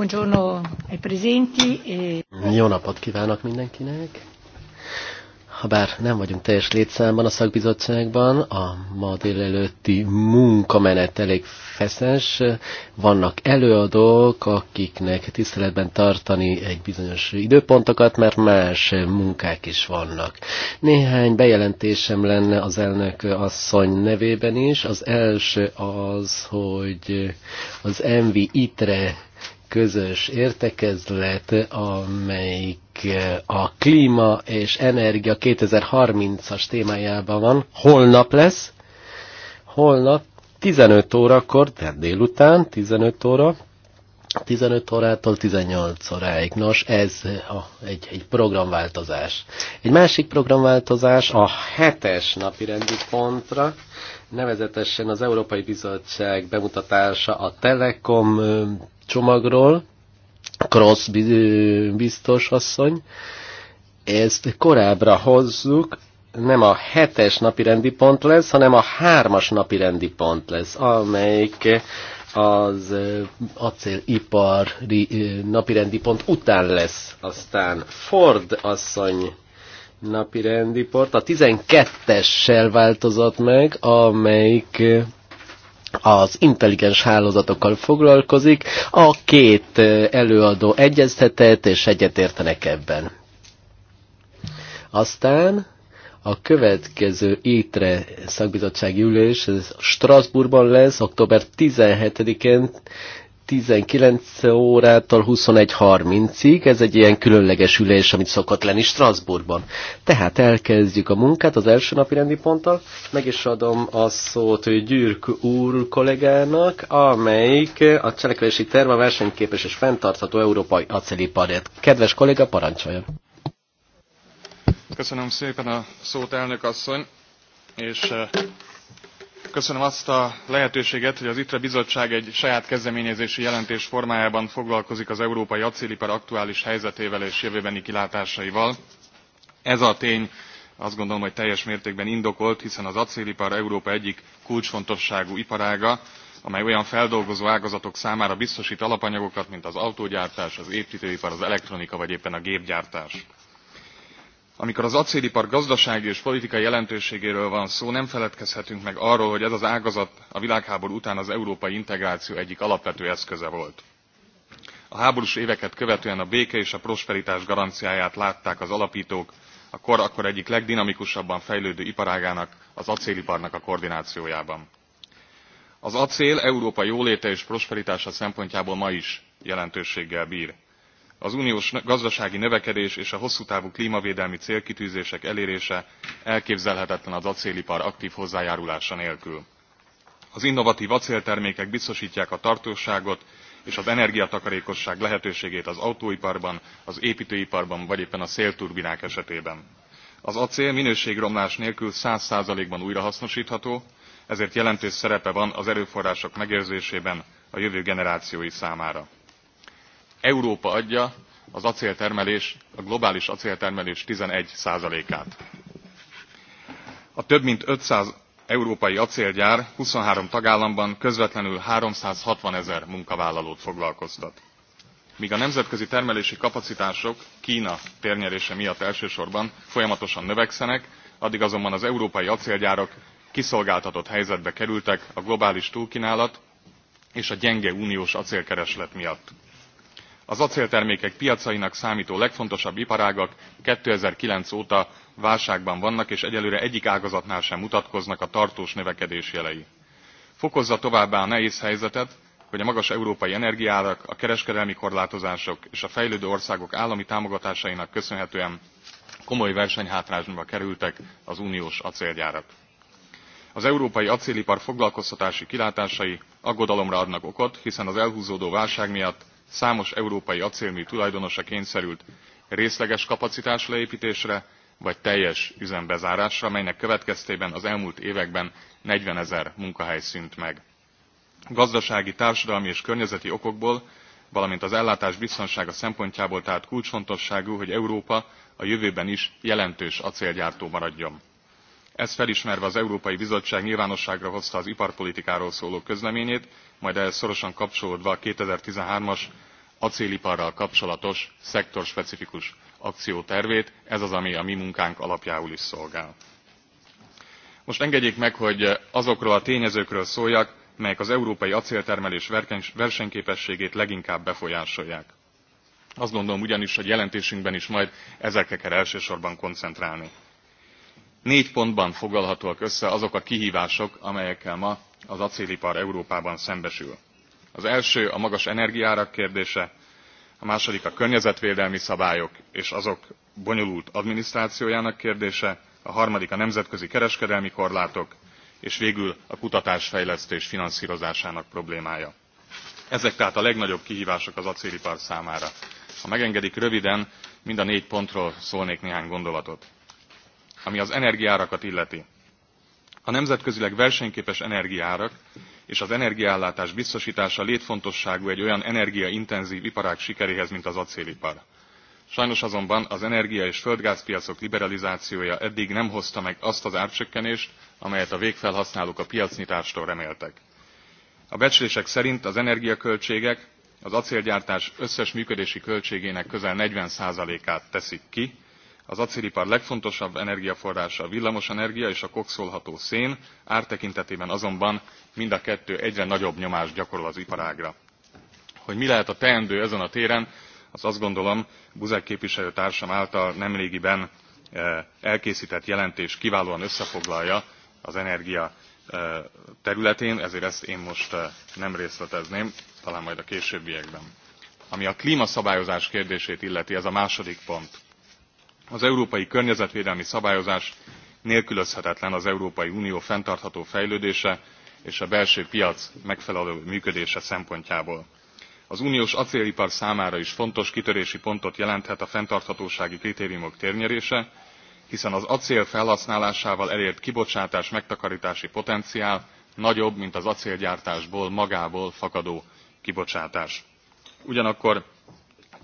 Buongiorno ai presenti. E- Jó napot kívánok mindenkinek! Habár nem vagyunk teljes létszámban a szakbizottságban, a ma délelőtti munkamenet elég feszes. Vannak előadók, akiknek tiszteletben tartani egy bizonyos időpontokat, mert más munkák is vannak. Néhány bejelentésem lenne az elnök asszony nevében is. Az első az, hogy az MV ITRE közös értekezlet, amelyik a klíma és energia 2030-as témájában van. Holnap lesz, holnap 15 órakor, tehát délután 15 óra, 15 órától 18 óráig. Nos, ez a, egy, egy programváltozás. Egy másik programváltozás a hetes napi rendi pontra, nevezetesen az Európai Bizottság bemutatása a Telekom csomagról, Cross biztos asszony, ezt korábbra hozzuk, nem a hetes napi rendi pont lesz, hanem a hármas napi rendi pont lesz, amelyik az acélipari napirendi pont után lesz. Aztán Ford asszony napirendi pont a 12-essel változott meg, amelyik az intelligens hálózatokkal foglalkozik. A két előadó egyeztetett, és egyetértenek ebben. Aztán a következő ITRE szakbizottsági ülés ez Strasbourgban lesz, október 17-én 19 órától 21.30-ig, ez egy ilyen különleges ülés, amit szokott lenni Strasbourgban. Tehát elkezdjük a munkát az első napi rendi ponttal, meg is adom a szót Gyürk úr kollégának, amelyik a cselekvési terve versenyképes és fenntartható európai acéliparért. Kedves kolléga, parancsoljon! Köszönöm szépen a szót, elnök asszony, és Köszönöm azt a lehetőséget, hogy az ITRE bizottság egy saját kezdeményezési jelentés formájában foglalkozik az európai acélipar aktuális helyzetével és jövőbeni kilátásaival. Ez a tény azt gondolom, hogy teljes mértékben indokolt, hiszen az acélipar Európa egyik kulcsfontosságú iparága, amely olyan feldolgozó ágazatok számára biztosít alapanyagokat, mint az autógyártás, az építőipar, az elektronika vagy éppen a gépgyártás amikor az acélipar gazdasági és politikai jelentőségéről van szó nem feledkezhetünk meg arról hogy ez az ágazat a világháború után az európai integráció egyik alapvető eszköze volt. a háborús éveket követően a béke és a prosperitás garanciáját látták az alapítók a kor akkor egyik legdinamikusabban fejlődő iparágának az acéliparnak a koordinációjában. az acél európa jóléte és prosperitása szempontjából ma is jelentőséggel br az uniós gazdasági növekedés és a hosszú távú klmavédelmi célkitűzések elérése elképzelhetetlen az acélipar aktv hozzájárulása nélkül. az innovatv acéltermékek biztostják a tartóságot és az energiatakarékosság lehetőségét az autóiparban az éptőiparban vagy éppen a szélturbinák esetében. az acél minőségromlás nélkül one hundred ban újrahasznostható ezért jelentős szerepe van az erőforrások megőrzésében a jövő generációi számára európa adja az acéltermelés a globális acéltermelés eleven át. a több mint five hundred európai acélgyár twenty three tagállamban közvetlenül sixty ezer munkavállalót foglalkoztat. mg a nemzetközi termelési kapacitások kína térnyerése miatt elsősorban folyamatosan növekszenek addig azonban az európai acélgyárak kiszolgáltatott helyzetbe kerültek a globális túlknálat és a gyenge uniós acélkereslet miatt az acéltermékek piacainak számtó legfontosabb iparágak two thousand and nine óta válságban vannak és egyelőre egyik ágazatnál sem mutatkoznak a tartós növekedés jelei. fokozza továbbá a nehéz helyzetet hogy a magas európai energiaárak a kereskedelmi korlátozások és a fejlődő országok állami támogatásainak köszönhetően komoly versenyhátrányba kerültek az uniós acélgyárak. Az európai acélipar foglalkoztatási kilátásai aggodalomra adnak okot, hiszen az elhúzódó válság miatt számos európai acélmű tulajdonosa kényszerült részleges leépítésre vagy teljes üzembezárásra melynek következtében az elmúlt években 40 ezer munkahely szűnt meg. gazdasági társadalmi és környezeti okokból valamint az ellátás biztonsága szempontjából tehát kulcsfontosságú hogy európa a jövőben is jelentős acélgyártó maradjon ezt felismerve az európai bizottság nyilvánosságra hozta az iparpolitikáról szóló közleményét majd ehhez szorosan kapcsolódva a two thousand and thirteen as acéliparral kapcsolatos szektorspecifikus akciótervét ez az ami a mi munkánk alapjául is szolgál. most engedjék meg hogy azokról a tényezőkről szóljak melyek az európai acéltermelés versenyképességét leginkább befolyásolják. azt gondolom ugyanis hogy jelentésünkben is majd ezekre kell elsősorban koncentrálni négy pontban foglalhatóak össze azok a kihvások amelyekkel ma az acélipar európában szembesül. az első a magas energiaárak kérdése a második a környezetvédelmi szabályok és azok bonyolult adminisztrációjának kérdése a harmadik a nemzetközi kereskedelmi korlátok és végül a kutatás fejlesztés finanszrozásának problémája. ezek tehát a legnagyobb kihvások az acélipar számára. ha megengedik röviden mind a négy pontról szólnék néhány gondolatot ami az energiárakat illeti. A nemzetközileg versenyképes energiárak és az energiállátás biztosítása létfontosságú egy olyan energiaintenzív iparág sikeréhez, mint az acélipar. Sajnos azonban az energia és földgázpiacok liberalizációja eddig nem hozta meg azt az árcsökkenést, amelyet a végfelhasználók a piacnyitástól reméltek. A becslések szerint az energiaköltségek az acélgyártás összes működési költségének közel 40%-át teszik ki, az acélipar legfontosabb energiaforrása a villamosenergia és a kokszolható szén, ártekintetében azonban mind a kettő egyre nagyobb nyomást gyakorol az iparágra. Hogy mi lehet a teendő ezen a téren, az azt gondolom Buzek képviselőtársam által nemrégiben eh, elkészített jelentés kiválóan összefoglalja az energia eh, területén, ezért ezt én most eh, nem részletezném, talán majd a későbbiekben. Ami a klímaszabályozás kérdését illeti, ez a második pont az európai környezetvédelmi szabályozás nélkülözhetetlen az európai unió fenntartható fejlődése és a belső piac megfelelő működése szempontjából. az uniós acélipar számára is fontos kitörési pontot jelenthet a fenntarthatósági kritériumok térnyerése hiszen az acél felhasználásával elért kibocsátás megtakartási potenciál nagyobb mint az acélgyártásból magából fakadó kibocsátás. ugyanakkor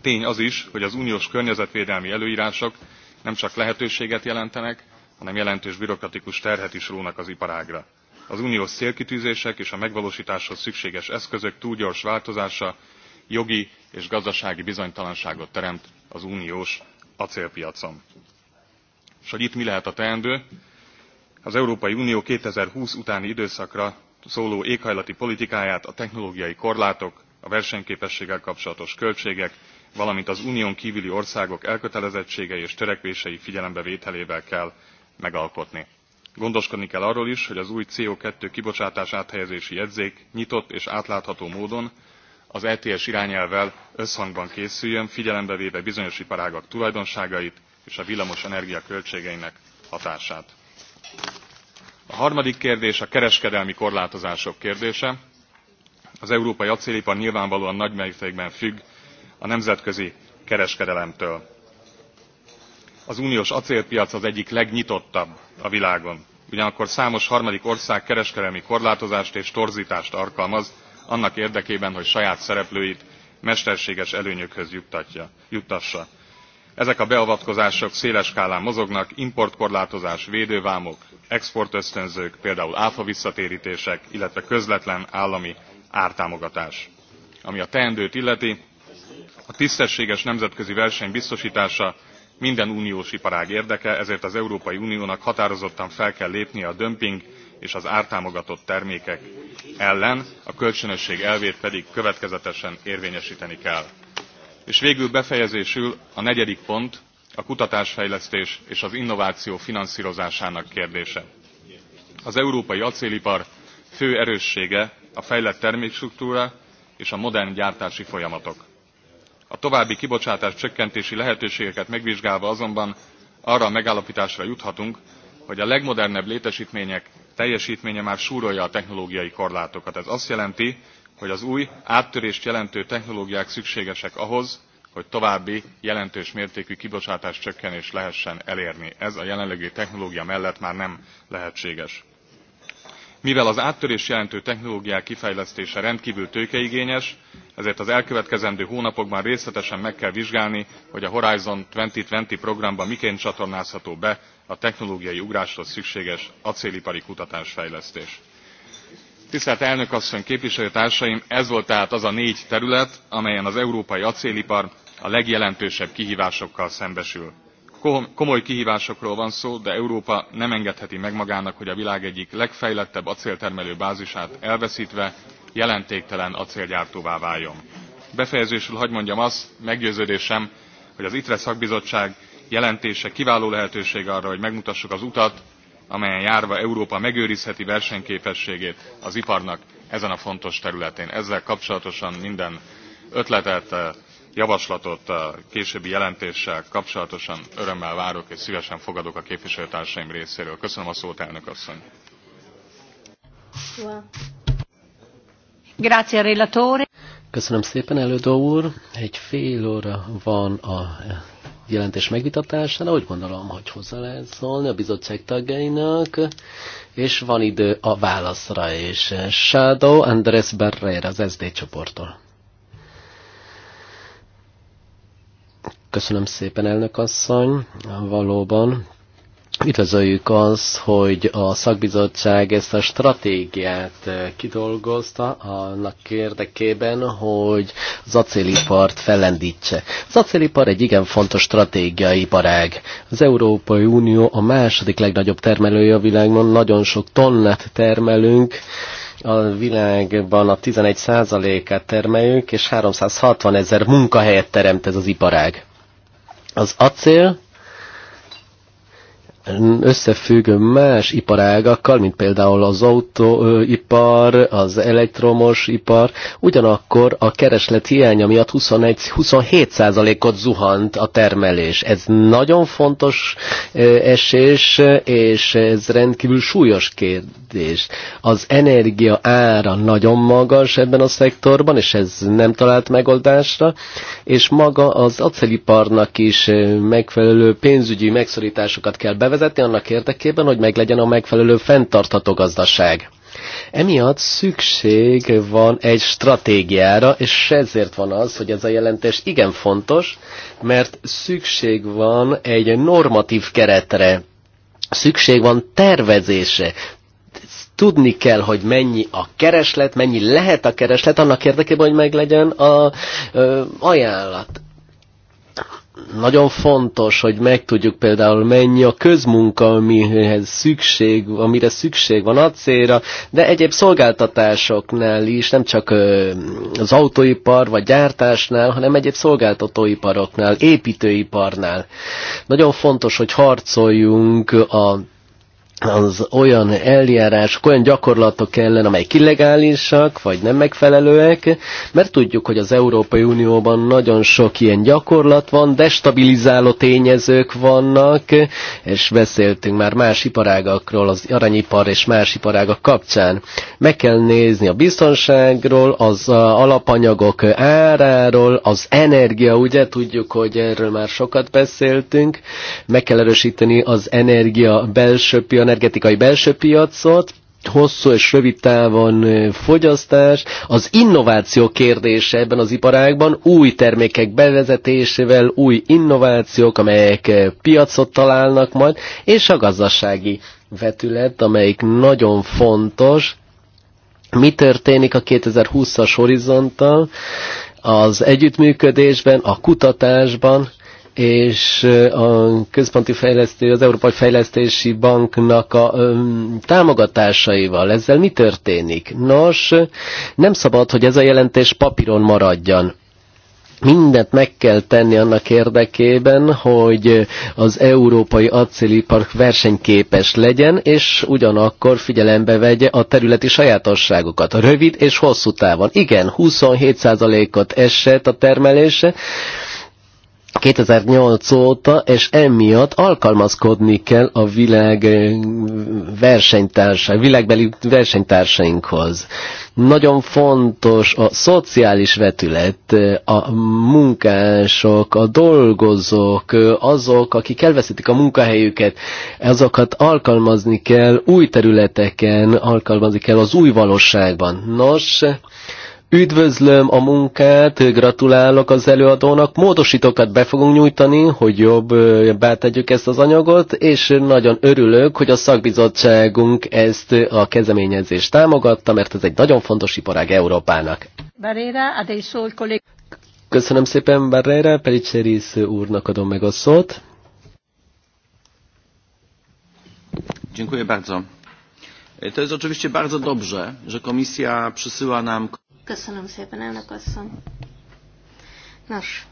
Tény az is, hogy az uniós környezetvédelmi előírások nem csak lehetőséget jelentenek, hanem jelentős bürokratikus terhet is rónak az iparágra. Az uniós célkitűzések és a megvalósításhoz szükséges eszközök túl gyors változása jogi és gazdasági bizonytalanságot teremt az uniós acélpiacon. És hogy itt mi lehet a teendő? Az Európai Unió 2020 utáni időszakra szóló éghajlati politikáját a technológiai korlátok, a versenyképességgel kapcsolatos költségek valamint az unión kvüli országok elkötelezettségei és törekvései figyelembevételével kell megalkotni. gondoskodni kell arról is hogy az új co two kibocsátás áthelyezési jegyzék nyitott és átlátható módon az ets irányelvvel összhangban készüljön figyelembe véve bizonyos iparágak tulajdonságait és a villamos energia költségeinek hatását. a harmadik kérdés a kereskedelmi korlátozások kérdése. az európai acélipar nyilvánvalóan nagy mértékben függ a nemzetközi kereskedelemtől. Az uniós acélpiac az egyik legnyitottabb a világon. Ugyanakkor számos harmadik ország kereskedelmi korlátozást és torzítást alkalmaz annak érdekében, hogy saját szereplőit mesterséges előnyökhöz juttatja, juttassa. Ezek a beavatkozások széles skálán mozognak, importkorlátozás, védővámok, exportösztönzők, például áfa visszatérítések, illetve közvetlen állami ártámogatás. Ami a teendőt illeti, a tisztességes nemzetközi verseny biztostása minden uniós iparág érdeke ezért az európai uniónak határozottan fel kell lépnie a dömping és az ártámogatott termékek ellen a kölcsönösség elvét pedig következetesen érvényesíteni kell. és végül befejezésül a negyedik pont a kutatásfejlesztés és az innováció finanszírozásának kérdése. az európai acélipar fő erőssége a fejlett termékstruktúra és a modern gyártási folyamatok a további kibocsátás csökkentési lehetőségeket megvizsgálva azonban arra a megállapításra juthatunk hogy a legmodernebb létesítmények teljesítménye már súrolja a technológiai korlátokat. ez azt jelenti hogy az új áttörést jelentő technológiák szükségesek ahhoz hogy további jelentős mértékű kibocsátás kibocsátáscsökkenést lehessen elérni. ez a jelenlegi technológia mellett már nem lehetséges mivel az áttörés jelentő technológiák kifejlesztése rendkívül tőkeigényes ezért az elkövetkezendő hónapokban részletesen meg kell vizsgálni hogy a horizon 2020 programban programba miként csatornázható be a technológiai ugráshoz szükséges acélipari kutatásfejlesztés. tisztelt elnök asszony képviselőtársaim ez volt tehát az a négy terület amelyen az európai acélipar a legjelentősebb kihívásokkal szembesül komoly kihvásokról van szó de európa nem engedheti meg magának hogy a világ egyik legfejlettebb acéltermelő bázisát elvesztve jelentéktelen acélgyártóvá váljon. befejezésül hadd mondjam azt meggyőződésem hogy az itre szakbizottság jelentése kiváló lehetőség arra hogy megmutassuk az utat amelyen járva európa megőrizheti versenyképességét az iparnak ezen a fontos területén. ezzel kapcsolatosan minden ötletet eh, javaslatot a eh, későbbi jelentéssel kapcsolatosan örömmel várok és szívesen fogadok a képviselőtársaim részéről. Köszönöm a szót, elnök asszony. relatore. Köszönöm szépen, elődó úr. Egy fél óra van a jelentés megvitatására, úgy gondolom, hogy hozzá lehet szólni a bizottság tagjainak, és van idő a válaszra is. Shadow Andrés Barrera az SD csoporttól. Köszönöm szépen, elnök asszony. Valóban Üdvözöljük azt, hogy a szakbizottság ezt a stratégiát eh, kidolgozta annak érdekében, hogy az acélipart fellendítse. Az acélipar egy igen fontos stratégiai parág. Az Európai Unió a második legnagyobb termelője a világon, nagyon sok tonnát termelünk, a világban a 11%-át termeljük, és 360 ezer munkahelyet teremt ez az iparág az acél összefüggő más iparágakkal, mint például az autóipar, az elektromos ipar, ugyanakkor a kereslet hiánya miatt 21-27%-ot zuhant a termelés. Ez nagyon fontos esés, és ez rendkívül súlyos kérdés. Az energia ára nagyon magas ebben a szektorban, és ez nem talált megoldásra, és maga az acéliparnak is megfelelő pénzügyi megszorításokat kell bevezetni, bevezetni annak érdekében, hogy meglegyen a megfelelő fenntartható gazdaság. Emiatt szükség van egy stratégiára, és ezért van az, hogy ez a jelentés igen fontos, mert szükség van egy normatív keretre, szükség van tervezése, tudni kell, hogy mennyi a kereslet, mennyi lehet a kereslet, annak érdekében, hogy meglegyen a ö, ajánlat nagyon fontos, hogy megtudjuk például mennyi a közmunka, amihez szükség, amire szükség van célra, de egyéb szolgáltatásoknál is, nem csak az autóipar vagy gyártásnál, hanem egyéb szolgáltatóiparoknál, építőiparnál. Nagyon fontos, hogy harcoljunk a az olyan eljárás, olyan gyakorlatok ellen, amelyek illegálisak, vagy nem megfelelőek, mert tudjuk, hogy az Európai Unióban nagyon sok ilyen gyakorlat van, destabilizáló tényezők vannak, és beszéltünk már más iparágakról, az aranyipar és más iparágak kapcsán. Meg kell nézni a biztonságról, az alapanyagok áráról, az energia, ugye tudjuk, hogy erről már sokat beszéltünk, meg kell erősíteni az energia belső energetikai belső piacot, hosszú és rövid távon fogyasztás, az innováció kérdése ebben az iparágban, új termékek bevezetésével, új innovációk, amelyek piacot találnak majd, és a gazdasági vetület, amelyik nagyon fontos, mi történik a 2020-as horizonttal, az együttműködésben, a kutatásban, és a központi fejlesztő, az Európai Fejlesztési Banknak a támogatásaival. Ezzel mi történik? Nos, nem szabad, hogy ez a jelentés papíron maradjon mindent meg kell tenni annak érdekében, hogy az európai acélipar versenyképes legyen, és ugyanakkor figyelembe vegye a területi sajátosságokat, rövid és hosszú távon. Igen, 27%-ot esett a termelése, 2008 óta, és emiatt alkalmazkodni kell a világ eh, versenytársa, világbeli versenytársainkhoz. Nagyon fontos a szociális vetület, eh, a munkások, a dolgozók, eh, azok, akik elveszítik a munkahelyüket, azokat alkalmazni kell új területeken, alkalmazni kell az új valóságban. Nos, Üdvözlöm a munkát, gratulálok az előadónak, módosítókat be fogunk nyújtani, hogy jobb tegyük ezt az anyagot, és nagyon örülök, hogy a szakbizottságunk ezt a kezdeményezést támogatta, mert ez egy nagyon fontos iparág Európának. Köszönöm szépen Barrera, Pelicseris úrnak adom meg a szót. Dziękuję bardzo. To jest oczywiście bardzo dobrze, że Komisja przysyła nam Köszönöm szépen, elnök asszony. Nos,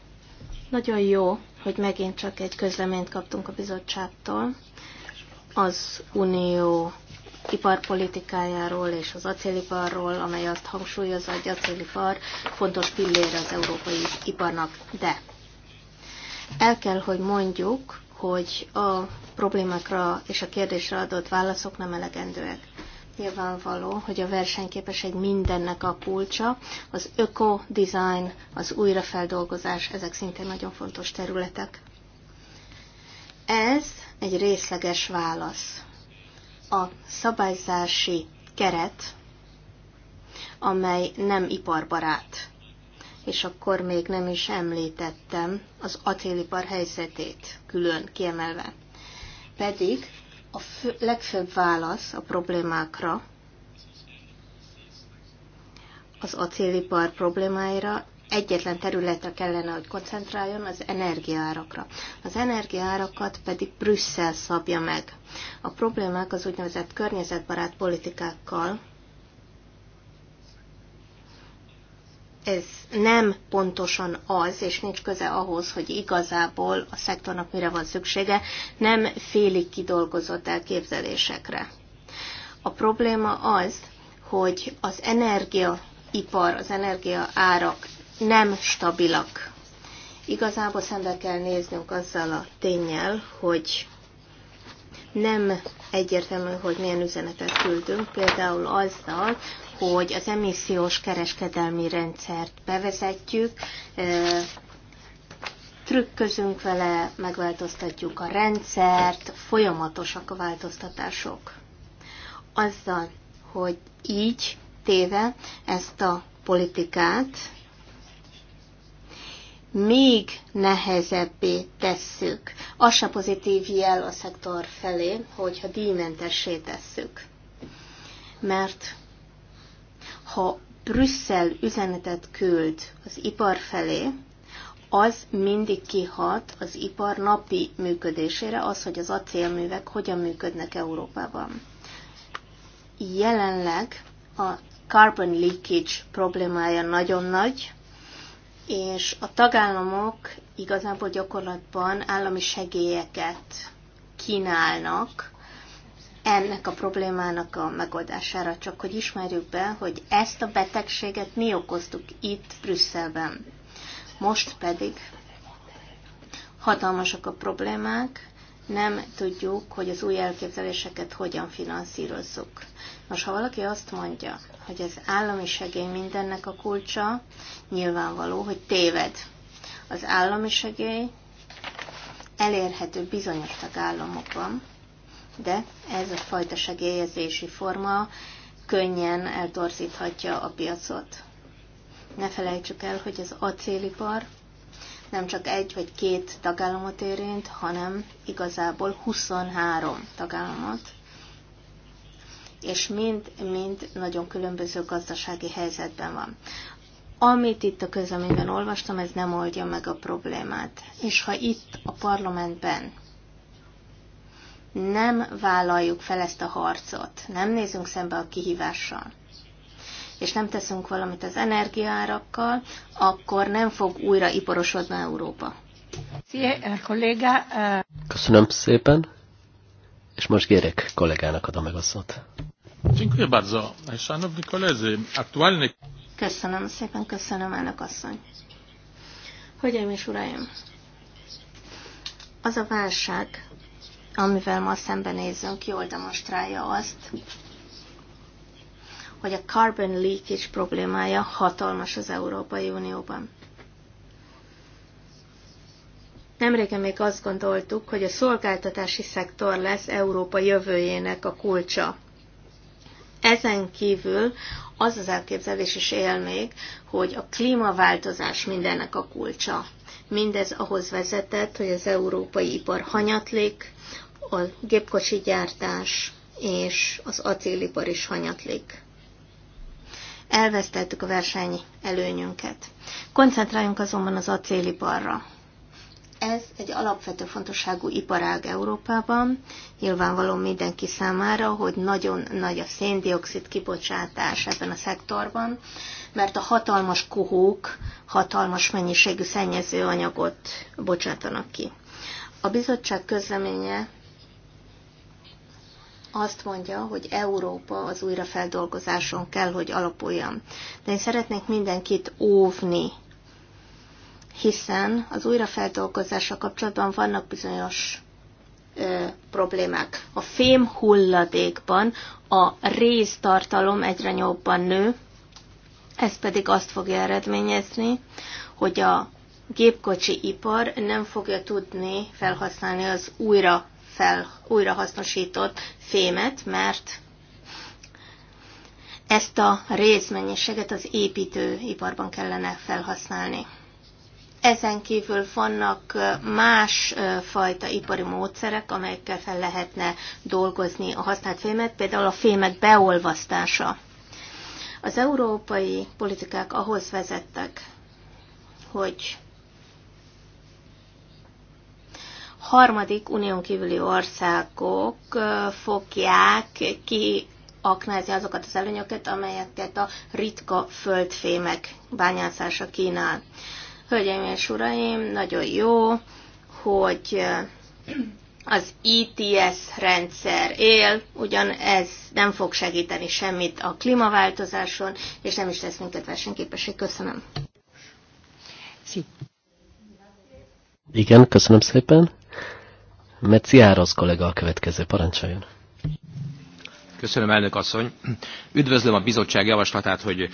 nagyon jó, hogy megint csak egy közleményt kaptunk a bizottságtól az unió iparpolitikájáról és az acéliparról, amely azt hangsúlyozza, hogy acélipar fontos pillére az európai iparnak. De el kell, hogy mondjuk, hogy a problémákra és a kérdésre adott válaszok nem elegendőek. Nyilvánvaló, hogy a versenyképesség mindennek a kulcsa. Az öko-design, az újrafeldolgozás, ezek szintén nagyon fontos területek. Ez egy részleges válasz. A szabályzási keret, amely nem iparbarát. És akkor még nem is említettem az acélipar helyzetét külön kiemelve. Pedig a fő, legfőbb válasz a problémákra, az acélipar problémáira egyetlen területre kellene, hogy koncentráljon, az energiaárakra. Az energiaárakat pedig Brüsszel szabja meg. A problémák az úgynevezett környezetbarát politikákkal, ez nem pontosan az, és nincs köze ahhoz, hogy igazából a szektornak mire van szüksége, nem félig kidolgozott elképzelésekre. A probléma az, hogy az energiaipar, az energia árak nem stabilak. Igazából szembe kell néznünk azzal a tényel, hogy nem egyértelmű, hogy milyen üzenetet küldünk, például azzal, hogy az emissziós kereskedelmi rendszert bevezetjük, trükközünk vele, megváltoztatjuk a rendszert, folyamatosak a változtatások. Azzal, hogy így téve ezt a politikát, még nehezebbé tesszük. Az se pozitív jel a szektor felé, hogyha díjmentessé tesszük. Mert ha Brüsszel üzenetet küld az ipar felé, az mindig kihat az ipar napi működésére, az, hogy az acélművek hogyan működnek Európában. Jelenleg a carbon leakage problémája nagyon nagy, és a tagállamok igazából gyakorlatban állami segélyeket kínálnak ennek a problémának a megoldására, csak hogy ismerjük be, hogy ezt a betegséget mi okoztuk itt Brüsszelben. Most pedig hatalmasak a problémák, nem tudjuk, hogy az új elképzeléseket hogyan finanszírozzuk. Nos, ha valaki azt mondja, hogy az állami segély mindennek a kulcsa, nyilvánvaló, hogy téved. Az állami segély elérhető bizonyos tagállamokban, de ez a fajta segélyezési forma könnyen eltorzíthatja a piacot. Ne felejtsük el, hogy az acélipar nem csak egy vagy két tagállamot érint, hanem igazából 23 tagállamot, és mind-mind nagyon különböző gazdasági helyzetben van. Amit itt a közleményben olvastam, ez nem oldja meg a problémát. És ha itt a parlamentben nem vállaljuk fel ezt a harcot, nem nézünk szembe a kihívással, és nem teszünk valamit az energiárakkal, akkor nem fog újra iparosodni Európa. Köszönöm szépen, és most Gérek kollégának adom meg a szót. Köszönöm szépen, köszönöm elnök asszony. Hölgyeim és uraim, az a válság, amivel ma szembenézünk, jól demonstrálja azt, hogy a carbon leakage problémája hatalmas az Európai Unióban. Nemrégen még azt gondoltuk, hogy a szolgáltatási szektor lesz Európa jövőjének a kulcsa. Ezen kívül az az elképzelés is él még, hogy a klímaváltozás mindennek a kulcsa. Mindez ahhoz vezetett, hogy az európai ipar hanyatlik, a gépkocsi gyártás és az acélipar is hanyatlik. Elvesztettük a verseny előnyünket. Koncentráljunk azonban az acéliparra. Ez egy alapvető fontosságú iparág Európában, nyilvánvaló mindenki számára, hogy nagyon nagy a széndiokszid kibocsátás ebben a szektorban, mert a hatalmas kohók hatalmas mennyiségű szennyező anyagot bocsátanak ki. A bizottság közleménye azt mondja, hogy Európa az újrafeldolgozáson kell, hogy alapuljon. De én szeretnék mindenkit óvni, hiszen az újrafeldolgozással kapcsolatban vannak bizonyos ö, problémák. A fém hulladékban a résztartalom egyre jobban nő, ez pedig azt fogja eredményezni, hogy a gépkocsi ipar nem fogja tudni felhasználni az újra fel újrahasznosított fémet, mert ezt a részmennyiséget az építőiparban kellene felhasználni. Ezen kívül vannak más fajta ipari módszerek, amelyekkel fel lehetne dolgozni a használt fémet, például a fémek beolvasztása. Az európai politikák ahhoz vezettek, hogy harmadik unión kívüli országok fogják ki aknázni azokat az előnyöket, amelyeket a ritka földfémek bányászása kínál. Hölgyeim és uraim, nagyon jó, hogy az ITS e rendszer él, ugyan ez nem fog segíteni semmit a klímaváltozáson, és nem is lesz minket versenyképesé. Köszönöm. Sí. Igen, köszönöm szépen. Metziárosz kollega a következő. Parancsoljon! Köszönöm, elnök asszony. Üdvözlöm a bizottság javaslatát, hogy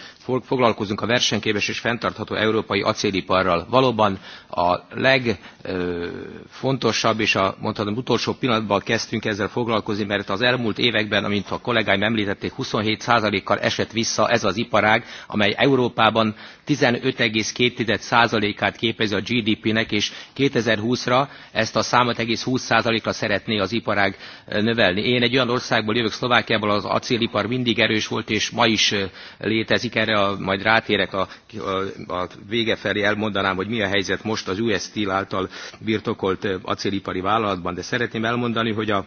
foglalkozunk a versenyképes és fenntartható európai acéliparral. Valóban a legfontosabb és a mondhatom utolsó pillanatban kezdtünk ezzel foglalkozni, mert az elmúlt években, amint a kollégáim említették, 27%-kal esett vissza ez az iparág, amely Európában 15,2%-át képezi a GDP-nek, és 2020-ra ezt a számot egész 20%-ra szeretné az iparág növelni. Én egy olyan országból jövök, Szlovákia, szempontjából az acélipar mindig erős volt, és ma is létezik erre, a, majd rátérek a, a, a vége felé, elmondanám, hogy mi a helyzet most az US Steel által birtokolt acélipari vállalatban, de szeretném elmondani, hogy a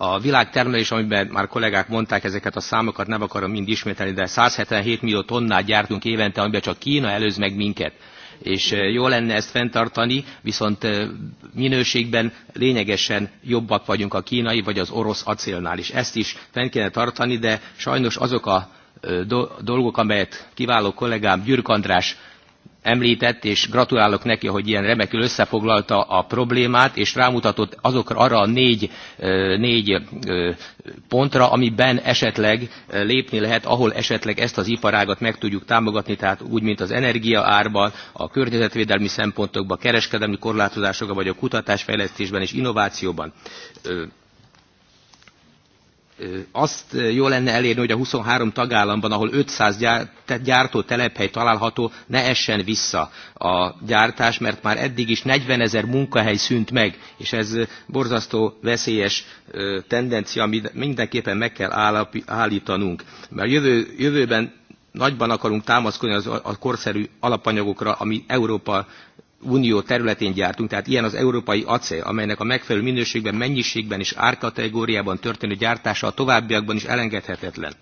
a világtermelés, amiben már kollégák mondták ezeket a számokat, nem akarom mind ismételni, de 177 millió tonnát gyártunk évente, amiben csak Kína előz meg minket és jó lenne ezt fenntartani, viszont minőségben lényegesen jobbak vagyunk a kínai vagy az orosz acélnál is. Ezt is fenn kéne tartani, de sajnos azok a dolgok, amelyet kiváló kollégám Gyürk András említett, és gratulálok neki, hogy ilyen remekül összefoglalta a problémát, és rámutatott azokra arra a négy, négy pontra, amiben esetleg lépni lehet, ahol esetleg ezt az iparágat meg tudjuk támogatni, tehát úgy, mint az energiaárban, a környezetvédelmi szempontokban, kereskedelmi korlátozásokban, vagy a kutatásfejlesztésben és innovációban azt jó lenne elérni, hogy a 23 tagállamban, ahol 500 gyártó telephely található, ne essen vissza a gyártás, mert már eddig is 40 ezer munkahely szűnt meg, és ez borzasztó veszélyes tendencia, amit mindenképpen meg kell állítanunk. Mert jövő, jövőben nagyban akarunk támaszkodni az, a korszerű alapanyagokra, ami Európa Unió területén gyártunk, tehát ilyen az európai acél, amelynek a megfelelő minőségben, mennyiségben és árkategóriában történő gyártása a továbbiakban is elengedhetetlen.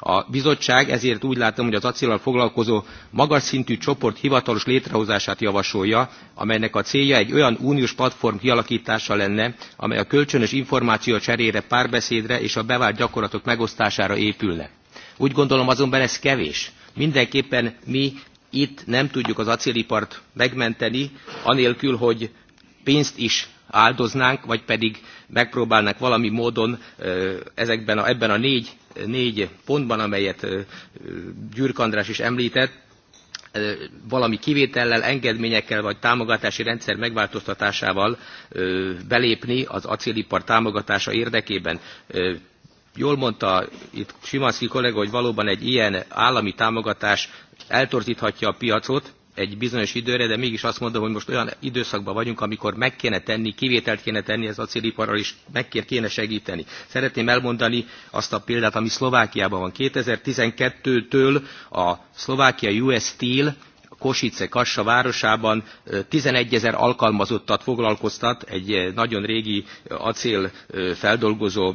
A bizottság ezért úgy látom, hogy az acéllal foglalkozó magas szintű csoport hivatalos létrehozását javasolja, amelynek a célja egy olyan uniós platform kialakítása lenne, amely a kölcsönös információ cserére, párbeszédre és a bevált gyakorlatok megosztására épülne. Úgy gondolom azonban ez kevés mindenképpen mi itt nem tudjuk az acélipart megmenteni, anélkül, hogy pénzt is áldoznánk, vagy pedig megpróbálnánk valami módon ezekben a, ebben a négy, négy pontban, amelyet Gyürk András is említett, valami kivétellel, engedményekkel vagy támogatási rendszer megváltoztatásával belépni az acélipar támogatása érdekében. Jól mondta itt Simanszki kollega, hogy valóban egy ilyen állami támogatás eltorzíthatja a piacot egy bizonyos időre, de mégis azt mondom, hogy most olyan időszakban vagyunk, amikor meg kéne tenni, kivételt kéne tenni az acéliparral, és meg kéne segíteni. Szeretném elmondani azt a példát, ami Szlovákiában van. 2012-től a Szlovákia US Steel Kosice Kassa városában 11 ezer alkalmazottat foglalkoztat egy nagyon régi acélfeldolgozó feldolgozó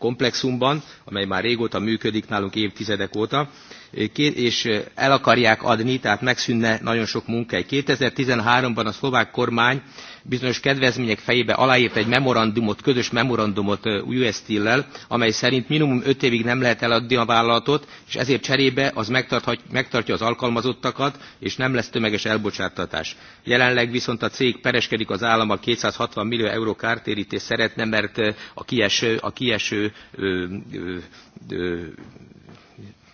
komplexumban, amely már régóta működik nálunk évtizedek óta, és el akarják adni, tehát megszűnne nagyon sok munkai. 2013-ban a szlovák kormány bizonyos kedvezmények fejébe aláírt egy memorandumot, közös memorandumot US Steel-lel, amely szerint minimum 5 évig nem lehet eladni a vállalatot, és ezért cserébe az megtartja az alkalmazottakat, és nem lesz tömeges elbocsátatás. Jelenleg viszont a cég pereskedik az állammal 260 millió euró kártérítést szeretne, mert a kieső, a kieső ö, ö, ö,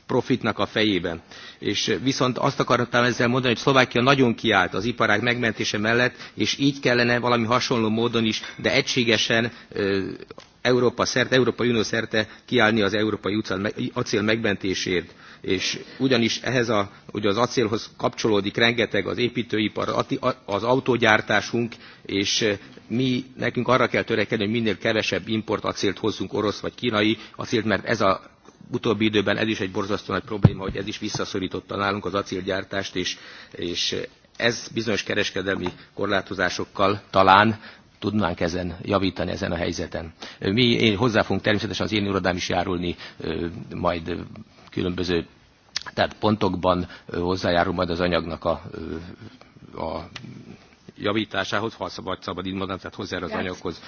profitnak a fejében. És viszont azt akartam ezzel mondani, hogy Szlovákia nagyon kiállt az iparág megmentése mellett, és így kellene valami hasonló módon is, de egységesen Európa szerte, Európa Unió szerte kiállni az európai acél megmentésért. És ugyanis ehhez a, ugye az acélhoz kapcsolódik rengeteg az építőipar, az autógyártásunk, és mi nekünk arra kell törekedni, hogy minél kevesebb import acélt hozzunk orosz vagy kínai acélt, mert ez a utóbbi időben ez is egy borzasztó nagy probléma, hogy ez is visszaszorította nálunk az acélgyártást, és, és ez bizonyos kereskedelmi korlátozásokkal talán tudnánk ezen javítani, ezen a helyzeten. Mi én hozzá fogunk természetesen az én irodám is járulni majd különböző tehát pontokban hozzájárul majd az anyagnak a, a javításához, ha szabad, szabad így mondanom, tehát hozzá az anyaghoz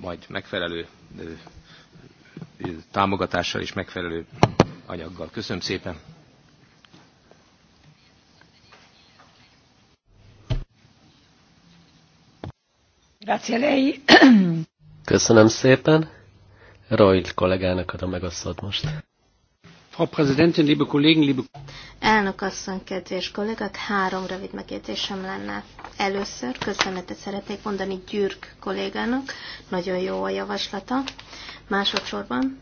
majd megfelelő támogatással és megfelelő anyaggal. Köszönöm szépen! Köszönöm szépen. Royl kollégának adom meg a szót most. Frau Präsidentin, liebe Kollegen, liebe... Elnök asszony, kedves kollégák, három rövid megjegyzésem lenne. Először köszönetet szeretnék mondani Gyürk kollégának, nagyon jó a javaslata. Másodszorban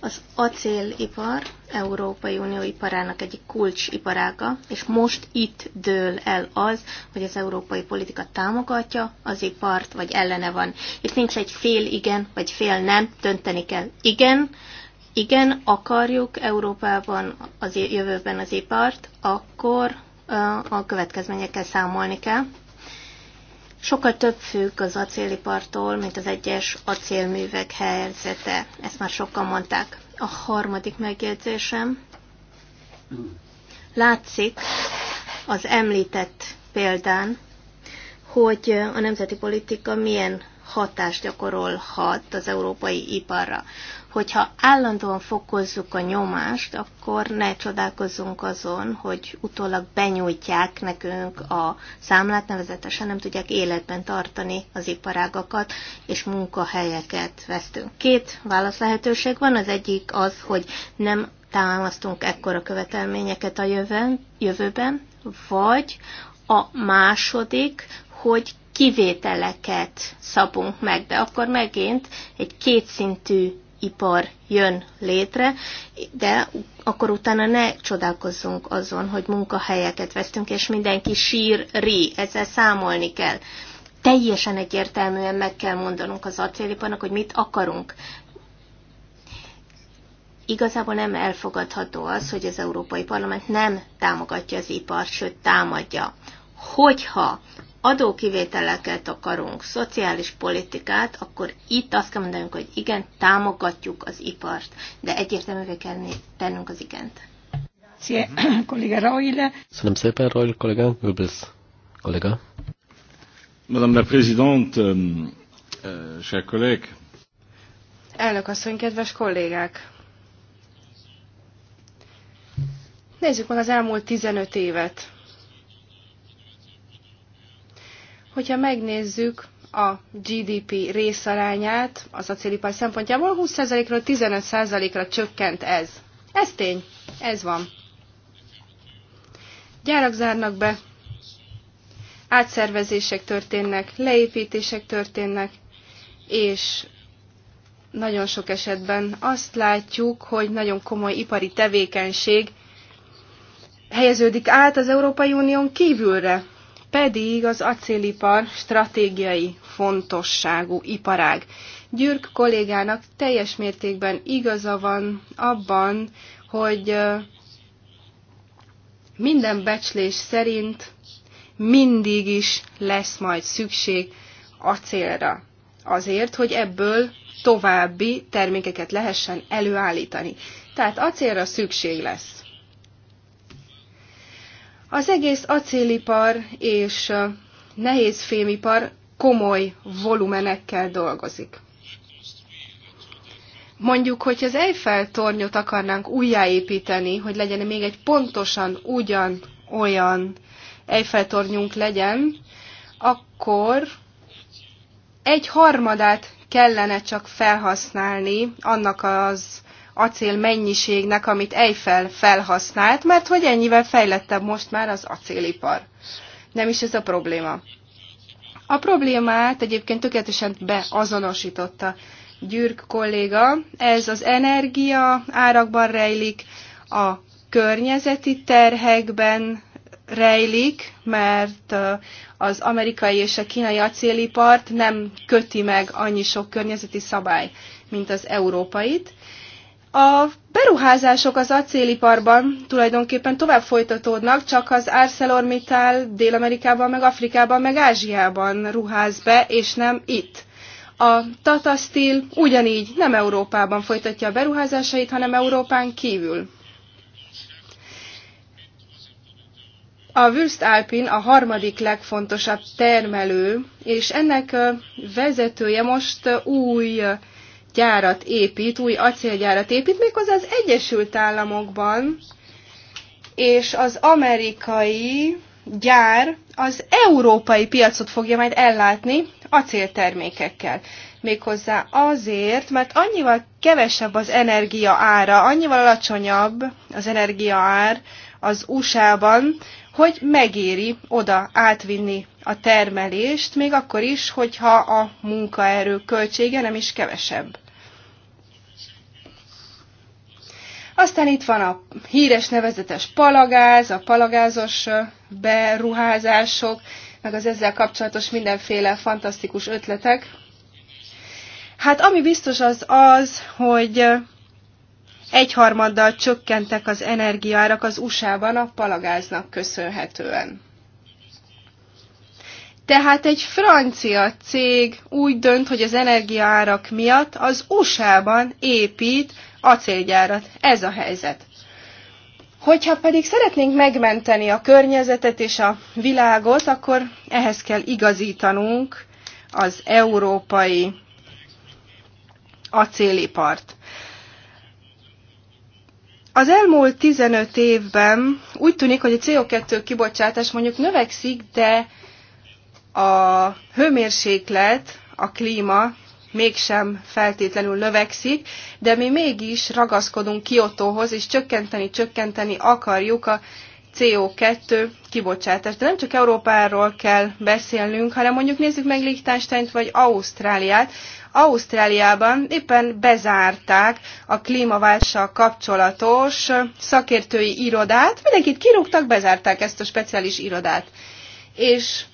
az acélipar Európai Unió iparának egyik kulcsiparága, és most itt dől el az, hogy az európai politika támogatja az ipart, vagy ellene van. Itt nincs egy fél igen, vagy fél nem, dönteni kell igen, igen, akarjuk Európában az jövőben az ipart, akkor a következményekkel számolni kell. Sokkal több függ az acélipartól, mint az egyes acélművek helyzete. Ezt már sokan mondták. A harmadik megjegyzésem. Látszik az említett példán, hogy a nemzeti politika milyen hatást gyakorolhat az európai iparra hogyha állandóan fokozzuk a nyomást, akkor ne csodálkozzunk azon, hogy utólag benyújtják nekünk a számlát, nevezetesen nem tudják életben tartani az iparágakat, és munkahelyeket vesztünk. Két válasz lehetőség van, az egyik az, hogy nem támasztunk ekkora követelményeket a jövőben, jövőben, vagy a második, hogy kivételeket szabunk meg, de akkor megint egy kétszintű ipar jön létre, de akkor utána ne csodálkozzunk azon, hogy munkahelyeket vesztünk, és mindenki sír, ri, ezzel számolni kell. Teljesen egyértelműen meg kell mondanunk az acéliparnak, hogy mit akarunk. Igazából nem elfogadható az, hogy az Európai Parlament nem támogatja az ipart, sőt támadja. Hogyha adókivételeket akarunk, szociális politikát, akkor itt azt kell mondanunk, hogy igen, támogatjuk az ipart, de egyértelművé kell tennünk az igent. Köszönöm szépen, Royal kollega, Goebbels kollega. Madame la Présidente, euh, euh, chers collègues. Elnök asszony, kedves kollégák! Nézzük meg az elmúlt 15 évet. Hogyha megnézzük a GDP részarányát az acélipar szempontjából, 20%-ról 15%-ra csökkent ez. Ez tény, ez van. Gyárak zárnak be, átszervezések történnek, leépítések történnek, és nagyon sok esetben azt látjuk, hogy nagyon komoly ipari tevékenység helyeződik át az Európai Unión kívülre pedig az acélipar stratégiai fontosságú iparág. Gyürk kollégának teljes mértékben igaza van abban, hogy minden becslés szerint mindig is lesz majd szükség acélra. Azért, hogy ebből további termékeket lehessen előállítani. Tehát acélra szükség lesz. Az egész acélipar és nehézfémipar komoly volumenekkel dolgozik. Mondjuk, hogy az Eiffel tornyot akarnánk újjáépíteni, hogy legyen még egy pontosan ugyan olyan Eiffel tornyunk legyen, akkor egy harmadát kellene csak felhasználni annak az acél mennyiségnek, amit Eiffel felhasznált, mert hogy ennyivel fejlettebb most már az acélipar. Nem is ez a probléma. A problémát egyébként tökéletesen beazonosította Gyürk kolléga. Ez az energia árakban rejlik, a környezeti terhekben rejlik, mert az amerikai és a kínai acélipart nem köti meg annyi sok környezeti szabály, mint az európait, a beruházások az acéliparban tulajdonképpen tovább folytatódnak, csak az ArcelorMittal Dél-Amerikában, meg Afrikában, meg Ázsiában ruház be, és nem itt. A Tata Steel ugyanígy nem Európában folytatja a beruházásait, hanem Európán kívül. A Würst Alpin a harmadik legfontosabb termelő, és ennek vezetője most új gyárat épít, új acélgyárat épít, méghozzá az Egyesült Államokban, és az amerikai gyár az európai piacot fogja majd ellátni acéltermékekkel. Méghozzá azért, mert annyival kevesebb az energia ára, annyival alacsonyabb az energia ár az USA-ban, hogy megéri oda átvinni a termelést, még akkor is, hogyha a munkaerő költsége nem is kevesebb. Aztán itt van a híres nevezetes palagáz, a palagázos beruházások, meg az ezzel kapcsolatos mindenféle fantasztikus ötletek. Hát ami biztos az az, hogy egyharmaddal csökkentek az energiárak az USA-ban a palagáznak köszönhetően. Tehát egy francia cég úgy dönt, hogy az energiaárak miatt az USA-ban épít acélgyárat. Ez a helyzet. Hogyha pedig szeretnénk megmenteni a környezetet és a világot, akkor ehhez kell igazítanunk az európai acélipart. Az elmúlt 15 évben úgy tűnik, hogy a CO2 kibocsátás mondjuk növekszik, de a hőmérséklet, a klíma mégsem feltétlenül növekszik, de mi mégis ragaszkodunk Kiotóhoz, és csökkenteni, csökkenteni akarjuk a CO2 kibocsátást. De nem csak Európáról kell beszélnünk, hanem mondjuk nézzük meg Liechtensteint vagy Ausztráliát. Ausztráliában éppen bezárták a klímaválsa kapcsolatos szakértői irodát, mindenkit kirúgtak, bezárták ezt a speciális irodát. És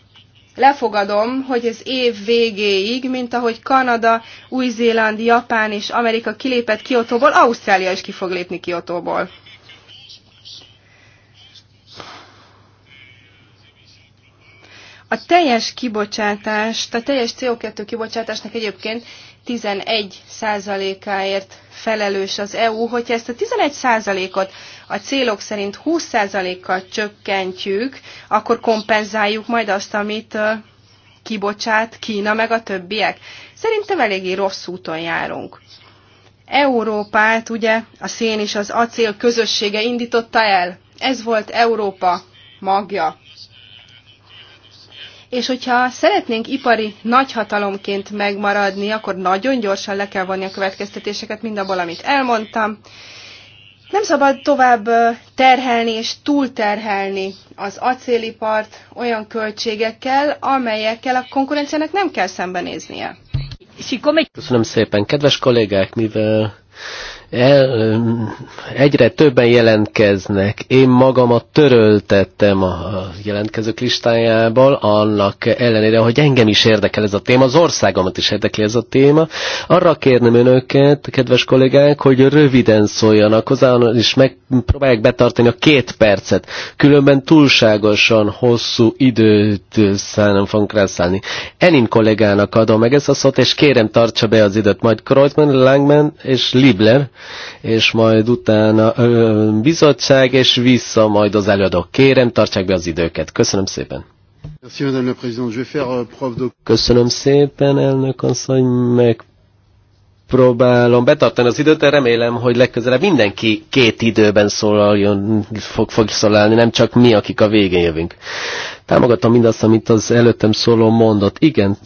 lefogadom, hogy az év végéig, mint ahogy Kanada, Új-Zéland, Japán és Amerika kilépett Kiotóból, Ausztrália is ki fog lépni Kiotóból. A teljes kibocsátást, a teljes CO2 kibocsátásnak egyébként 11%-áért felelős az EU. Hogyha ezt a 11%-ot a célok szerint 20%-kal csökkentjük, akkor kompenzáljuk majd azt, amit kibocsát Kína meg a többiek. Szerintem eléggé rossz úton járunk. Európát ugye a szén és az acél közössége indította el. Ez volt Európa magja és hogyha szeretnénk ipari nagyhatalomként megmaradni, akkor nagyon gyorsan le kell vonni a következtetéseket mindabból, amit elmondtam. Nem szabad tovább terhelni és túlterhelni az acélipart olyan költségekkel, amelyekkel a konkurenciának nem kell szembenéznie. Köszönöm szépen, kedves kollégák, mivel el, egyre többen jelentkeznek. Én magamat töröltettem a jelentkezők listájából, annak ellenére, hogy engem is érdekel ez a téma, az országomat is érdekli ez a téma. Arra kérném önöket, kedves kollégák, hogy röviden szóljanak hozzá, és megpróbálják betartani a két percet. Különben túlságosan hosszú időt szállnom fogunk rászállni. Enin kollégának adom meg ezt a szót, és kérem tartsa be az időt, majd Kreuzmann, Langman és Libler és majd utána ö, bizottság, és vissza majd az előadók. Kérem, tartsák be az időket. Köszönöm szépen. Euh, Köszönöm szépen, elnök asszony, meg próbálom betartani az időt, de remélem, hogy legközelebb mindenki két időben szólaljon, fog, fog szólalni, nem csak mi, akik a végén jövünk. Támogatom mindazt, amit az előttem szóló mondott. Igen,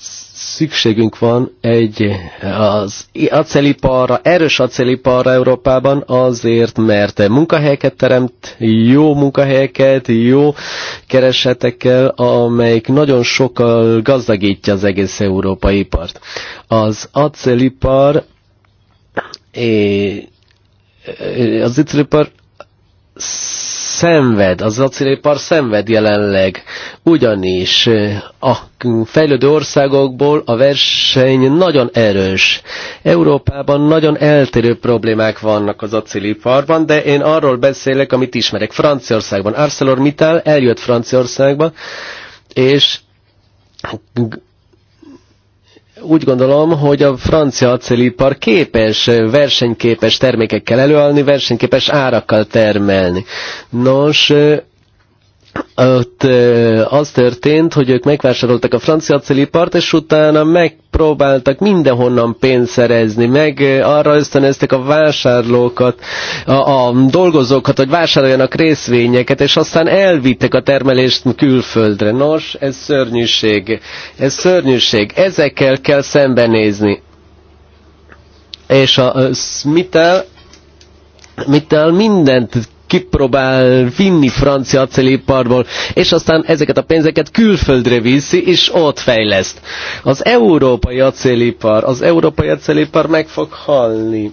szükségünk van egy az aceliparra, erős aceliparra Európában azért, mert munkahelyeket teremt, jó munkahelyeket, jó keresetekkel, amelyik nagyon sokkal gazdagítja az egész európai ipart. Az acelipar az acélipar szenved, az acélipar szenved jelenleg, ugyanis a fejlődő országokból a verseny nagyon erős. Európában nagyon eltérő problémák vannak az acéliparban, de én arról beszélek, amit ismerek. Franciaországban ArcelorMittal eljött Franciaországba, és úgy gondolom, hogy a francia acélipar képes, versenyképes termékekkel előállni, versenyképes árakkal termelni. Nos, ott az történt, hogy ők megvásároltak a francia célipart és utána megpróbáltak mindenhonnan pénzt szerezni, meg arra ösztönöztek a vásárlókat, a, a dolgozókat, hogy vásároljanak részvényeket, és aztán elvittek a termelést külföldre. Nos, ez szörnyűség. Ez szörnyűség. Ezekkel kell szembenézni. És a, a Mittel, Mittel mindent kipróbál vinni francia acéliparból, és aztán ezeket a pénzeket külföldre viszi, és ott fejleszt. Az európai acélipar, az európai acélipar meg fog halni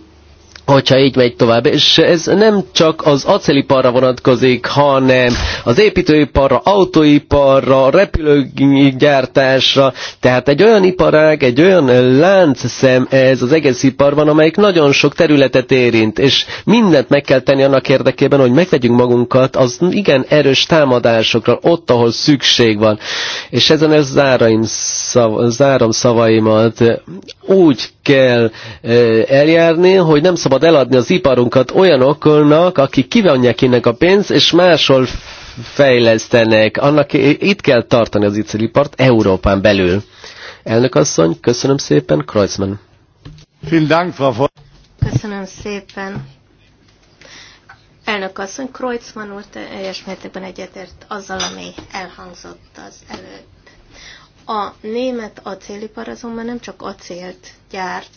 hogyha így megy tovább. És ez nem csak az aceliparra vonatkozik, hanem az építőiparra, autóiparra, repülőgyártásra. Tehát egy olyan iparág, egy olyan láncszem ez az egész iparban, amelyik nagyon sok területet érint, és mindent meg kell tenni annak érdekében, hogy megvegyünk magunkat az igen erős támadásokra, ott, ahol szükség van. És ezen ez záraim szav, zárom szavaimat. Úgy kell eh, eljárni, hogy nem szabad szabad eladni az iparunkat olyanoknak, akik kivonják innen a pénzt, és máshol fejlesztenek. Annak itt kell tartani az icelipart Európán belül. Elnök asszony, köszönöm szépen, Kreuzmann. Köszönöm szépen. Elnök asszony, Kreuzmann úr teljes mértékben egyetért azzal, ami elhangzott az előbb. A német acélipar azonban nem csak acélt gyárt,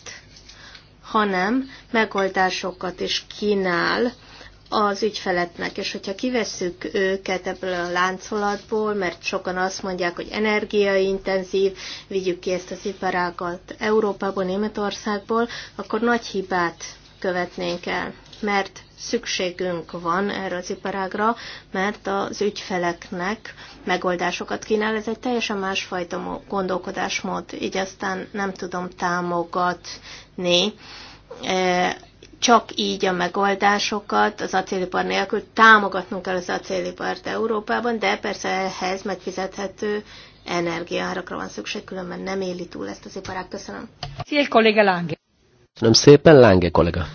hanem megoldásokat is kínál az ügyfeleknek, és hogyha kivesszük őket ebből a láncolatból, mert sokan azt mondják, hogy energiaintenzív, vigyük ki ezt az iparágat Európából, Németországból, akkor nagy hibát követnénk el, mert szükségünk van erre az iparágra, mert az ügyfeleknek megoldásokat kínál. Ez egy teljesen másfajta gondolkodásmód, így aztán nem tudom támogatni E, csak így a megoldásokat az acélipar nélkül támogatnunk kell az acélipart Európában, de persze ehhez megfizethető energiárakra van szükség, különben nem éli túl ezt az iparát. Köszönöm. Szia, kolléga Lange. Köszönöm szépen, Lange kollega.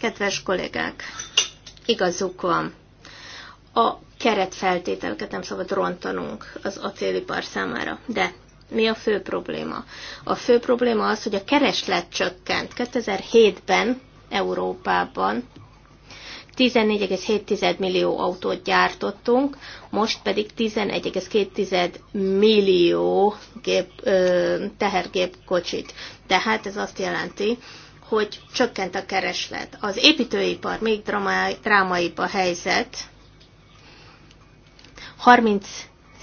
Kedves kollégák, igazuk van. A keretfeltételeket nem szabad rontanunk az acélipar számára, de mi a fő probléma? A fő probléma az, hogy a kereslet csökkent. 2007-ben Európában 14,7 millió autót gyártottunk, most pedig 11,2 millió gép, ö, tehergépkocsit. Tehát ez azt jelenti, hogy csökkent a kereslet. Az építőipar még drámai, drámaibb a helyzet. 30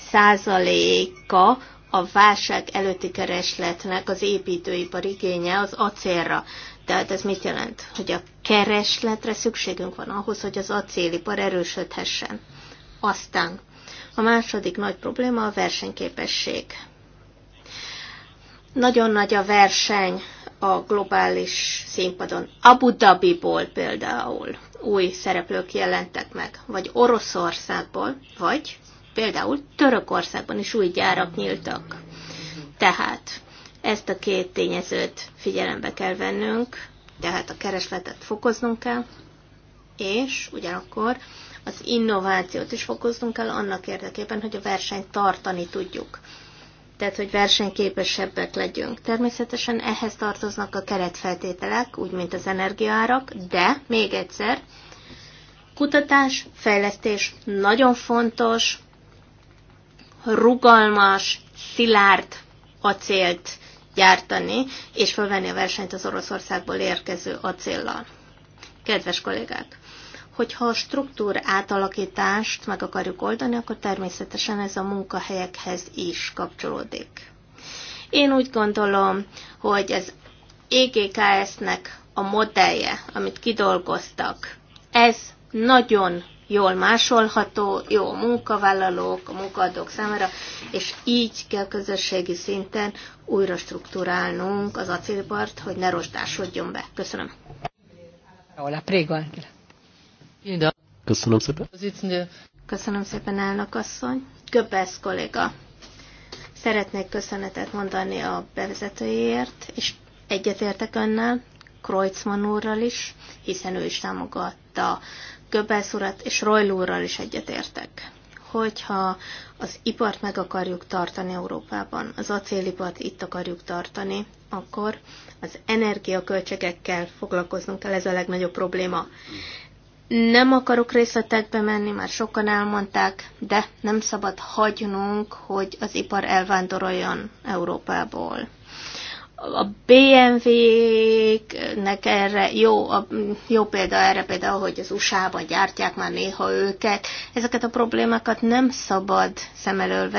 százaléka a válság előtti keresletnek az építőipar igénye az acélra. Tehát ez mit jelent? Hogy a keresletre szükségünk van ahhoz, hogy az acélipar erősödhessen. Aztán a második nagy probléma a versenyképesség. Nagyon nagy a verseny a globális színpadon. Abu Dhabiból például új szereplők jelentek meg, vagy Oroszországból, vagy Például Törökországban is új gyárak nyíltak. Tehát ezt a két tényezőt figyelembe kell vennünk, tehát a keresletet fokoznunk kell, és ugyanakkor az innovációt is fokoznunk kell annak érdekében, hogy a versenyt tartani tudjuk. Tehát, hogy versenyképesebbek legyünk. Természetesen ehhez tartoznak a keretfeltételek, úgy mint az energiaárak, de még egyszer, kutatás, fejlesztés nagyon fontos, rugalmas, szilárd acélt gyártani, és felvenni a versenyt az Oroszországból érkező acéllal. Kedves kollégák! Hogyha a struktúr átalakítást meg akarjuk oldani, akkor természetesen ez a munkahelyekhez is kapcsolódik. Én úgy gondolom, hogy az EGKS-nek a modellje, amit kidolgoztak, ez nagyon jól másolható, jó munkavállalók, a munkadók számára, és így kell közösségi szinten újra struktúrálnunk az acélipart, hogy ne rostásodjon be. Köszönöm. Köszönöm szépen. Köszönöm szépen, elnök asszony. Köpesz kolléga. Szeretnék köszönetet mondani a bevezetőjéért, és egyetértek önnel, Kreutzmann úrral is, hiszen ő is támogatta Göbbelsz urat és Rojlúrral is egyetértek, hogyha az ipart meg akarjuk tartani Európában, az acélipart itt akarjuk tartani, akkor az energiaköltségekkel foglalkoznunk kell, ez a legnagyobb probléma. Nem akarok részletekbe menni, már sokan elmondták, de nem szabad hagynunk, hogy az ipar elvándoroljon Európából a bmw nek erre jó, a, jó példa erre például, hogy az USA-ban gyártják már néha őket. Ezeket a problémákat nem szabad szem elől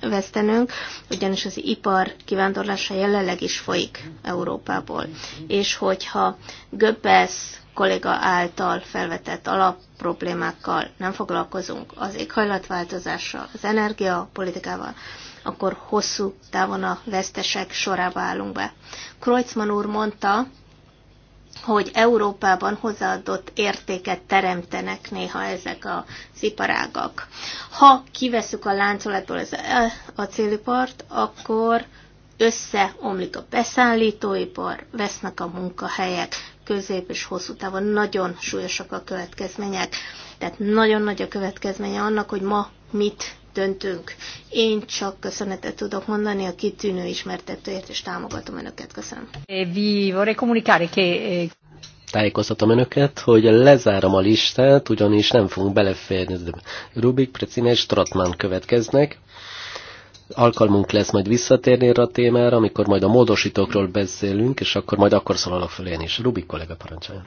vesztenünk, ugyanis az ipar kivándorlása jelenleg is folyik Európából. És hogyha Göbbelsz kolléga által felvetett alapproblémákkal nem foglalkozunk, az éghajlatváltozással, az energiapolitikával, akkor hosszú távon a vesztesek sorába állunk be. Kreutzmann úr mondta, hogy Európában hozzáadott értéket teremtenek néha ezek az iparágak. Ha kiveszük a láncolatból az e, acélipart, akkor összeomlik a beszállítóipar, vesznek a munkahelyek, közép és hosszú távon nagyon súlyosak a következmények. Tehát nagyon nagy a következménye annak, hogy ma mit döntünk. Én csak köszönetet tudok mondani a kitűnő ismertetőért, és támogatom önöket. Köszönöm. E, vi vorrei comunicare che... Eh, Tájékoztatom önöket, hogy lezárom a listát, ugyanis nem fogunk beleférni. Rubik, Precine és Stratman következnek alkalmunk lesz majd visszatérni erre a témára, amikor majd a módosítókról beszélünk, és akkor majd akkor szólalok föl én is. Rubik kollega parancsoljon.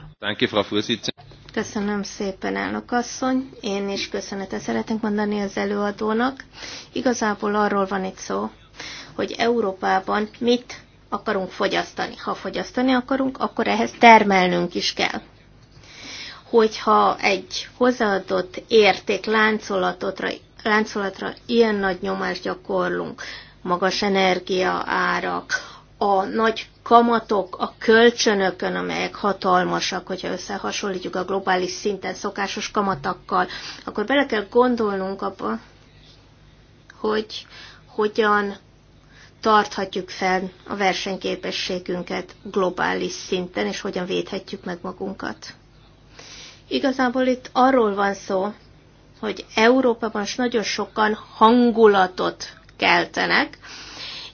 Köszönöm szépen, elnök asszony. Én is köszönetet szeretnék mondani az előadónak. Igazából arról van itt szó, hogy Európában mit akarunk fogyasztani. Ha fogyasztani akarunk, akkor ehhez termelnünk is kell hogyha egy hozzáadott érték láncolatot láncolatra ilyen nagy nyomást gyakorlunk, magas energia árak, a nagy kamatok a kölcsönökön, amelyek hatalmasak, hogyha összehasonlítjuk a globális szinten szokásos kamatakkal, akkor bele kell gondolnunk abba, hogy hogyan tarthatjuk fel a versenyképességünket globális szinten, és hogyan védhetjük meg magunkat. Igazából itt arról van szó, hogy Európában is nagyon sokan hangulatot keltenek,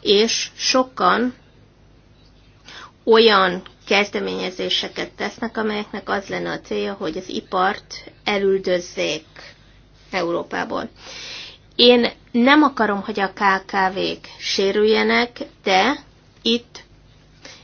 és sokan olyan kezdeményezéseket tesznek, amelyeknek az lenne a célja, hogy az ipart elüldözzék Európából. Én nem akarom, hogy a KKV-k sérüljenek, de itt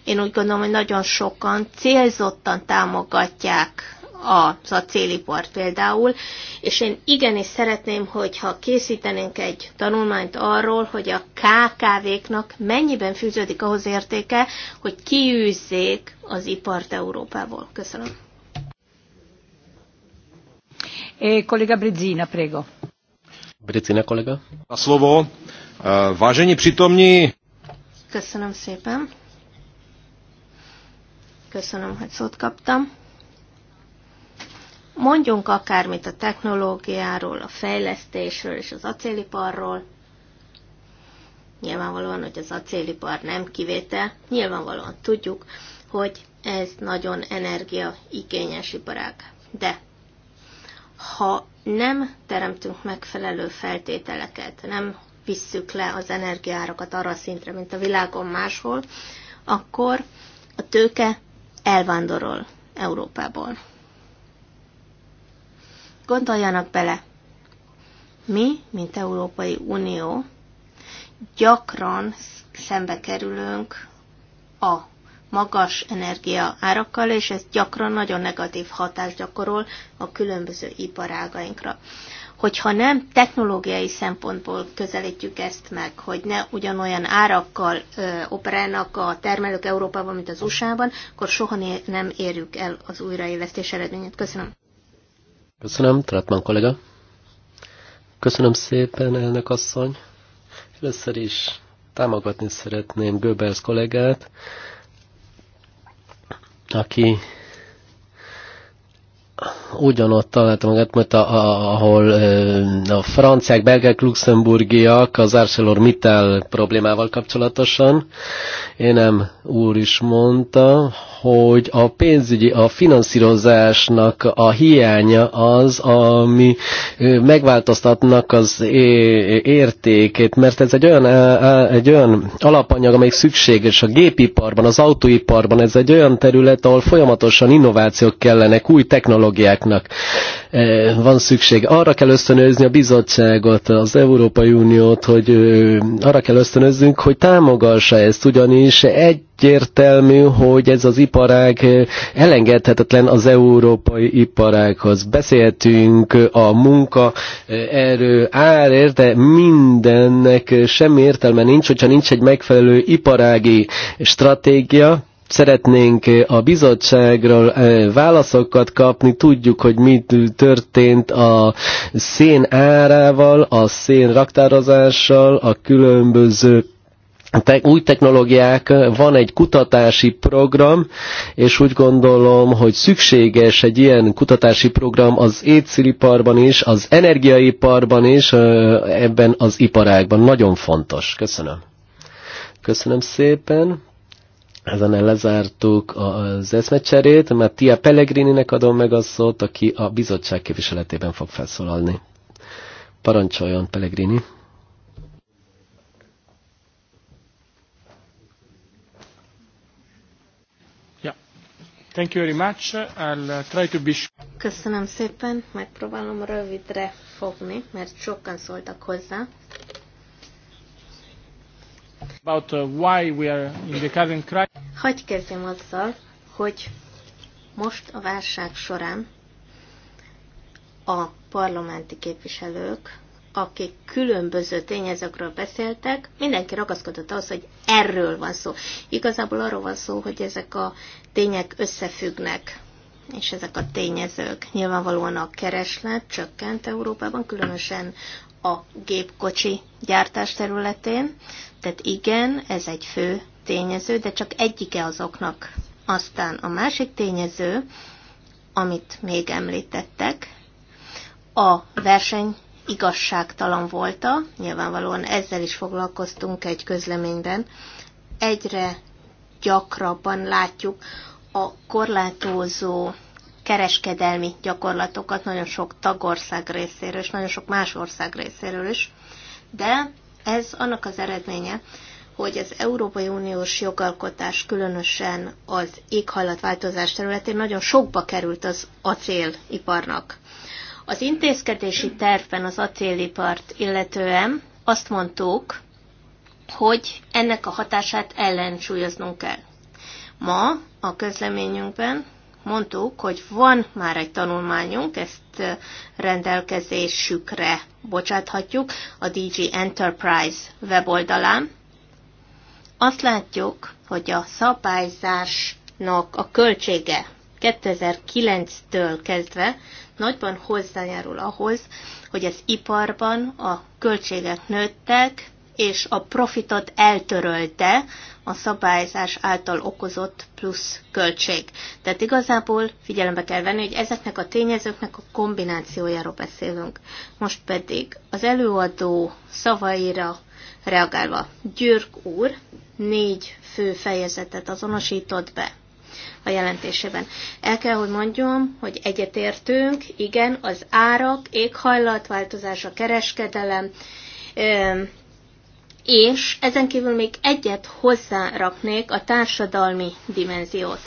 én úgy gondolom, hogy nagyon sokan célzottan támogatják az acélipart például, és én igenis szeretném, hogyha készítenénk egy tanulmányt arról, hogy a KKV-knak mennyiben fűződik ahhoz értéke, hogy kiűzzék az ipart Európából. Köszönöm. E, kollega Bredzina, prego. Bredzina kollega. A slovo. E, vážení přítomní. Köszönöm szépen. Köszönöm, hogy szót kaptam. Mondjunk akármit a technológiáról, a fejlesztésről és az acéliparról. Nyilvánvalóan, hogy az acélipar nem kivétel. Nyilvánvalóan tudjuk, hogy ez nagyon energiaigényes iparág. De ha nem teremtünk megfelelő feltételeket, nem visszük le az energiárakat arra a szintre, mint a világon máshol, akkor a tőke elvándorol Európából. Gondoljanak bele, mi, mint Európai Unió, gyakran szembe kerülünk a magas energia árakkal, és ez gyakran nagyon negatív hatást gyakorol a különböző iparágainkra. Hogyha nem technológiai szempontból közelítjük ezt meg, hogy ne ugyanolyan árakkal ö, operálnak a termelők Európában, mint az USA-ban, akkor soha nem érjük el az újraélesztés eredményét. Köszönöm. Köszönöm, Tratman kollega. Köszönöm szépen, elnök asszony. Először is támogatni szeretném Göbels kollégát, aki ugyanott találta magát, mert a, a, ahol a franciák, belgák, luxemburgiak az ArcelorMittal problémával kapcsolatosan. Én nem úr is mondta, hogy a pénzügyi, a finanszírozásnak a hiánya az, ami megváltoztatnak az értékét, mert ez egy olyan, egy olyan alapanyag, amelyik szükséges a gépiparban, az autóiparban, ez egy olyan terület, ahol folyamatosan innovációk kellenek, új technológiák, politikáknak eh, van szükség. Arra kell ösztönözni a bizottságot, az Európai Uniót, hogy arra kell ösztönözzünk, hogy támogassa ezt, ugyanis egy egyértelmű, hogy ez az iparág eh, elengedhetetlen az európai iparághoz. Beszéltünk a munka eh, erő árért, de mindennek semmi értelme nincs, hogyha nincs egy megfelelő iparági stratégia, szeretnénk eh, a bizottságról eh, válaszokat kapni, tudjuk, hogy mit történt a szén árával, a szén raktározással, a különböző te, új technológiák, van egy kutatási program, és úgy gondolom, hogy szükséges egy ilyen kutatási program az étsziliparban is, az energiaiparban is, ebben az iparágban. Nagyon fontos. Köszönöm. Köszönöm szépen. Ezen lezártuk az eszmecserét, mert Tia Pellegrininek adom meg a szót, aki a bizottság képviseletében fog felszólalni. Parancsoljon, Pellegrini! Thank you very much. I'll uh, try to be... Köszönöm szépen, megpróbálom rövidre fogni, mert sokan szóltak hozzá. Uh, Hagy kezdjem azzal, hogy most a válság során a parlamenti képviselők, akik különböző tényezőkről beszéltek, mindenki ragaszkodott ahhoz, hogy erről van szó. Igazából arról van szó, hogy ezek a tények összefüggnek, és ezek a tényezők. Nyilvánvalóan a kereslet csökkent Európában, különösen a gépkocsi gyártás területén. Tehát igen, ez egy fő tényező, de csak egyike azoknak. Aztán a másik tényező, amit még említettek, a verseny igazságtalan volta, nyilvánvalóan ezzel is foglalkoztunk egy közleményben. Egyre gyakrabban látjuk a korlátozó kereskedelmi gyakorlatokat nagyon sok tagország részéről, és nagyon sok más ország részéről is, de ez annak az eredménye, hogy az Európai Uniós jogalkotás különösen az éghajlatváltozás területén nagyon sokba került az acéliparnak. Az intézkedési tervben az acélipart illetően azt mondtuk, hogy ennek a hatását ellensúlyoznunk kell. Ma a közleményünkben mondtuk, hogy van már egy tanulmányunk, ezt rendelkezésükre bocsáthatjuk a DG Enterprise weboldalán. Azt látjuk, hogy a szabályzásnak a költsége 2009-től kezdve nagyban hozzájárul ahhoz, hogy az iparban a költségek nőttek, és a profitot eltörölte a szabályzás által okozott plusz költség. Tehát igazából figyelembe kell venni, hogy ezeknek a tényezőknek a kombinációjáról beszélünk. Most pedig az előadó szavaira reagálva. Gyürk úr négy fő fejezetet azonosított be a jelentésében. El kell, hogy mondjam, hogy egyetértünk, igen, az árak, éghajlatváltozás, a kereskedelem, és ezen kívül még egyet hozzáraknék a társadalmi dimenziót.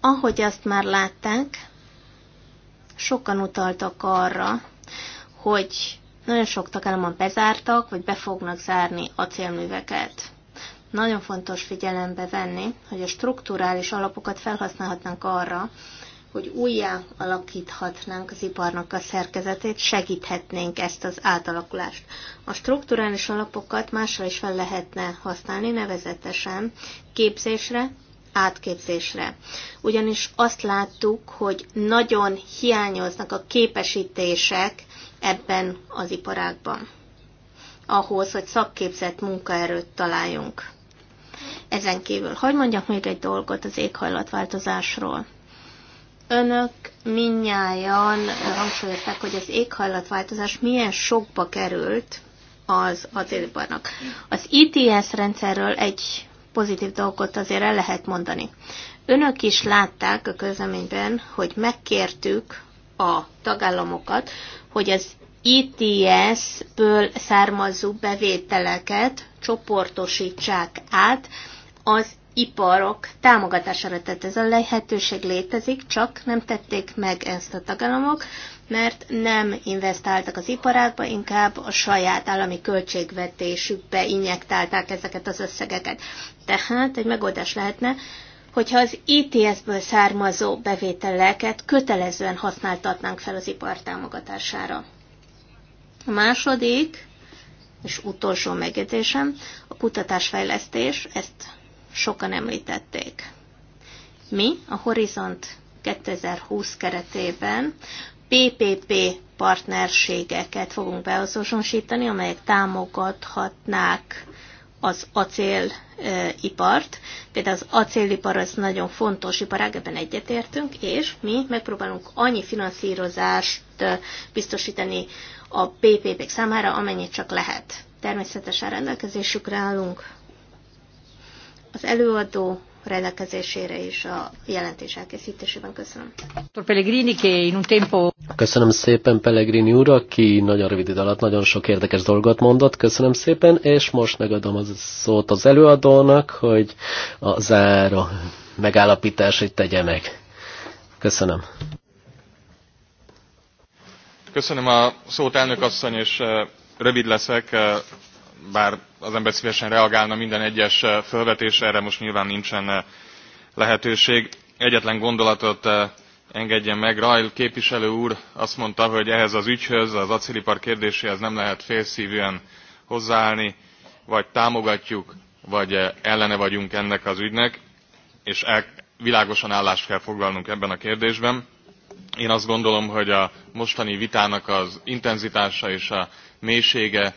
Ahogy azt már látták, sokan utaltak arra, hogy nagyon sok tagállamon bezártak, vagy be fognak zárni acélműveket. Nagyon fontos figyelembe venni, hogy a strukturális alapokat felhasználhatnánk arra, hogy újjá alakíthatnánk az iparnak a szerkezetét, segíthetnénk ezt az átalakulást. A strukturális alapokat másra is fel lehetne használni, nevezetesen képzésre, átképzésre. Ugyanis azt láttuk, hogy nagyon hiányoznak a képesítések ebben az iparágban ahhoz, hogy szakképzett munkaerőt találjunk. Ezen kívül, hogy mondjak még egy dolgot az éghajlatváltozásról. Önök minnyáján hangsúlyozták, hogy az éghajlatváltozás milyen sokba került az acéliparnak. Az ITS rendszerről egy pozitív dolgot azért el lehet mondani. Önök is látták a közleményben, hogy megkértük a tagállamokat, hogy az ITS-ből származó bevételeket csoportosítsák át az iparok támogatására. Tehát ez a lehetőség létezik, csak nem tették meg ezt a tagállamok, mert nem investáltak az iparákba, inkább a saját állami költségvetésükbe injektálták ezeket az összegeket. Tehát egy megoldás lehetne, hogyha az ITS-ből e származó bevételeket kötelezően használtatnánk fel az ipar támogatására. A második és utolsó megjegyzésem, a kutatásfejlesztés, ezt sokan említették. Mi a Horizont 2020 keretében PPP partnerségeket fogunk beazonosítani, amelyek támogathatnák az acélipart. Például az acélipar az nagyon fontos iparág, ebben egyetértünk, és mi megpróbálunk annyi finanszírozást biztosítani a PPP-k számára, amennyit csak lehet. Természetesen rendelkezésükre állunk az előadó rendelkezésére és a jelentés elkészítésében. Köszönöm. Köszönöm szépen Pellegrini úr, aki nagyon rövid idő alatt nagyon sok érdekes dolgot mondott. Köszönöm szépen, és most megadom az szót az előadónak, hogy a záró megállapításait tegye meg. Köszönöm. Köszönöm a szót, elnök asszony, és eh, rövid leszek. Eh, bár az ember szívesen reagálna minden egyes eh, felvetésre, erre most nyilván nincsen eh, lehetőség. Egyetlen gondolatot eh, engedjen meg. Rajl képviselő úr azt mondta, hogy ehhez az ügyhöz, az acélipar kérdéséhez nem lehet félszívűen hozzáállni, vagy támogatjuk, vagy ellene vagyunk ennek az ügynek, és el, világosan állást kell foglalnunk ebben a kérdésben. Én azt gondolom, hogy a mostani vitának az intenzitása és a mélysége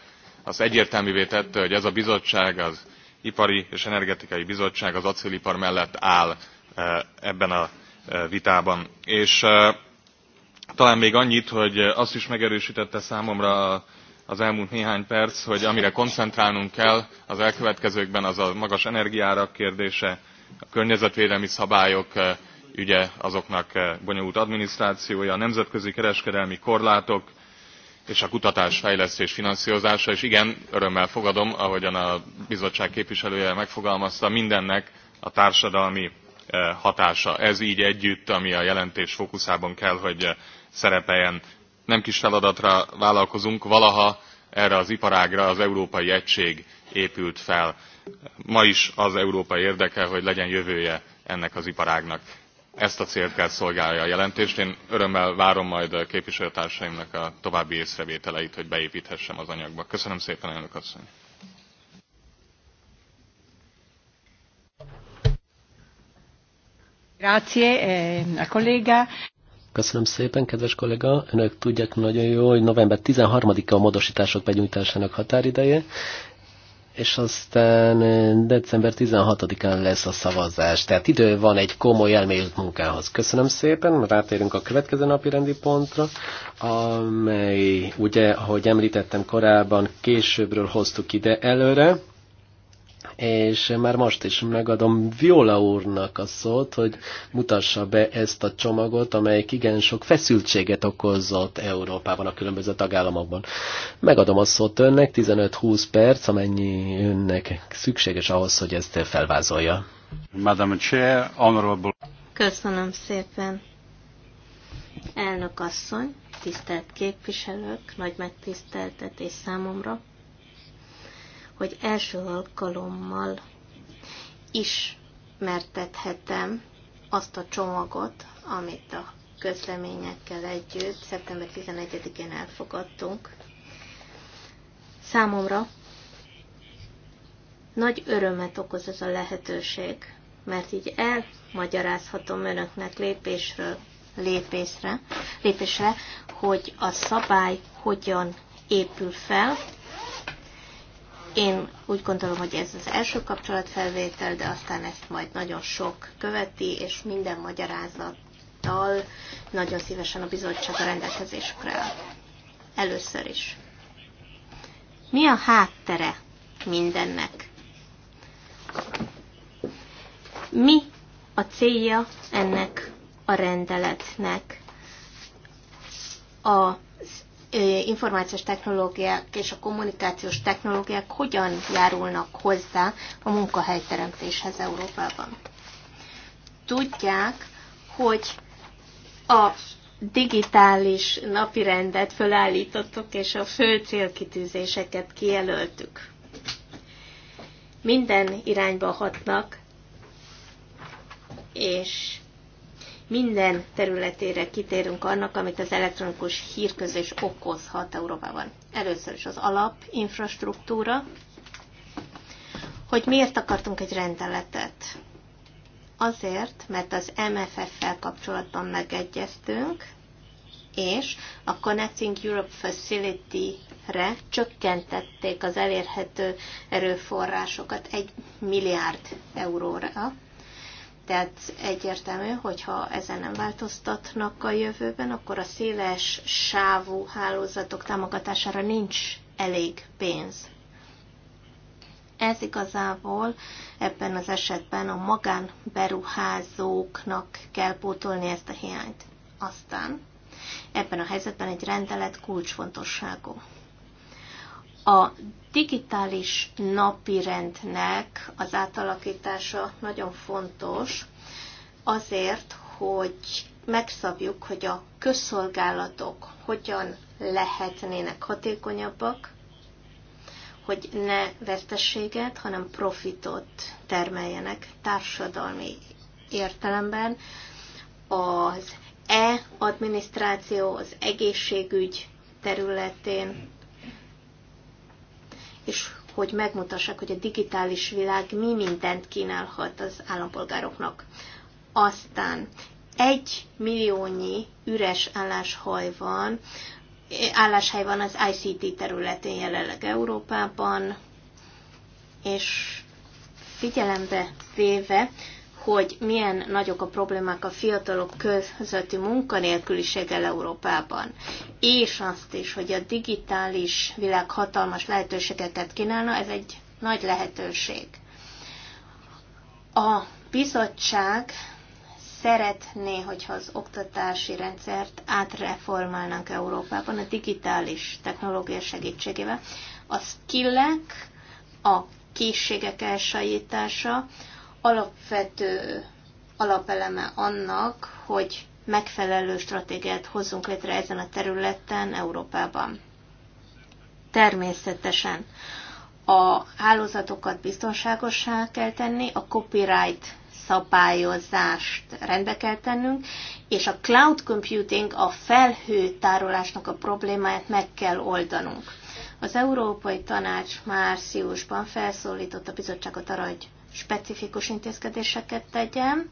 azt egyértelművé tette, hogy ez a bizottság, az Ipari és Energetikai Bizottság az acélipar mellett áll e, ebben a e, vitában. És e, talán még annyit, hogy azt is megerősítette számomra az elmúlt néhány perc, hogy amire koncentrálnunk kell az elkövetkezőkben, az a magas energiárak kérdése, a környezetvédelmi szabályok ügye azoknak bonyolult adminisztrációja, a nemzetközi kereskedelmi korlátok, és a kutatás fejlesztés finanszírozása, és igen, örömmel fogadom, ahogyan a bizottság képviselője megfogalmazta, mindennek a társadalmi eh, hatása. Ez így együtt, ami a jelentés fókuszában kell, hogy eh, szerepeljen. Nem kis feladatra vállalkozunk, valaha erre az iparágra az Európai Egység épült fel. Ma is az európai érdeke, hogy legyen jövője ennek az iparágnak ezt a célt kell szolgálja a jelentést. Én örömmel várom majd a képviselőtársaimnak a további észrevételeit, hogy beépíthessem az anyagba. Köszönöm szépen, elnök asszony! Eh, Köszönöm szépen, kedves kollega. Önök tudják nagyon jó, hogy november 13-a a módosítások benyújtásának határideje, és aztán december 16-án lesz a szavazás. Tehát idő van egy komoly elmélyült munkához. Köszönöm szépen, rátérünk a következő napi rendi pontra, amely ugye, ahogy említettem korábban, későbbről hoztuk ide előre és már most is megadom Viola úrnak a szót, hogy mutassa be ezt a csomagot, amelyik igen sok feszültséget okozott Európában, a különböző tagállamokban. Megadom a szót önnek, 15-20 perc, amennyi önnek szükséges ahhoz, hogy ezt felvázolja. Madam Chair, Honorable... Köszönöm szépen. Elnök asszony, tisztelt képviselők, nagy megtiszteltetés számomra, hogy első alkalommal ismertethetem azt a csomagot, amit a közleményekkel együtt szeptember 11-én elfogadtunk. Számomra nagy örömet okoz ez a lehetőség, mert így elmagyarázhatom önöknek lépésről lépésre, lépésre, hogy a szabály hogyan épül fel, én úgy gondolom, hogy ez az első kapcsolatfelvétel, de aztán ezt majd nagyon sok követi, és minden magyarázattal nagyon szívesen a bizottság a rendelkezésükre áll. Először is. Mi a háttere mindennek? Mi a célja ennek a rendeletnek? A információs technológiák és a kommunikációs technológiák hogyan járulnak hozzá a munkahelyteremtéshez Európában. Tudják, hogy a digitális napirendet fölállítottuk, és a fő célkitűzéseket kijelöltük. Minden irányba hatnak, és minden területére kitérünk annak, amit az elektronikus hírközés okozhat Európában. Először is az alapinfrastruktúra, hogy miért akartunk egy rendeletet. Azért, mert az MFF-fel kapcsolatban megegyeztünk, és a Connecting Europe Facility-re csökkentették az elérhető erőforrásokat egy milliárd euróra, tehát egyértelmű, hogyha ezen nem változtatnak a jövőben, akkor a széles sávú hálózatok támogatására nincs elég pénz. Ez igazából ebben az esetben a magánberuházóknak kell pótolni ezt a hiányt. Aztán ebben a helyzetben egy rendelet kulcsfontosságú. A digitális napirendnek az átalakítása nagyon fontos azért, hogy megszabjuk, hogy a közszolgálatok hogyan lehetnének hatékonyabbak, hogy ne vesztességet, hanem profitot termeljenek társadalmi értelemben. Az e-adminisztráció, az egészségügy területén és hogy megmutassák, hogy a digitális világ mi mindent kínálhat az állampolgároknak. Aztán egy milliónyi üres álláshely van, álláshely van az ICT területén jelenleg Európában, és figyelembe véve, hogy milyen nagyok a problémák a fiatalok közötti munkanélküliséggel Európában, és azt is, hogy a digitális világ hatalmas lehetőségeket kínálna, ez egy nagy lehetőség. A bizottság szeretné, hogyha az oktatási rendszert átreformálnánk Európában a digitális technológia segítségével. A skillek, a készségek elsajítása, alapvető alapeleme annak, hogy megfelelő stratégiát hozzunk létre ezen a területen Európában. Természetesen a hálózatokat biztonságosá kell tenni, a copyright szabályozást rendbe kell tennünk, és a cloud computing, a felhő tárolásnak a problémáját meg kell oldanunk. Az Európai Tanács márciusban felszólított a bizottságot arra, hogy specifikus intézkedéseket tegyen,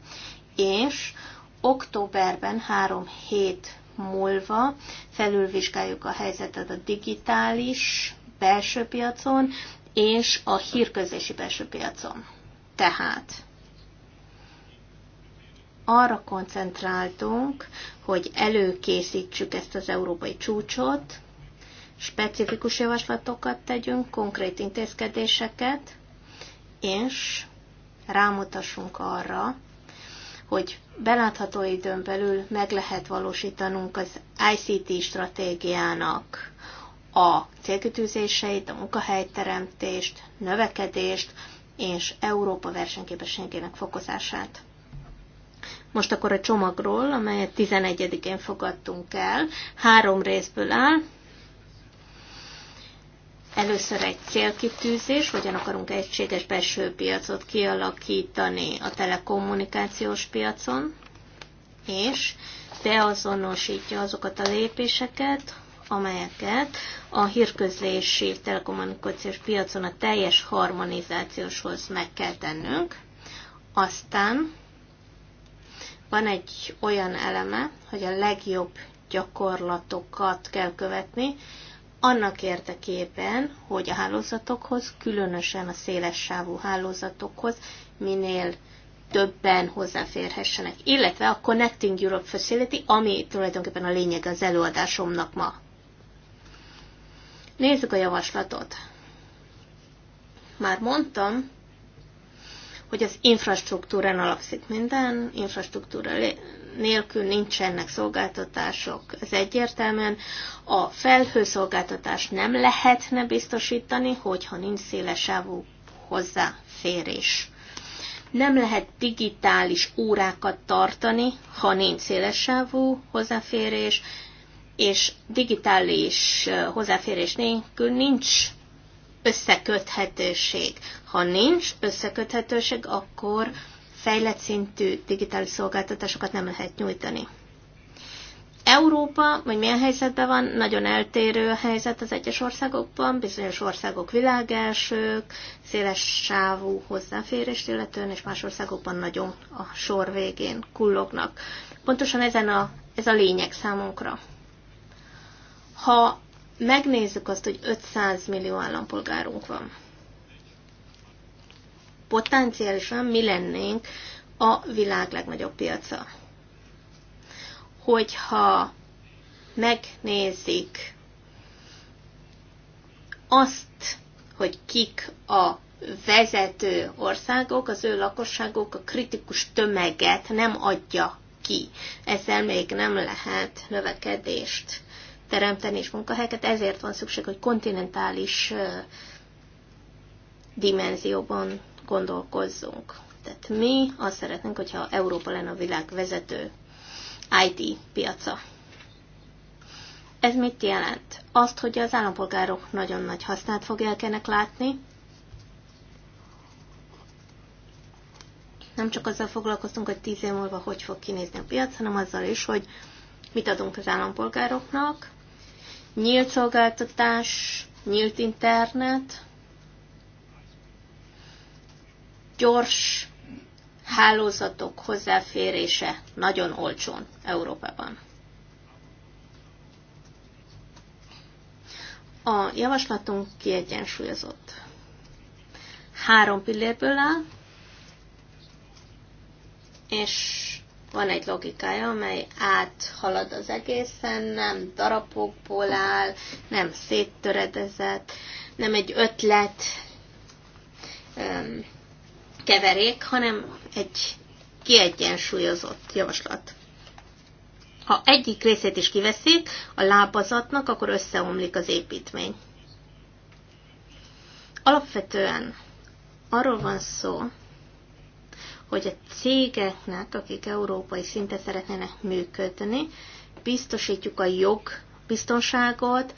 és októberben három hét múlva felülvizsgáljuk a helyzetet a digitális belső piacon és a hírközési belső piacon. Tehát arra koncentráltunk, hogy előkészítsük ezt az európai csúcsot, specifikus javaslatokat tegyünk, konkrét intézkedéseket, és rámutassunk arra, hogy belátható időn belül meg lehet valósítanunk az ICT stratégiának a célkütőzéseit, a munkahelyteremtést, növekedést és Európa versenyképességének fokozását. Most akkor a csomagról, amelyet 11-én fogadtunk el, három részből áll, Először egy célkitűzés, hogyan akarunk egységes belső piacot kialakítani a telekommunikációs piacon, és beazonosítja azokat a lépéseket, amelyeket a hírközlési telekommunikációs piacon a teljes harmonizációshoz meg kell tennünk. Aztán van egy olyan eleme, hogy a legjobb gyakorlatokat kell követni, annak érdekében, hogy a hálózatokhoz, különösen a széles sávú hálózatokhoz minél többen hozzáférhessenek, illetve a Connecting Europe Facility, ami tulajdonképpen a lényeg az előadásomnak ma. Nézzük a javaslatot. Már mondtam, hogy az infrastruktúrán alapszik minden, infrastruktúra nélkül nincsenek szolgáltatások. Ez egyértelműen a felhőszolgáltatást nem lehetne biztosítani, hogyha nincs szélesávú hozzáférés. Nem lehet digitális órákat tartani, ha nincs szélesávú hozzáférés, és digitális hozzáférés nélkül nincs összeköthetőség. Ha nincs összeköthetőség, akkor fejlett szintű digitális szolgáltatásokat nem lehet nyújtani. Európa, vagy milyen helyzetben van, nagyon eltérő a helyzet az egyes országokban, bizonyos országok világelsők, széles sávú hozzáférést illetően, és más országokban nagyon a sor végén kullognak. Pontosan ezen a, ez a lényeg számunkra. Ha megnézzük azt, hogy 500 millió állampolgárunk van. Potenciálisan mi lennénk a világ legnagyobb piaca. Hogyha megnézik azt, hogy kik a vezető országok, az ő lakosságok a kritikus tömeget nem adja ki. Ezzel még nem lehet növekedést teremteni és munkahelyeket, ezért van szükség, hogy kontinentális dimenzióban gondolkozzunk. Tehát mi azt szeretnénk, hogyha Európa lenne a világ vezető IT piaca. Ez mit jelent? Azt, hogy az állampolgárok nagyon nagy hasznát fogják ennek látni. Nem csak azzal foglalkoztunk, hogy tíz év múlva hogy fog kinézni a piac, hanem azzal is, hogy mit adunk az állampolgároknak, nyílt szolgáltatás, nyílt internet, gyors hálózatok hozzáférése nagyon olcsón Európában. A javaslatunk kiegyensúlyozott. Három pillérből áll, és van egy logikája, amely áthalad az egészen, nem darabokból áll, nem széttöredezett, nem egy ötlet um, keverék, hanem egy kiegyensúlyozott javaslat. Ha egyik részét is kiveszik a lábazatnak, akkor összeomlik az építmény. Alapvetően arról van szó, hogy a cégeknek, akik európai szinten szeretnének működni, biztosítjuk a jogbiztonságot,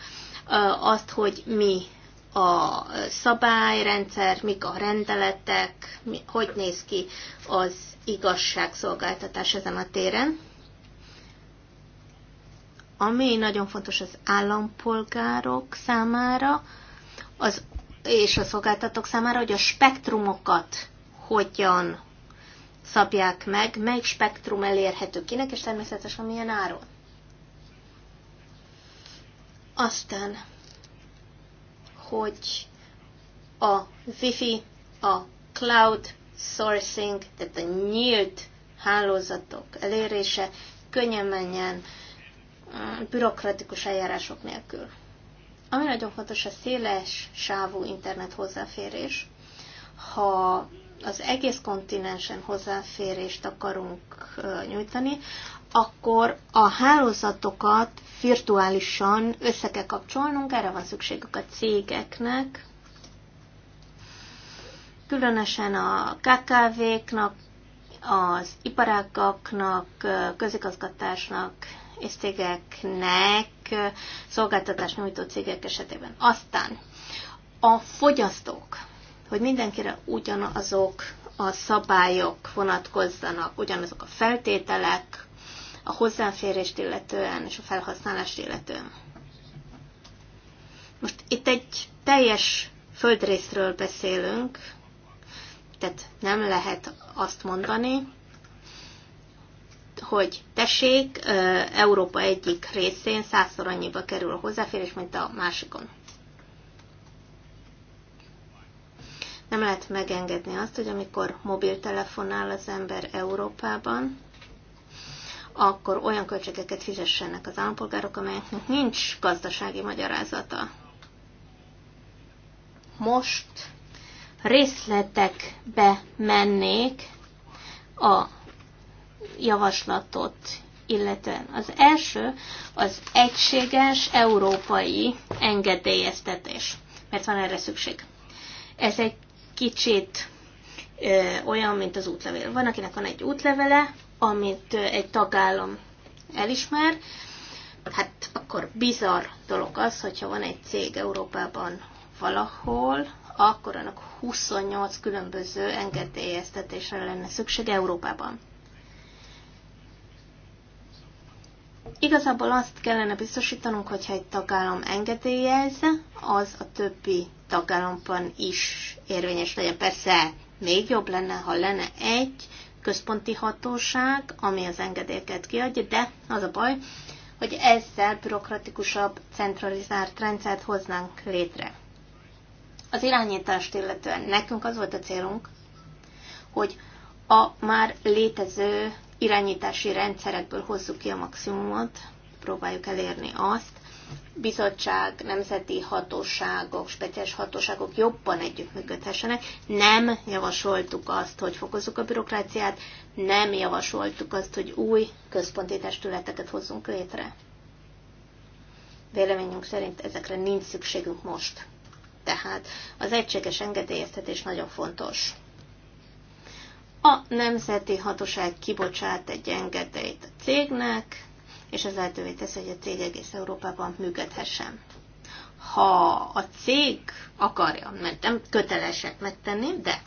azt, hogy mi a szabályrendszer, mik a rendeletek, hogy néz ki az igazságszolgáltatás ezen a téren. Ami nagyon fontos az állampolgárok számára, az, és a szolgáltatók számára, hogy a spektrumokat hogyan szabják meg, melyik spektrum elérhető kinek, és természetesen milyen áron. Aztán, hogy a Wi-Fi, a cloud sourcing, tehát a nyílt hálózatok elérése könnyen menjen, mm, bürokratikus eljárások nélkül. Ami nagyon fontos, a széles sávú internet hozzáférés. Ha az egész kontinensen hozzáférést akarunk nyújtani, akkor a hálózatokat virtuálisan össze kell kapcsolnunk, erre van szükségük a cégeknek, különösen a KKV-knak, az iparágaknak, közigazgatásnak és cégeknek, szolgáltatás nyújtó cégek esetében. Aztán a fogyasztók hogy mindenkire ugyanazok a szabályok vonatkozzanak, ugyanazok a feltételek, a hozzáférést illetően és a felhasználást illetően. Most itt egy teljes földrészről beszélünk, tehát nem lehet azt mondani, hogy tessék, Európa egyik részén százszor annyiba kerül a hozzáférés, mint a másikon. Nem lehet megengedni azt, hogy amikor mobiltelefonál az ember Európában, akkor olyan költségeket fizessenek az állampolgárok, amelyeknek nincs gazdasági magyarázata. Most részletekbe mennék a javaslatot illetve Az első az egységes európai engedélyeztetés, mert van erre szükség. Ez egy kicsit ö, olyan, mint az útlevél. Van, akinek van egy útlevele, amit egy tagállam elismer, hát akkor bizarr dolog az, hogyha van egy cég Európában valahol, akkor annak 28 különböző engedélyeztetésre lenne szükség Európában. Igazából azt kellene biztosítanunk, hogyha egy tagállam engedélyez, az a többi tagállamban is érvényes legyen. Persze még jobb lenne, ha lenne egy központi hatóság, ami az engedélyeket kiadja, de az a baj, hogy ezzel bürokratikusabb, centralizált rendszert hoznánk létre. Az irányítást illetően nekünk az volt a célunk, hogy a már létező irányítási rendszerekből hozzuk ki a maximumot, próbáljuk elérni azt, bizottság, nemzeti hatóságok, speciális hatóságok jobban együttműködhessenek. Nem javasoltuk azt, hogy fokozzuk a bürokráciát, nem javasoltuk azt, hogy új központi testületeket hozzunk létre. Véleményünk szerint ezekre nincs szükségünk most. Tehát az egységes engedélyeztetés nagyon fontos. A nemzeti hatóság kibocsát egy engedélyt a cégnek, és ez lehetővé tesz, hogy a cég egész Európában működhessen. Ha a cég akarja, mert nem kötelesek megtenni, de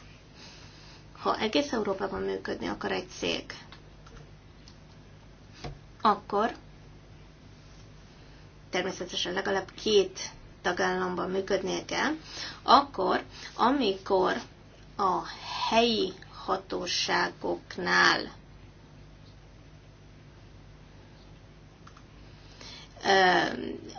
ha egész Európában működni akar egy cég, akkor természetesen legalább két tagállamban működnie kell, akkor amikor a helyi hatóságoknál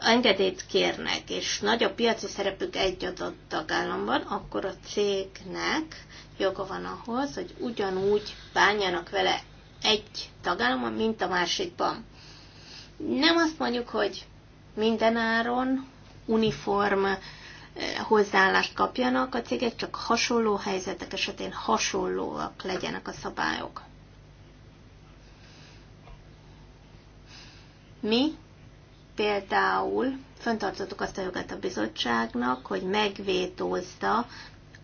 engedélyt kérnek, és nagy a piaci szerepük egy adott tagállamban, akkor a cégnek joga van ahhoz, hogy ugyanúgy bánjanak vele egy tagállamban, mint a másikban. Nem azt mondjuk, hogy mindenáron uniform hozzáállást kapjanak a cégek, csak hasonló helyzetek esetén hasonlóak legyenek a szabályok. Mi például föntartottuk azt a jogát a bizottságnak, hogy megvétózta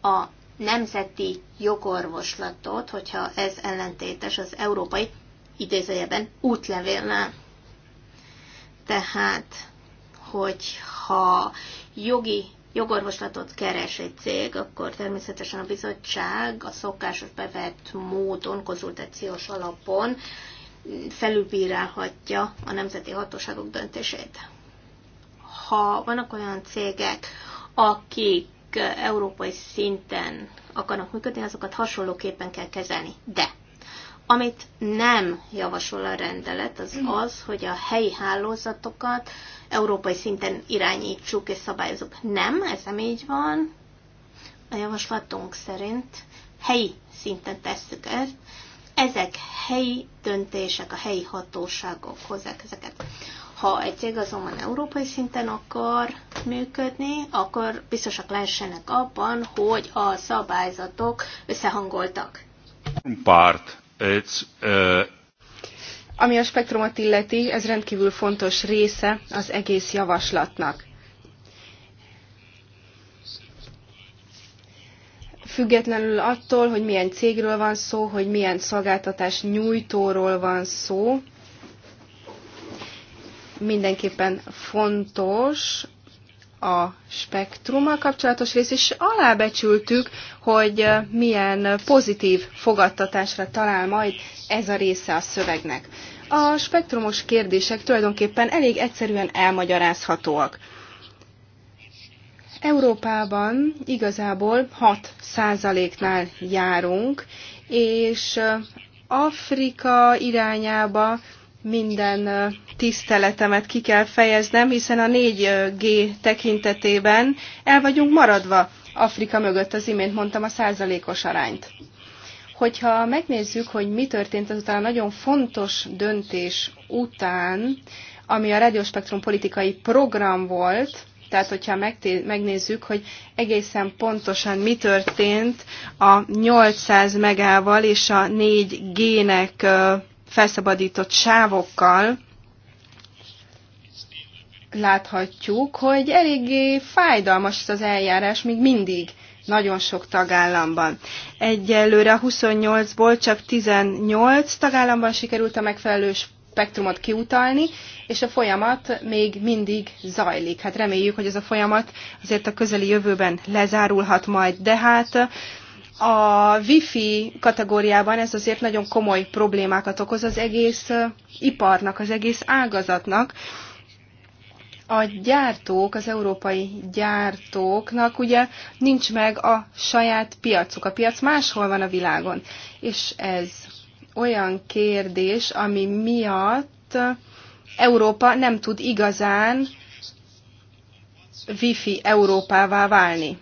a nemzeti jogorvoslatot, hogyha ez ellentétes az európai idézőjeben útlevélnál. Tehát, hogyha jogi jogorvoslatot keres egy cég, akkor természetesen a bizottság a szokásos bevett módon, konzultációs alapon felülbírálhatja a nemzeti hatóságok döntését. Ha vannak olyan cégek, akik európai szinten akarnak működni, azokat hasonlóképpen kell kezelni. De amit nem javasol a rendelet, az mm. az, hogy a helyi hálózatokat európai szinten irányítsuk és szabályozunk. Nem, ez nem így van. A javaslatunk szerint helyi szinten tesszük ezt, ezek helyi döntések, a helyi hatóságok hozzák ezeket. Ha egy cég azonban európai szinten akar működni, akkor biztosak lehessenek abban, hogy a szabályzatok összehangoltak. Part, it's, uh... Ami a spektrumot illeti, ez rendkívül fontos része az egész javaslatnak. függetlenül attól, hogy milyen cégről van szó, hogy milyen szolgáltatás nyújtóról van szó. Mindenképpen fontos a spektrummal kapcsolatos rész, és alábecsültük, hogy eh, milyen pozitív fogadtatásra talál majd ez a része a szövegnek. A spektrumos kérdések tulajdonképpen elég egyszerűen elmagyarázhatóak Európában igazából 6 százaléknál járunk, és Afrika irányába minden tiszteletemet ki kell fejeznem, hiszen a 4G tekintetében el vagyunk maradva Afrika mögött, az imént mondtam a százalékos arányt. Hogyha megnézzük, hogy mi történt azután a nagyon fontos döntés után, ami a radiospektrum politikai program volt, tehát, hogyha megnézzük, hogy egészen pontosan mi történt a 800 megával és a 4 gének felszabadított sávokkal, láthatjuk, hogy eléggé fájdalmas az eljárás még mindig nagyon sok tagállamban. Egyelőre 28-ból csak 18 tagállamban sikerült a megfelelős spektrumot kiutalni, és a folyamat még mindig zajlik. Hát reméljük, hogy ez a folyamat azért a közeli jövőben lezárulhat majd, de hát a wifi kategóriában ez azért nagyon komoly problémákat okoz az egész iparnak, az egész ágazatnak. A gyártók, az európai gyártóknak ugye nincs meg a saját piacuk, a piac máshol van a világon, és ez olyan kérdés, ami miatt Európa nem tud igazán Wi-Fi Európává válni.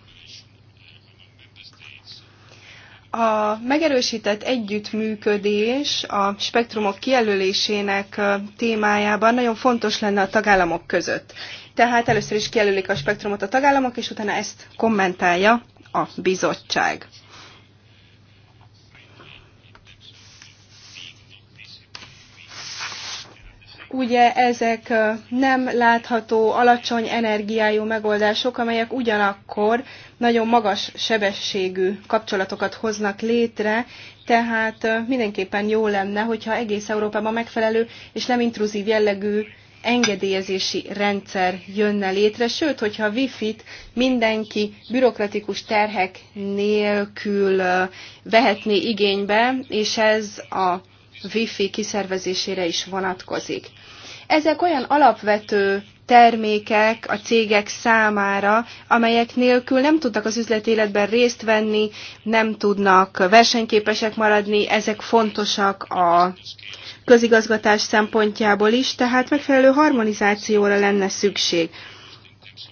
A megerősített együttműködés a spektrumok kijelölésének témájában nagyon fontos lenne a tagállamok között. Tehát először is kijelölik a spektrumot a tagállamok, és utána ezt kommentálja a bizottság. Ugye ezek nem látható, alacsony energiájú megoldások, amelyek ugyanakkor nagyon magas sebességű kapcsolatokat hoznak létre, tehát mindenképpen jó lenne, hogyha egész Európában megfelelő és nem intruzív jellegű engedélyezési rendszer jönne létre, sőt, hogyha a wifi-t mindenki bürokratikus terhek nélkül vehetné igénybe, és ez a wifi kiszervezésére is vonatkozik. Ezek olyan alapvető termékek a cégek számára, amelyek nélkül nem tudnak az üzletéletben részt venni, nem tudnak versenyképesek maradni, ezek fontosak a közigazgatás szempontjából is, tehát megfelelő harmonizációra lenne szükség.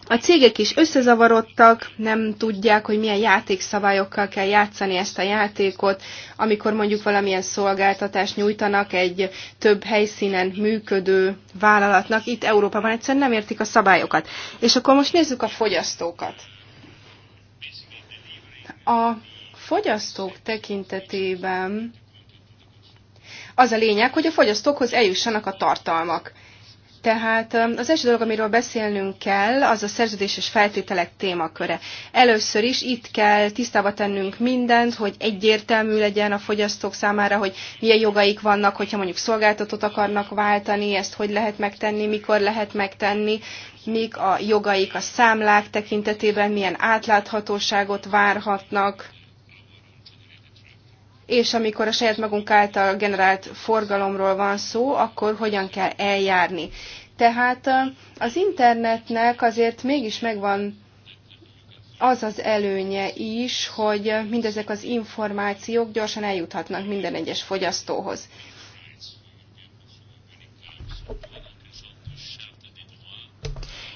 A cégek is összezavarodtak, nem tudják, hogy milyen játékszabályokkal kell játszani ezt a játékot, amikor mondjuk valamilyen szolgáltatást nyújtanak egy több helyszínen működő vállalatnak. Itt Európában egyszerűen nem értik a szabályokat. És akkor most nézzük a fogyasztókat. A fogyasztók tekintetében az a lényeg, hogy a fogyasztókhoz eljussanak a tartalmak. Tehát az első dolog, amiről beszélnünk kell, az a szerződéses feltételek témaköre. Először is itt kell tisztába tennünk mindent, hogy egyértelmű legyen a fogyasztók számára, hogy milyen jogaik vannak, hogyha mondjuk szolgáltatót akarnak váltani, ezt hogy lehet megtenni, mikor lehet megtenni, mik a jogaik a számlák tekintetében, milyen átláthatóságot várhatnak, és amikor a saját magunk által generált forgalomról van szó, akkor hogyan kell eljárni. Tehát az internetnek azért mégis megvan az az előnye is, hogy mindezek az információk gyorsan eljuthatnak minden egyes fogyasztóhoz.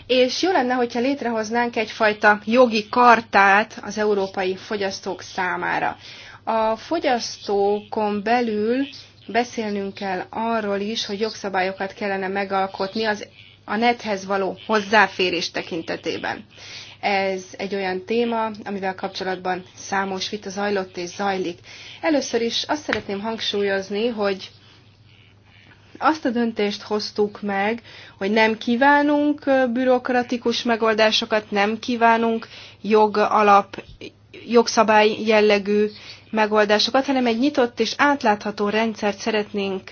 És jó lenne, hogyha létrehoznánk egyfajta jogi kartát az európai fogyasztók számára. A fogyasztókon belül beszélnünk kell arról is, hogy jogszabályokat kellene megalkotni az a nethez való hozzáférés tekintetében. Ez egy olyan téma, amivel kapcsolatban számos vita zajlott és zajlik. Először is azt szeretném hangsúlyozni, hogy azt a döntést hoztuk meg, hogy nem kívánunk bürokratikus megoldásokat, nem kívánunk jogalap jogszabály jellegű megoldásokat, hanem egy nyitott és átlátható rendszert szeretnénk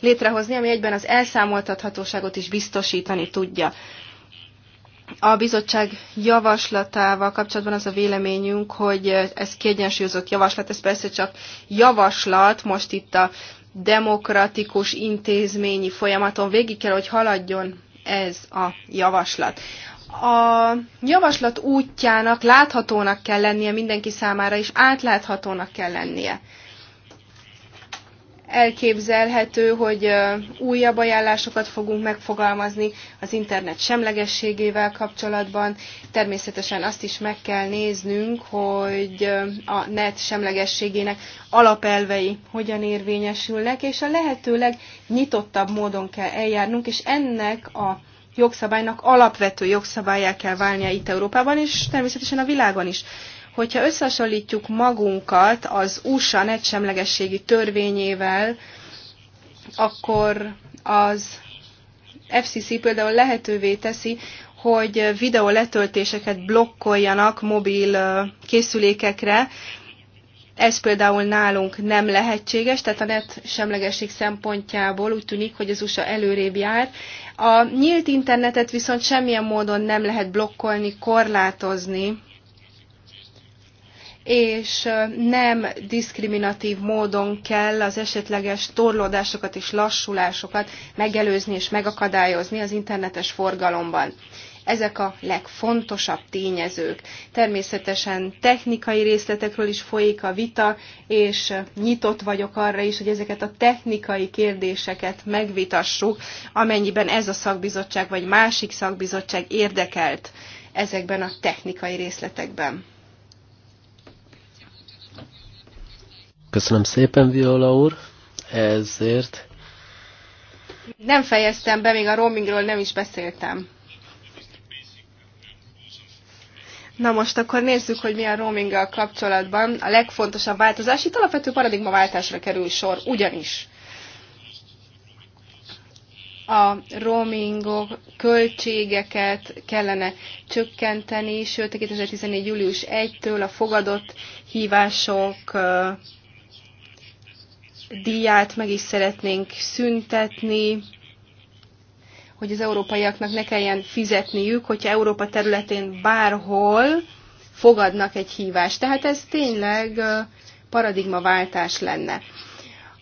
létrehozni, ami egyben az elszámoltathatóságot is biztosítani tudja. A bizottság javaslatával kapcsolatban az a véleményünk, hogy ez kiegyensúlyozott javaslat, ez persze csak javaslat, most itt a demokratikus intézményi folyamaton végig kell, hogy haladjon ez a javaslat a javaslat útjának láthatónak kell lennie mindenki számára, és átláthatónak kell lennie. Elképzelhető, hogy újabb ajánlásokat fogunk megfogalmazni az internet semlegességével kapcsolatban. Természetesen azt is meg kell néznünk, hogy a net semlegességének alapelvei hogyan érvényesülnek, és a lehetőleg nyitottabb módon kell eljárnunk, és ennek a jogszabálynak alapvető jogszabályá kell válnia itt Európában, és természetesen a világon is. Hogyha összehasonlítjuk magunkat az USA egysemlegességi törvényével, akkor az FCC például lehetővé teszi, hogy videó letöltéseket blokkoljanak mobil készülékekre, ez például nálunk nem lehetséges, tehát a net semlegesség szempontjából úgy tűnik, hogy az USA előrébb jár. A nyílt internetet viszont semmilyen módon nem lehet blokkolni, korlátozni, és nem diszkriminatív módon kell az esetleges torlódásokat és lassulásokat megelőzni és megakadályozni az internetes forgalomban. Ezek a legfontosabb tényezők. Természetesen technikai részletekről is folyik a vita, és nyitott vagyok arra is, hogy ezeket a technikai kérdéseket megvitassuk, amennyiben ez a szakbizottság vagy másik szakbizottság érdekelt ezekben a technikai részletekben. Köszönöm szépen, Viola úr, ezért. Nem fejeztem be, még a roamingról nem is beszéltem. Na most akkor nézzük, hogy milyen roaming a kapcsolatban a legfontosabb változás. Itt alapvető váltásra kerül sor, ugyanis a roamingok költségeket kellene csökkenteni, sőt 2014. július 1-től a fogadott hívások díját meg is szeretnénk szüntetni hogy az európaiaknak ne kelljen fizetniük, hogyha Európa területén bárhol fogadnak egy hívást. Tehát ez tényleg paradigmaváltás lenne.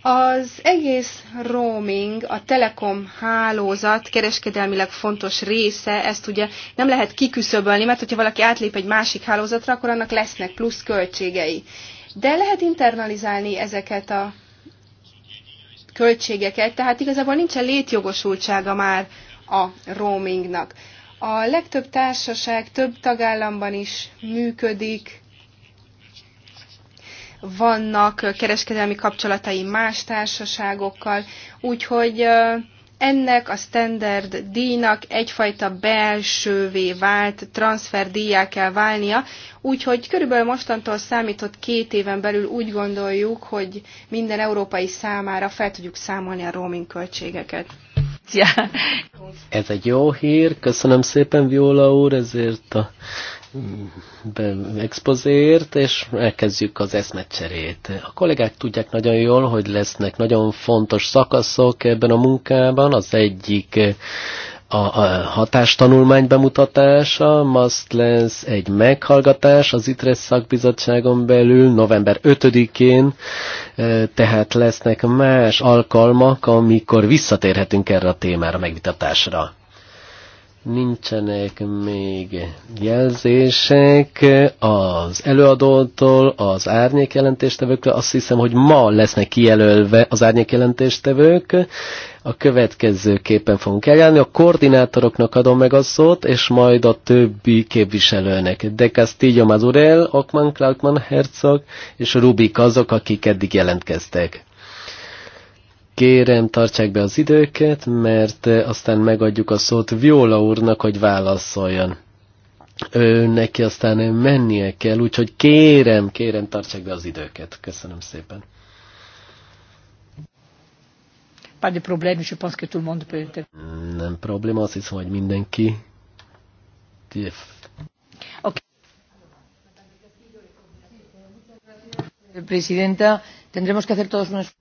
Az egész roaming, a telekom hálózat kereskedelmileg fontos része, ezt ugye nem lehet kiküszöbölni, mert hogyha valaki átlép egy másik hálózatra, akkor annak lesznek plusz költségei. De lehet internalizálni ezeket a költségeket, tehát igazából nincsen létjogosultsága már a roamingnak. A legtöbb társaság több tagállamban is működik, vannak kereskedelmi kapcsolatai más társaságokkal, úgyhogy ennek a standard díjnak egyfajta belsővé vált díjá kell válnia, úgyhogy körülbelül mostantól számított két éven belül úgy gondoljuk, hogy minden európai számára fel tudjuk számolni a roaming költségeket. Ez egy jó hír, köszönöm szépen Viola úr ezért a expozért, és elkezdjük az eszmecserét. A kollégák tudják nagyon jól, hogy lesznek nagyon fontos szakaszok ebben a munkában. Az egyik a, a hatástanulmány bemutatása, most lesz egy meghallgatás az ITRES szakbizottságon belül november 5-én, e, tehát lesznek más alkalmak, amikor visszatérhetünk erre a témára megvitatásra nincsenek még jelzések az előadótól, az árnyékjelentéstevőkről. Azt hiszem, hogy ma lesznek kijelölve az árnyékjelentéstevők. A következő képen fogunk eljárni. A koordinátoroknak adom meg a szót, és majd a többi képviselőnek. De Castillo Mazurel, Okman, Clarkman, Herzog és Rubik azok, akik eddig jelentkeztek. Kérem, tartsák be az időket, mert eh, aztán megadjuk a szót Viola úrnak, hogy válaszoljon. Ő neki aztán mennie kell, úgyhogy kérem, kérem, tartsák be az időket. Köszönöm szépen. Nem probléma, azt hiszem, hogy mindenki. Okay. Presidenta,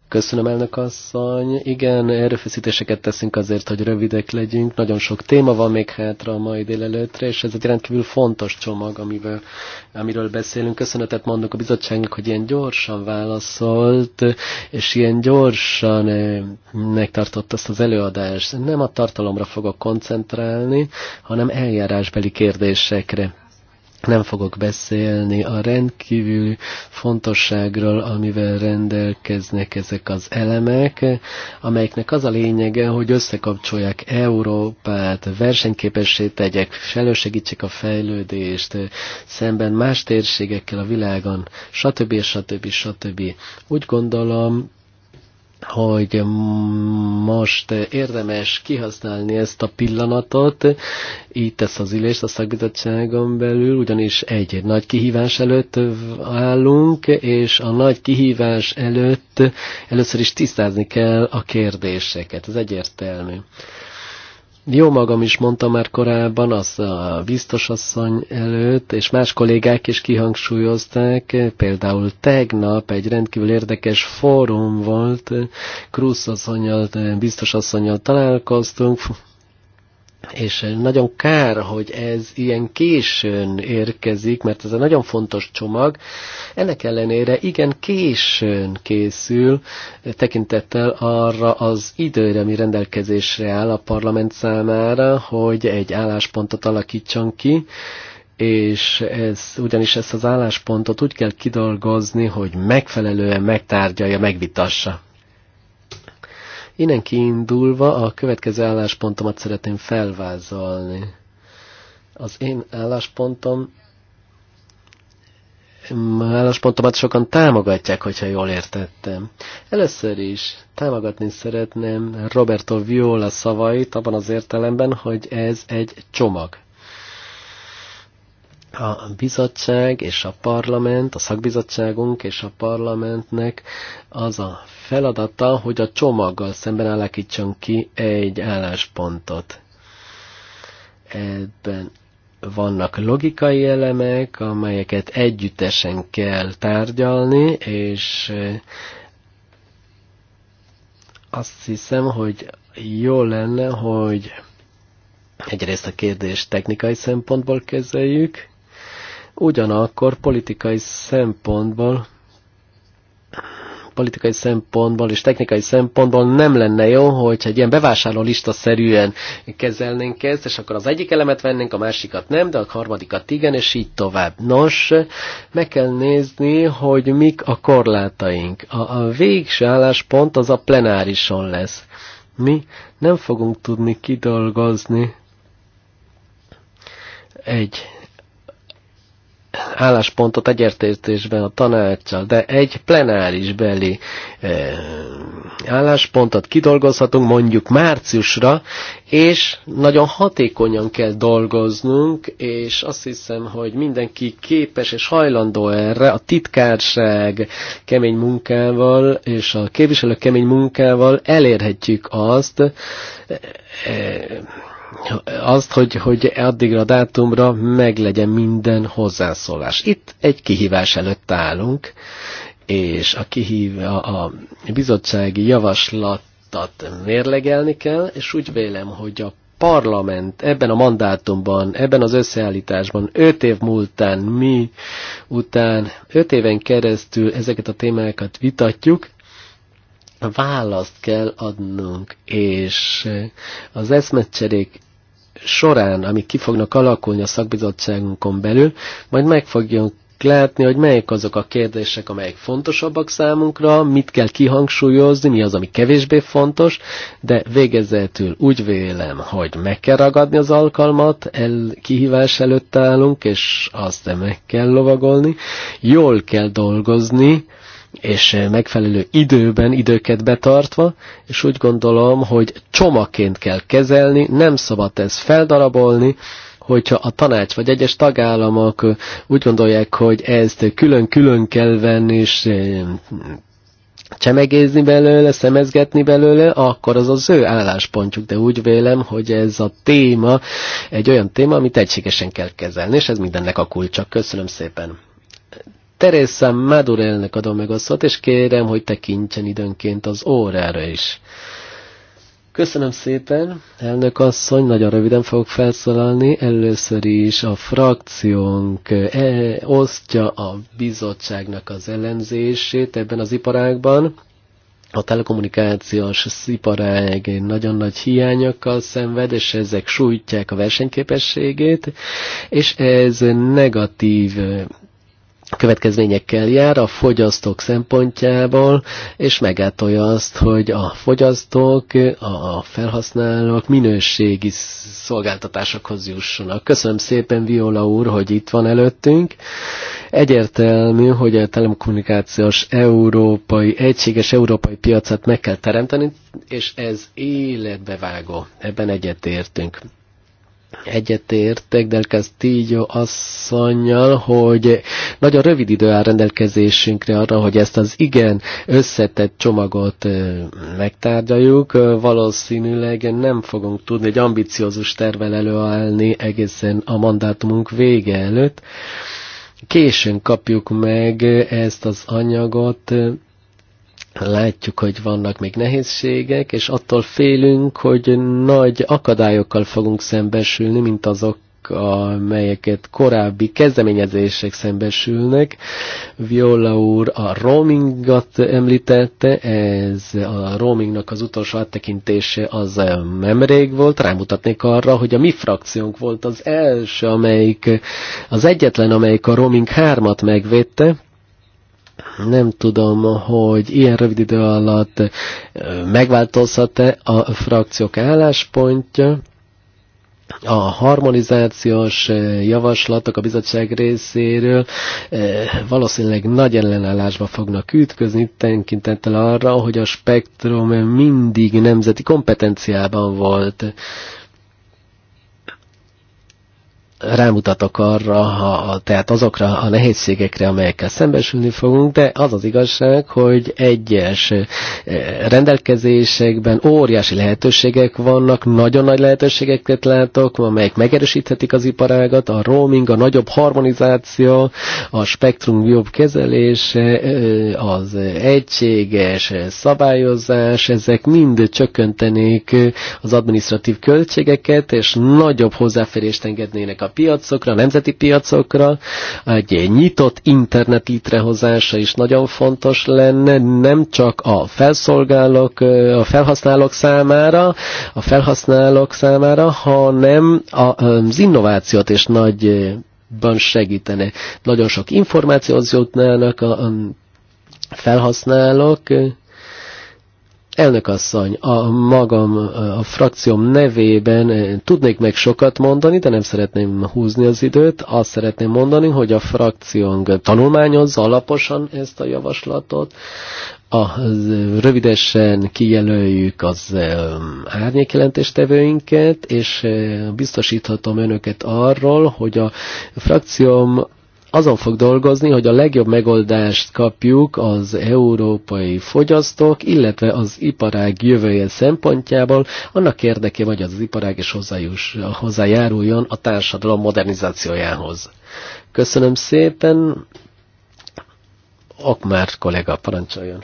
Köszönöm, elnök asszony. Igen, erőfeszítéseket teszünk azért, hogy rövidek legyünk. Nagyon sok téma van még hátra a mai délelőtre, és ez egy rendkívül fontos csomag, amivel, amiről beszélünk. Köszönetet mondok a bizottságnak, hogy ilyen gyorsan válaszolt, és ilyen gyorsan eh, megtartott ezt az előadást. Nem a tartalomra fogok koncentrálni, hanem eljárásbeli kérdésekre nem fogok beszélni a rendkívül fontosságról, amivel rendelkeznek ezek az elemek, amelyeknek az a lényege, hogy összekapcsolják Európát, versenyképessé tegyek, felősegítsék a fejlődést, szemben más térségekkel a világon, stb. stb. stb. Úgy gondolom, hogy most érdemes kihasználni ezt a pillanatot, itt ezt az ülést a szakbizottságon belül, ugyanis egy, egy nagy kihívás előtt állunk, és a nagy kihívás előtt először is tisztázni kell a kérdéseket, ez egyértelmű. Jó magam is mondta már korábban, az a biztosasszony előtt, és más kollégák is kihangsúlyozták, például tegnap egy rendkívül érdekes fórum volt, Krusz asszonyal, biztosasszonyal találkoztunk, és nagyon kár, hogy ez ilyen későn érkezik, mert ez egy nagyon fontos csomag. Ennek ellenére igen későn készül, tekintettel arra az időre, ami rendelkezésre áll a parlament számára, hogy egy álláspontot alakítson ki, és ez, ugyanis ezt az álláspontot úgy kell kidolgozni, hogy megfelelően megtárgyalja, megvitassa. Innen kiindulva a következő álláspontomat szeretném felvázolni. Az én álláspontom álláspontomat sokan támogatják, hogyha jól értettem. Először is támogatni szeretném Roberto Viola szavait abban az értelemben, hogy ez egy csomag a bizottság és a parlament, a szakbizottságunk és a parlamentnek az a feladata, hogy a csomaggal szemben alakítson ki egy álláspontot. Ebben vannak logikai elemek, amelyeket együttesen kell tárgyalni, és eh, azt hiszem, hogy jó lenne, hogy egyrészt a kérdést technikai szempontból kezeljük, Ugyanakkor politikai szempontból politikai szempontból és technikai szempontból nem lenne jó, hogy egy ilyen bevásárló lista szerűen kezelnénk ezt, és akkor az egyik elemet vennénk, a másikat nem, de a harmadikat igen, és így tovább. Nos, meg kell nézni, hogy mik a korlátaink. A, a végső álláspont az a plenárison lesz. Mi nem fogunk tudni kidolgozni egy álláspontot egyértésben a tanácssal, de egy plenárisbeli e, álláspontot kidolgozhatunk mondjuk márciusra, és nagyon hatékonyan kell dolgoznunk, és azt hiszem, hogy mindenki képes és hajlandó erre a titkárság kemény munkával és a képviselők kemény munkával elérhetjük azt, e, e, azt, hogy, hogy addigra a dátumra meglegyen minden hozzászólás. Itt egy kihívás előtt állunk, és a, kihív, a, a bizottsági javaslatot mérlegelni kell, és úgy vélem, hogy a parlament ebben a mandátumban, ebben az összeállításban öt év múltán mi után öt éven keresztül ezeket a témákat vitatjuk, választ kell adnunk, és az eszmecserék során, amik ki fognak alakulni a szakbizottságunkon belül, majd meg fogjuk látni, hogy melyik azok a kérdések, amelyek fontosabbak számunkra, mit kell kihangsúlyozni, mi az, ami kevésbé fontos, de végezetül úgy vélem, hogy meg kell ragadni az alkalmat, el, kihívás előtt állunk, és azt meg kell lovagolni, jól kell dolgozni, és eh, megfelelő időben, időket betartva, és úgy gondolom, hogy csomaként kell kezelni, nem szabad ez feldarabolni, hogyha a tanács vagy egyes tagállamok eh, úgy gondolják, hogy ezt külön-külön kell venni, és eh, csemegézni belőle, szemezgetni belőle, akkor az az ő álláspontjuk, de úgy vélem, hogy ez a téma egy olyan téma, amit egységesen kell kezelni, és ez mindennek a kulcsa. Köszönöm szépen! Teresa Madurelnek adom meg a szót, és kérem, hogy tekintsen időnként az órára is. Köszönöm szépen, elnök asszony, nagyon röviden fogok felszólalni. Először is a frakciónk e osztja a bizottságnak az ellenzését ebben az iparágban. A telekommunikációs iparág nagyon nagy hiányokkal szenved, és ezek sújtják a versenyképességét, és ez negatív következményekkel jár a fogyasztók szempontjából, és megátolja azt, hogy a fogyasztók, a felhasználók minőségi szolgáltatásokhoz jussanak. Köszönöm szépen, Viola úr, hogy itt van előttünk. Egyértelmű, hogy a telekommunikációs európai, egységes európai piacot meg kell teremteni, és ez életbevágó. Ebben egyetértünk egyetértek Del Tígyó asszonynal, hogy nagyon rövid idő áll rendelkezésünkre arra, hogy ezt az igen összetett csomagot megtárgyaljuk. Valószínűleg nem fogunk tudni egy ambiciózus tervel előállni egészen a mandátumunk vége előtt. Későn kapjuk meg ezt az anyagot, látjuk, hogy vannak még nehézségek, és attól félünk, hogy nagy akadályokkal fogunk szembesülni, mint azok, amelyeket korábbi kezdeményezések szembesülnek. Viola úr a roamingat említette, ez a roamingnak az utolsó áttekintése az nemrég volt, rámutatnék arra, hogy a mi frakciónk volt az első, amelyik, az egyetlen, amelyik a roaming 3-at megvette, nem tudom, hogy ilyen rövid idő alatt megváltozhat-e a frakciók álláspontja. A harmonizációs javaslatok a bizottság részéről valószínűleg nagy ellenállásba fognak ütközni, tenkintettel arra, hogy a spektrum mindig nemzeti kompetenciában volt rámutatok arra, ha, tehát azokra a nehézségekre, amelyekkel szembesülni fogunk, de az az igazság, hogy egyes eh, rendelkezésekben óriási lehetőségek vannak, nagyon nagy lehetőségeket látok, amelyek megerősíthetik az iparágat, a roaming, a nagyobb harmonizáció, a spektrum jobb kezelése, eh, az egységes szabályozás, ezek mind csökkentenék az adminisztratív költségeket, és nagyobb hozzáférést engednének a a piacokra, a nemzeti piacokra. Egy nyitott internet létrehozása is nagyon fontos lenne, nem csak a felszolgálók, a felhasználók számára, a felhasználók számára, hanem az innovációt és nagyban segítene. Nagyon sok információhoz jutnának a felhasználók, Elnök asszony, a magam, a frakcióm nevében eh, tudnék meg sokat mondani, de nem szeretném húzni az időt. Azt szeretném mondani, hogy a frakciónk tanulmányozza alaposan ezt a javaslatot. A, eh, rövidesen kijelöljük az eh, árnyékjelentéstevőinket, és biztosíthatom önöket arról, hogy a frakcióm azon fog dolgozni, hogy a legjobb megoldást kapjuk az európai fogyasztók, illetve az iparág jövője szempontjából, annak érdekében, hogy az iparág is hozzájáruljon a társadalom modernizációjához. Köszönöm szépen, Akmár kollega, parancsoljon.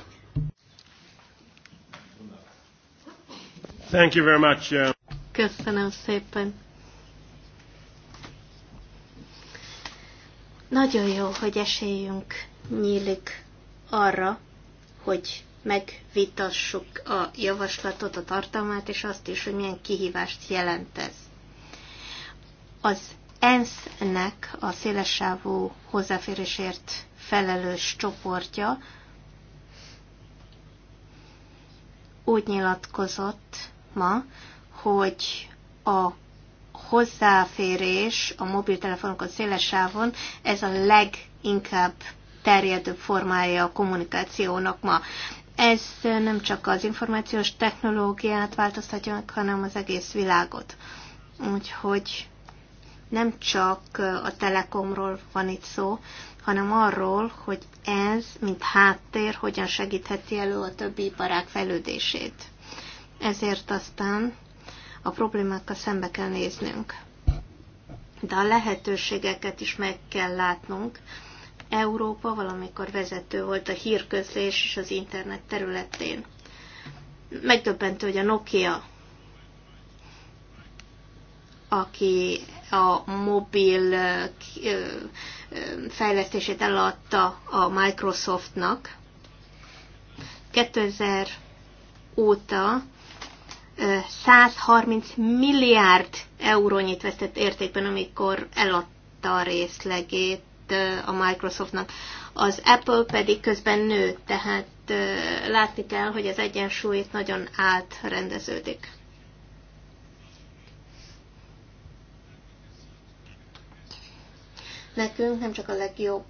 Thank you very much. Uh, Köszönöm szépen. Nagyon jó, hogy esélyünk nyílik arra, hogy megvitassuk a javaslatot, a tartalmát, és azt is, hogy milyen kihívást jelent ez. Az ENSZ-nek a szélesávú hozzáférésért felelős csoportja úgy nyilatkozott ma, hogy a hozzáférés a mobiltelefonokon széles sávon, ez a leginkább terjedő formája a kommunikációnak ma. Ez nem csak az információs technológiát változtatja meg, hanem az egész világot. Úgyhogy nem csak a telekomról van itt szó, hanem arról, hogy ez, mint háttér, hogyan segítheti elő a többi iparág fejlődését. Ezért aztán a problémákkal szembe kell néznünk. De a lehetőségeket is meg kell látnunk. Európa valamikor vezető volt a hírközlés és az internet területén. Megdöbbentő, hogy a Nokia, aki a mobil fejlesztését eladta a Microsoftnak, 2000 óta 130 milliárd eurónyit vesztett értékben, amikor eladta a részlegét a Microsoftnak. Az Apple pedig közben nőtt, tehát látni kell, hogy az egyensúly nagyon átrendeződik. Nekünk nem csak a legjobb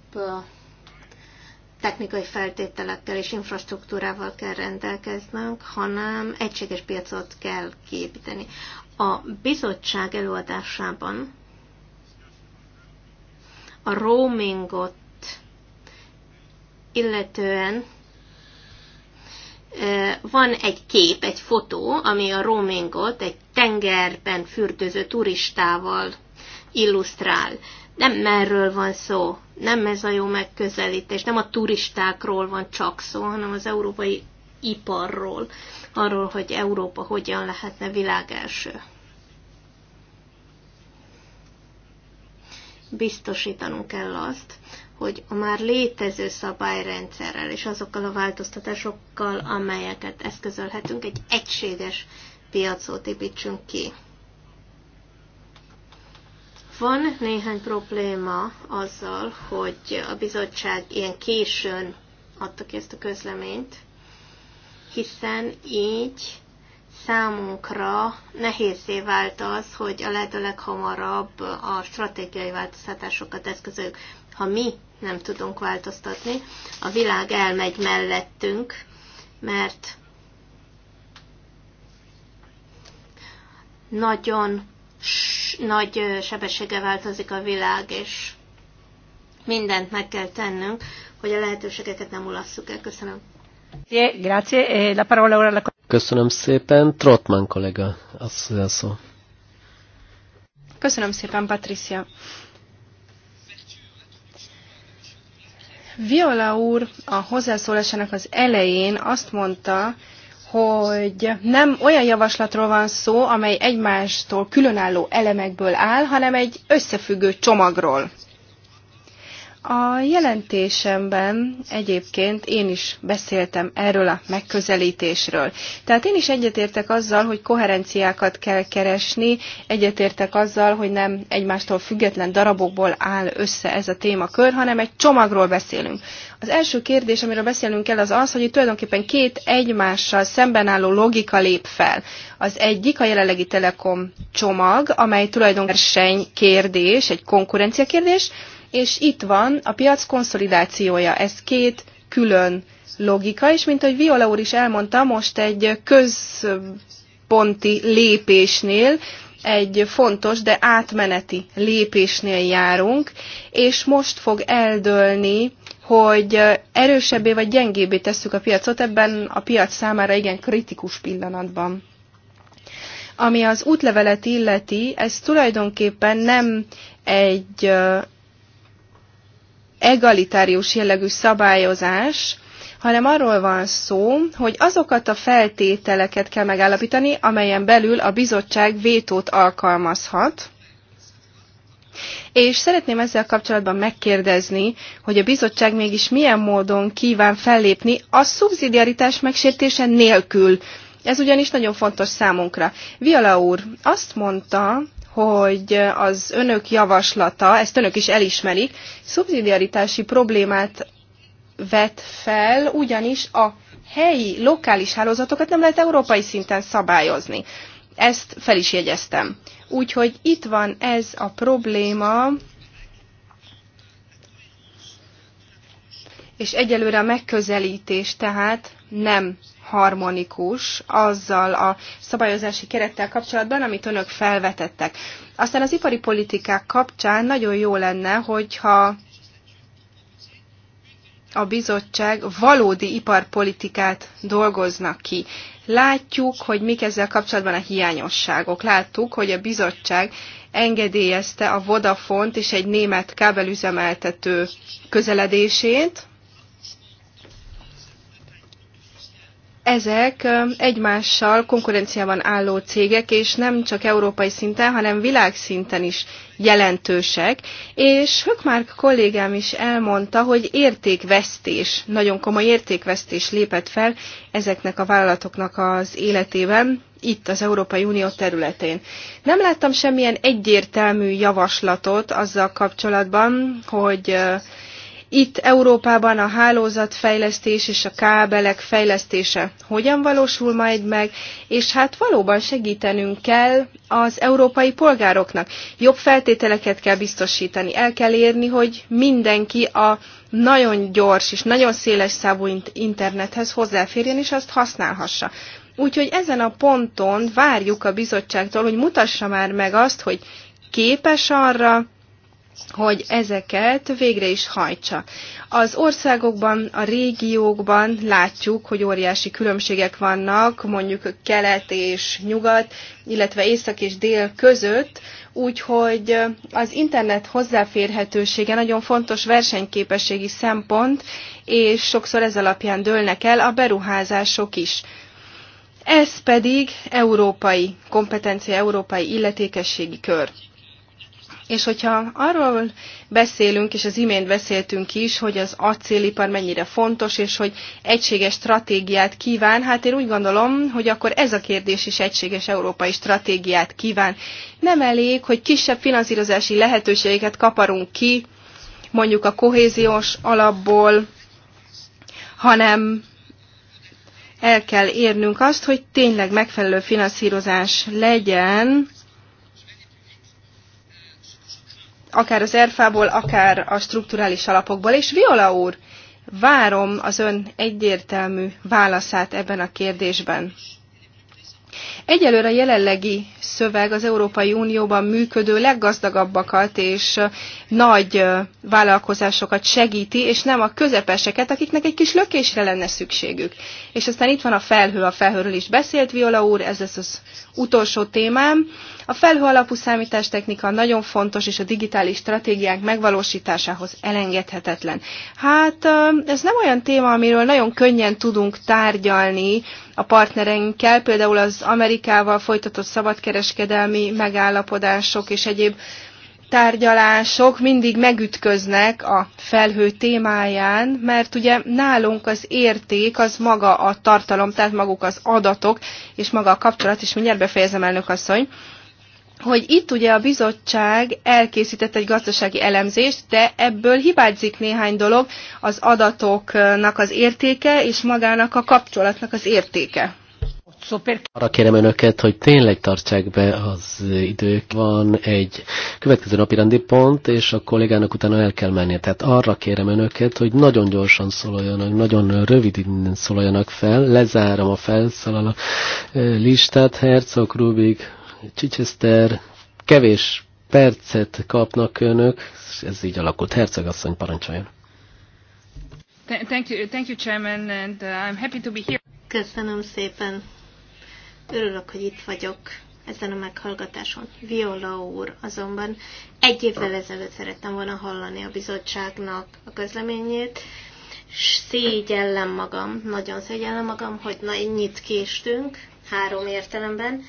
technikai feltételekkel és infrastruktúrával kell rendelkeznünk, hanem egységes piacot kell kiépíteni. A bizottság előadásában a roamingot illetően van egy kép, egy fotó, ami a roamingot egy tengerben fürdőző turistával illusztrál nem merről van szó, nem ez a jó megközelítés, nem a turistákról van csak szó, hanem az európai iparról, arról, hogy Európa hogyan lehetne világ első. Biztosítanunk kell azt, hogy a már létező szabályrendszerrel és azokkal a változtatásokkal, amelyeket eszközölhetünk, egy egységes piacot építsünk ki. Van néhány probléma azzal, hogy a bizottság ilyen későn adta ki ezt a közleményt, hiszen így számunkra nehézé vált az, hogy a lehető leghamarabb a stratégiai változtatásokat eszközök. Ha mi nem tudunk változtatni, a világ elmegy mellettünk, mert nagyon nagy sebessége változik a világ, és mindent meg kell tennünk, hogy a lehetőségeket nem ulasszuk el. Köszönöm. E, Köszönöm szépen. Trotman kollega, az a szó. Köszönöm szépen, Patricia. Viola úr a hozzászólásának az elején azt mondta, hogy nem olyan javaslatról van szó, amely egymástól különálló elemekből áll, hanem egy összefüggő csomagról. A jelentésemben egyébként én is beszéltem erről a megközelítésről. Tehát én is egyetértek azzal, hogy koherenciákat kell keresni, egyetértek azzal, hogy nem egymástól független darabokból áll össze ez a témakör, hanem egy csomagról beszélünk. Az első kérdés, amiről beszélünk kell, az az, hogy tulajdonképpen két egymással szemben álló logika lép fel. Az egyik a jelenlegi Telekom csomag, amely tulajdonképpen kérdés, egy konkurencia kérdés, és itt van a piac konszolidációja. Ez két külön logika, és mint ahogy Viola úr is elmondta, most egy központi lépésnél, egy fontos, de átmeneti lépésnél járunk, és most fog eldőlni, hogy erősebbé vagy gyengébbé tesszük a piacot ebben a piac számára igen kritikus pillanatban. Ami az útlevelet illeti, ez tulajdonképpen nem egy egalitárius jellegű szabályozás, hanem arról van szó, hogy azokat a feltételeket kell megállapítani, amelyen belül a bizottság vétót alkalmazhat. És szeretném ezzel kapcsolatban megkérdezni, hogy a bizottság mégis milyen módon kíván fellépni a szubszidiaritás megsértése nélkül. Ez ugyanis nagyon fontos számunkra. Viola úr azt mondta, hogy az önök javaslata, ezt önök is elismerik, szubszidiaritási problémát vet fel, ugyanis a helyi, lokális hálózatokat nem lehet európai szinten szabályozni. Ezt fel is jegyeztem. Úgyhogy itt van ez a probléma, és egyelőre a megközelítés tehát nem harmonikus azzal a szabályozási kerettel kapcsolatban, amit önök felvetettek. Aztán az ipari politikák kapcsán nagyon jó lenne, hogyha a bizottság valódi iparpolitikát dolgoznak ki. Látjuk, hogy mik ezzel kapcsolatban a hiányosságok. Láttuk, hogy a bizottság engedélyezte a Vodafont és egy német kábelüzemeltető közeledését, ezek egymással konkurenciában álló cégek, és nem csak európai szinten, hanem világszinten is jelentősek, és Hökmárk kollégám is elmondta, hogy értékvesztés, nagyon komoly értékvesztés lépett fel ezeknek a vállalatoknak az életében, itt az Európai Unió területén. Nem láttam semmilyen egyértelmű javaslatot azzal kapcsolatban, hogy itt Európában a hálózatfejlesztés és a kábelek fejlesztése hogyan valósul majd meg, és hát valóban segítenünk kell az európai polgároknak. Jobb feltételeket kell biztosítani, el kell érni, hogy mindenki a nagyon gyors és nagyon széles szávú internethez hozzáférjen és azt használhassa. Úgyhogy ezen a ponton várjuk a bizottságtól, hogy mutassa már meg azt, hogy képes arra, hogy ezeket végre is hajtsa. Az országokban, a régiókban látjuk, hogy óriási különbségek vannak, mondjuk kelet és nyugat, illetve észak és dél között, úgyhogy az internet hozzáférhetősége nagyon fontos versenyképességi szempont, és sokszor ez alapján dőlnek el a beruházások is. Ez pedig európai kompetencia, európai illetékességi kör. És hogyha arról beszélünk, és az imént beszéltünk is, hogy az acélipar mennyire fontos, és hogy egységes stratégiát kíván, hát én úgy gondolom, hogy akkor ez a kérdés is egységes európai stratégiát kíván. Nem elég, hogy kisebb finanszírozási lehetőségeket kaparunk ki, mondjuk a kohéziós alapból, hanem el kell érnünk azt, hogy tényleg megfelelő finanszírozás legyen, akár az ERFA-ból, akár a strukturális alapokból. És Viola úr, várom az ön egyértelmű válaszát ebben a kérdésben. Egyelőre a jelenlegi szöveg az Európai Unióban működő leggazdagabbakat és nagy vállalkozásokat segíti, és nem a közepeseket, akiknek egy kis lökésre lenne szükségük. És aztán itt van a felhő, a felhőről is beszélt Viola úr, ez lesz az utolsó témám. A felhő alapú számítástechnika nagyon fontos, és a digitális stratégiák megvalósításához elengedhetetlen. Hát ez nem olyan téma, amiről nagyon könnyen tudunk tárgyalni a partnereinkkel, például az Amerikával folytatott szabadkereskedelmi megállapodások és egyéb tárgyalások mindig megütköznek a felhő témáján, mert ugye nálunk az érték az maga a tartalom, tehát maguk az adatok és maga a kapcsolat, és mindjárt befejezem elnök asszony, hogy itt ugye a bizottság elkészített egy gazdasági elemzést, de ebből hibázik néhány dolog, az adatoknak az értéke és magának a kapcsolatnak az értéke. Arra kérem önöket, hogy tényleg tartsák be az idők. Van egy következő napi rendi pont, és a kollégának utána el kell mennie. Tehát arra kérem önöket, hogy nagyon gyorsan szólaljanak, nagyon röviden szólaljanak fel. Lezárom a felszólaló eh, listát. Herzog Rubik Chichester kevés percet kapnak önök, ez így alakult. Hercegasszony, asszony, parancsoljon. Thank you, thank you, Chairman, and uh, I'm happy to be here. Köszönöm szépen. Örülök, hogy itt vagyok ezen a meghallgatáson. Viola úr azonban egy évvel ezelőtt szerettem volna hallani a bizottságnak a közleményét, és szégyellem magam, nagyon szégyellem magam, hogy na ennyit késtünk, három értelemben,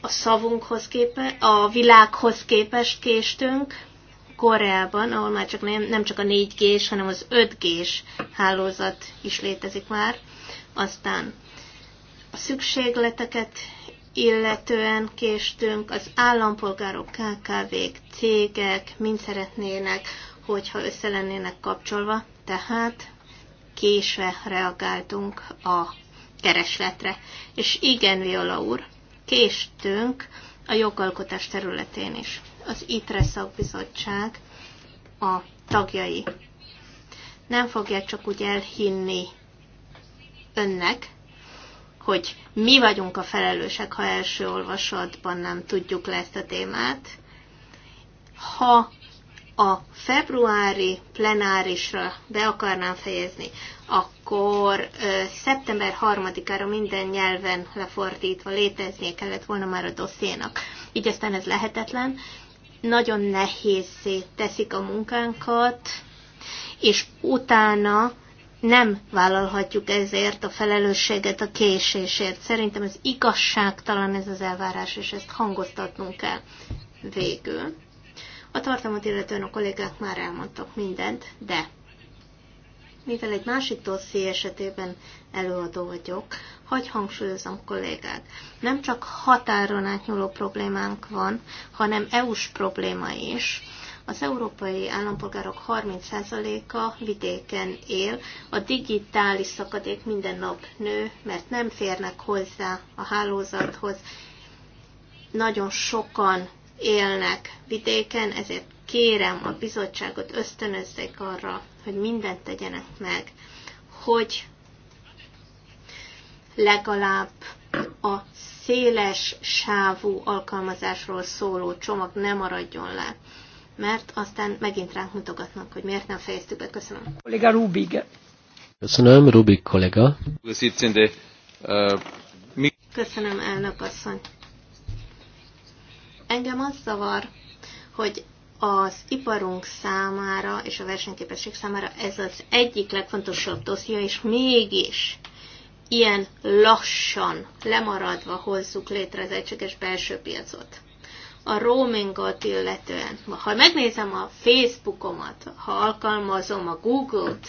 a szavunkhoz képest, a világhoz képest késtünk, Koreában, ahol már csak nem, nem csak a 4G-s, hanem az 5G-s hálózat is létezik már. Aztán a szükségleteket illetően késtünk, az állampolgárok, KKV-k, cégek mind szeretnének, hogyha össze lennének kapcsolva, tehát késve reagáltunk a keresletre. És igen, Viola úr, késtünk a jogalkotás területén is. Az ITRE szakbizottság a tagjai nem fogják csak úgy elhinni önnek, hogy mi vagyunk a felelősek, ha első olvasatban nem tudjuk le ezt a témát. Ha a februári plenárisra be akarnám fejezni, akkor szeptember 3-ára minden nyelven lefordítva léteznie kellett volna már a dossziénak. Így aztán ez lehetetlen. Nagyon nehézé teszik a munkánkat, és utána nem vállalhatjuk ezért a felelősséget a késésért. Szerintem ez igazságtalan ez az elvárás, és ezt hangoztatnunk kell végül a tartalmat illetően a kollégák már elmondtak mindent, de mivel egy másik dosszi esetében előadó vagyok, hagy hangsúlyozom kollégák, nem csak határon átnyúló problémánk van, hanem EU-s probléma is. Az európai állampolgárok 30%-a vidéken él, a digitális szakadék minden nap nő, mert nem férnek hozzá a hálózathoz. Nagyon sokan élnek vidéken, ezért kérem a bizottságot ösztönözzék arra, hogy mindent tegyenek meg, hogy legalább a széles sávú alkalmazásról szóló csomag ne maradjon le, mert aztán megint ránk mutogatnak, hogy miért nem fejeztük be. Köszönöm. Kollega Rubig. Köszönöm, Rubik kollega. Köszönöm, elnök asszony. Engem az zavar, hogy az iparunk számára és a versenyképesség számára ez az egyik legfontosabb dosszia, és mégis ilyen lassan, lemaradva hozzuk létre az egységes belső piacot. A roamingot illetően, ha megnézem a Facebookomat, ha alkalmazom a Google-t,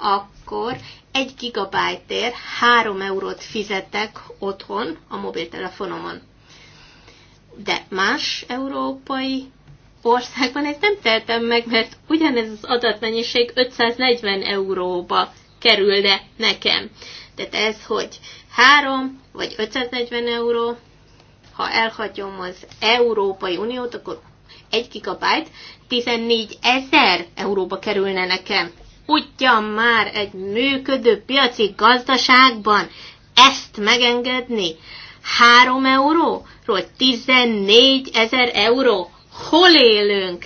akkor egy gigabájtért 3 eurót fizetek otthon a mobiltelefonomon de más európai országban ezt nem tehetem meg, mert ugyanez az adatmennyiség 540 euróba kerülne nekem. Tehát ez, hogy 3 vagy 540 euró, ha elhagyom az Európai Uniót, akkor 1 gigabyte 14 ezer euróba kerülne nekem. Ugyan már egy működő piaci gazdaságban ezt megengedni? 3 euró? hogy 14 ezer euró. Hol élünk?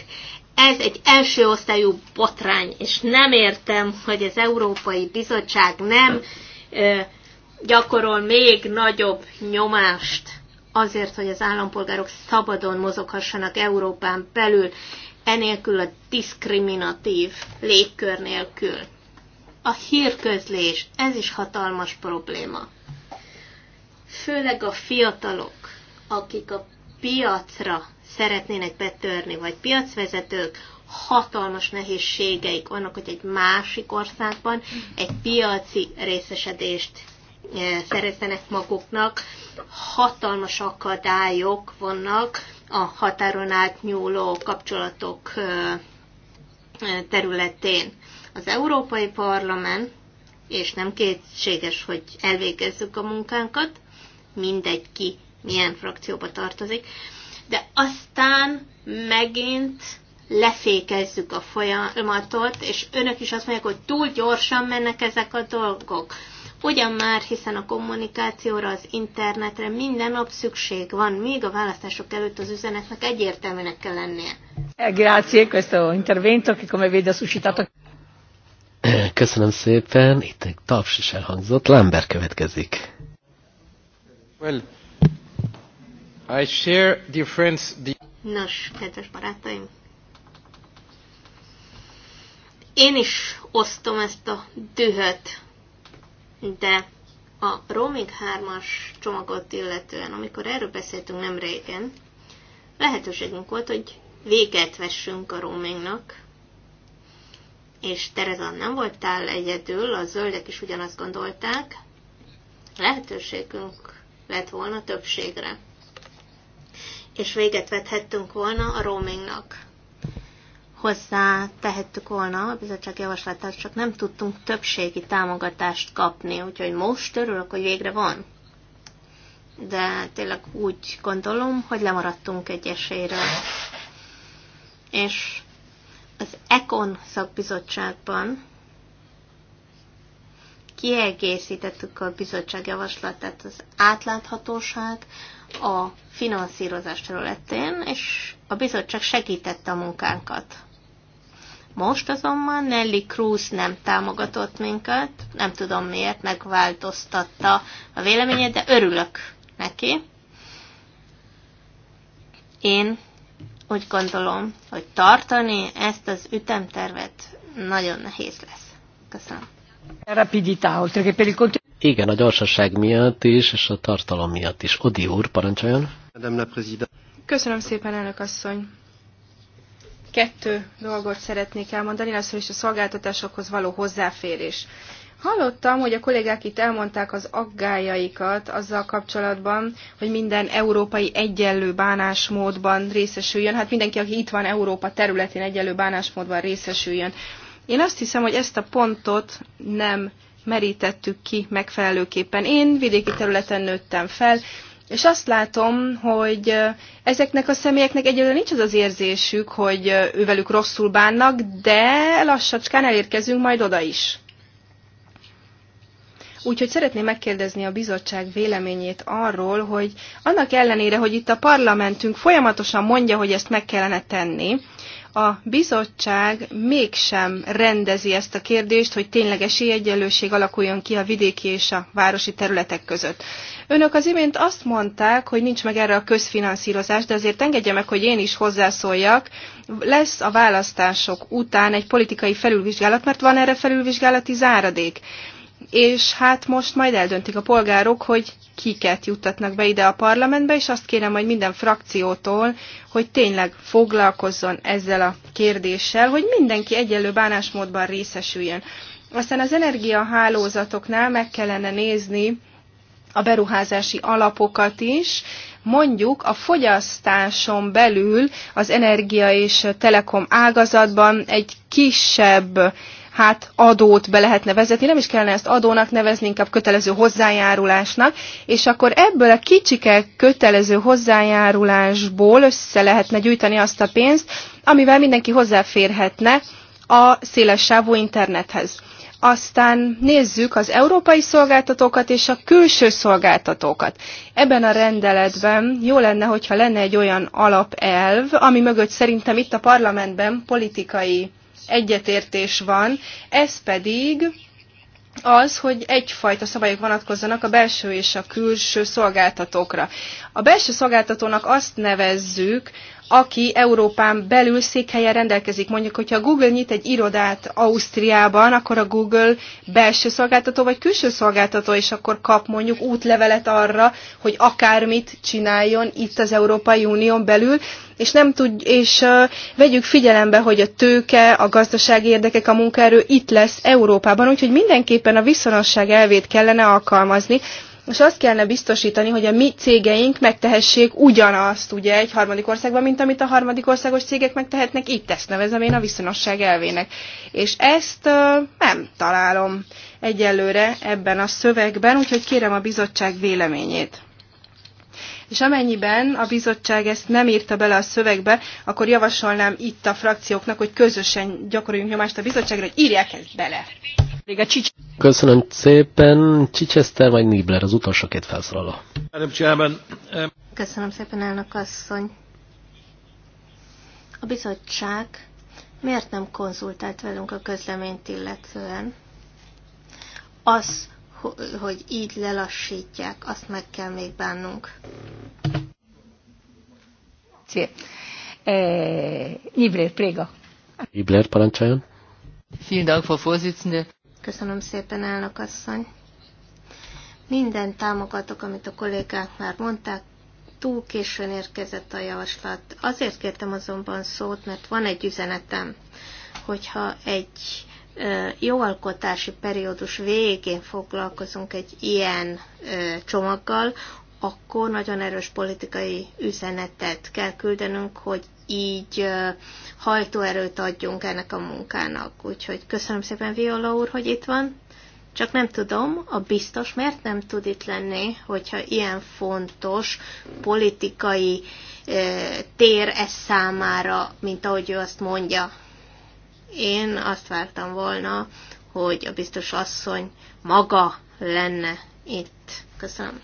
Ez egy első osztályú botrány, és nem értem, hogy az Európai Bizottság nem ö, gyakorol még nagyobb nyomást azért, hogy az állampolgárok szabadon mozoghassanak Európán belül, enélkül a diszkriminatív légkör nélkül. A hírközlés, ez is hatalmas probléma. Főleg a fiatalok akik a piacra szeretnének betörni, vagy piacvezetők, hatalmas nehézségeik vannak, hogy egy másik országban egy piaci részesedést e, szerezzenek maguknak. Hatalmas akadályok vannak a határon átnyúló kapcsolatok e, e, területén. Az Európai Parlament, és nem kétséges, hogy elvégezzük a munkánkat, mindegy ki milyen frakcióba tartozik, de aztán megint lefékezzük a folyamatot, és önök is azt mondják, hogy túl gyorsan mennek ezek a dolgok. Ugyan már, hiszen a kommunikációra, az internetre minden nap szükség van, még a választások előtt az üzenetnek egyértelműnek kell lennie. Eh, grazie, questo intervento che come vede suscitato. Köszönöm szépen, itt egy taps is elhangzott, Lambert következik. Well, I share, dear friends, the... Nos, kedves barátaim, én is osztom ezt a dühöt, de a Roaming 3-as csomagot illetően, amikor erről beszéltünk nem régen, lehetőségünk volt, hogy véget vessünk a roamingnak, és Tereza nem voltál egyedül, a zöldek is ugyanazt gondolták, lehetőségünk lett volna többségre és véget vethettünk volna a roamingnak. Hozzá tehettük volna a bizottság javaslatát, csak nem tudtunk többségi támogatást kapni, úgyhogy most örülök, hogy végre van. De tényleg úgy gondolom, hogy lemaradtunk egy esélyről. És az ECON szakbizottságban kiegészítettük a bizottság javaslatát az átláthatóság, a finanszírozás területén, és a bizottság segítette a munkánkat. Most azonban Nelly Cruz nem támogatott minket, nem tudom miért, megváltoztatta a véleményét, de örülök neki. Én úgy gondolom, hogy tartani ezt az ütemtervet nagyon nehéz lesz. Köszönöm. Igen, a gyorsaság miatt is, és a tartalom miatt is. Odi úr, parancsoljon. Köszönöm szépen, elnök asszony. Kettő dolgot szeretnék elmondani, először is a szolgáltatásokhoz való hozzáférés. Hallottam, hogy a kollégák itt elmondták az aggájaikat azzal kapcsolatban, hogy minden európai egyenlő bánásmódban részesüljön. Hát mindenki, aki itt van Európa területén egyenlő bánásmódban részesüljön. Én azt hiszem, hogy ezt a pontot nem merítettük ki megfelelőképpen. Én vidéki területen nőttem fel, és azt látom, hogy ezeknek a személyeknek egyelőre nincs az az érzésük, hogy ővelük rosszul bánnak, de lassacskán elérkezünk majd oda is. Úgyhogy szeretném megkérdezni a bizottság véleményét arról, hogy annak ellenére, hogy itt a parlamentünk folyamatosan mondja, hogy ezt meg kellene tenni, a bizottság mégsem rendezi ezt a kérdést, hogy tényleges esélyegyenlőség alakuljon ki a vidéki és a városi területek között. Önök az imént azt mondták, hogy nincs meg erre a közfinanszírozás, de azért engedje meg, hogy én is hozzászóljak. Lesz a választások után egy politikai felülvizsgálat, mert van erre felülvizsgálati záradék és hát most majd eldöntik a polgárok, hogy kiket juttatnak be ide a parlamentbe, és azt kérem majd minden frakciótól, hogy tényleg foglalkozzon ezzel a kérdéssel, hogy mindenki egyenlő bánásmódban részesüljön. Aztán az energiahálózatoknál meg kellene nézni a beruházási alapokat is, mondjuk a fogyasztáson belül az energia és telekom ágazatban egy kisebb hát adót be lehetne vezetni, nem is kellene ezt adónak nevezni, inkább kötelező hozzájárulásnak, és akkor ebből a kicsike kötelező hozzájárulásból össze lehetne gyűjteni azt a pénzt, amivel mindenki hozzáférhetne a széles sávú internethez. Aztán nézzük az európai szolgáltatókat és a külső szolgáltatókat. Ebben a rendeletben jó lenne, hogyha lenne egy olyan alapelv, ami mögött szerintem itt a parlamentben politikai egyetértés van, ez pedig az, hogy egyfajta szabályok vonatkozzanak a belső és a külső szolgáltatókra. A belső szolgáltatónak azt nevezzük, aki Európán belül székhelyen rendelkezik. Mondjuk, hogyha Google nyit egy irodát Ausztriában, akkor a Google belső szolgáltató vagy külső szolgáltató, és akkor kap mondjuk útlevelet arra, hogy akármit csináljon itt az Európai Unión belül, és nem tud, és uh, vegyük figyelembe, hogy a tőke, a gazdasági érdekek, a munkaerő itt lesz Európában, úgyhogy mindenképpen a viszonosság elvét kellene alkalmazni, és azt kellene biztosítani, hogy a mi cégeink megtehessék ugyanazt, ugye, egy harmadik országban, mint amit a harmadik országos cégek megtehetnek, itt ezt nevezem én a viszonosság elvének. És ezt uh, nem találom egyelőre ebben a szövegben, úgyhogy kérem a bizottság véleményét és amennyiben a bizottság ezt nem írta bele a szövegbe, akkor javasolnám itt a frakcióknak, hogy közösen gyakoroljunk nyomást a bizottságra, hogy írják ezt bele. Köszönöm szépen, Csicseszter vagy Nibler, az utolsó két felszólaló. Um, Köszönöm szépen, elnök asszony. A bizottság miért nem konzultált velünk a közleményt illetően? Az, hogy így lelassítják, azt meg kell még bánnunk. Nibler, eh, préga. Nibler, parancsoljon. Vielen Dank, Frau Vorsitzende. Köszönöm szépen, elnök asszony. Minden támogatok, amit a kollégák már mondták, túl későn érkezett a javaslat. Azért kértem azonban szót, mert van egy üzenetem, hogyha egy jogalkotási periódus végén foglalkozunk egy ilyen csomaggal, akkor nagyon erős politikai üzenetet kell küldenünk, hogy így hajtóerőt adjunk ennek a munkának. Úgyhogy köszönöm szépen Viola úr, hogy itt van. Csak nem tudom, a biztos miért nem tud itt lenni, hogyha ilyen fontos politikai tér ez számára, mint ahogy ő azt mondja. Én azt vártam volna, hogy a biztos asszony maga lenne itt. Köszönöm.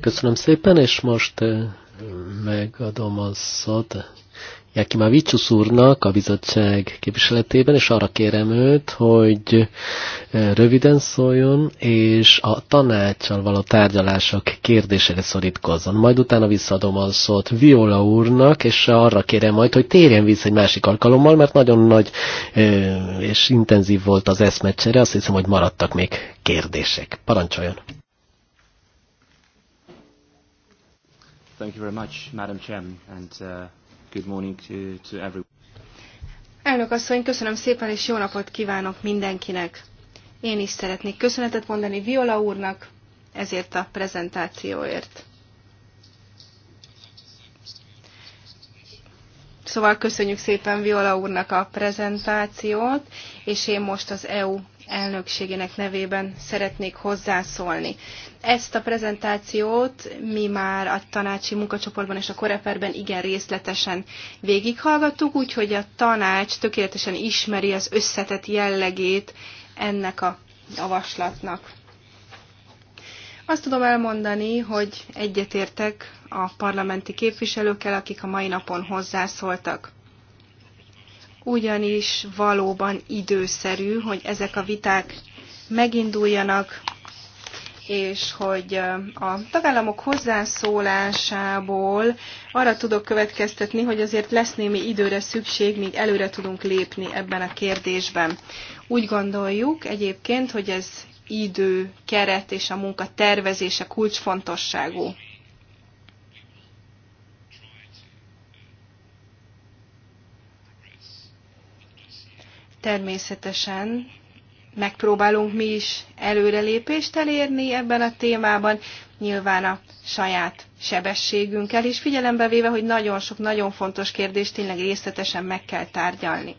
Köszönöm szépen, és most eh, megadom a szót Jakimavicsus úrnak a bizottság képviseletében, és arra kérem őt, hogy e, röviden szóljon, és a tanácssal való tárgyalások kérdésére szorítkozzon. Majd utána visszaadom a szót Viola úrnak, és arra kérem majd, hogy térjen vissza egy másik alkalommal, mert nagyon nagy e, és intenzív volt az eszmecsere, azt hiszem, hogy maradtak még kérdések. Parancsoljon! Thank you very much, Madam Chairman, and uh, Good morning to, to everyone. Elnök asszony, köszönöm szépen, és jó napot kívánok mindenkinek. Én is szeretnék köszönetet mondani Viola úrnak ezért a prezentációért. Szóval köszönjük szépen Viola úrnak a prezentációt, és én most az EU elnökségének nevében szeretnék hozzászólni. Ezt a prezentációt mi már a tanácsi munkacsoportban és a koreperben igen részletesen végighallgattuk, úgyhogy a tanács tökéletesen ismeri az összetett jellegét ennek a javaslatnak. Azt tudom elmondani, hogy egyetértek a parlamenti képviselőkkel, akik a mai napon hozzászóltak ugyanis valóban időszerű, hogy ezek a viták meginduljanak, és hogy a tagállamok hozzászólásából arra tudok következtetni, hogy azért lesz némi időre szükség, míg előre tudunk lépni ebben a kérdésben. Úgy gondoljuk egyébként, hogy ez idő, keret és a munka tervezése kulcsfontosságú. Természetesen megpróbálunk mi is előrelépést elérni ebben a témában, nyilván a saját sebességünkkel is, figyelembe véve, hogy nagyon sok nagyon fontos kérdést tényleg részletesen meg kell tárgyalni.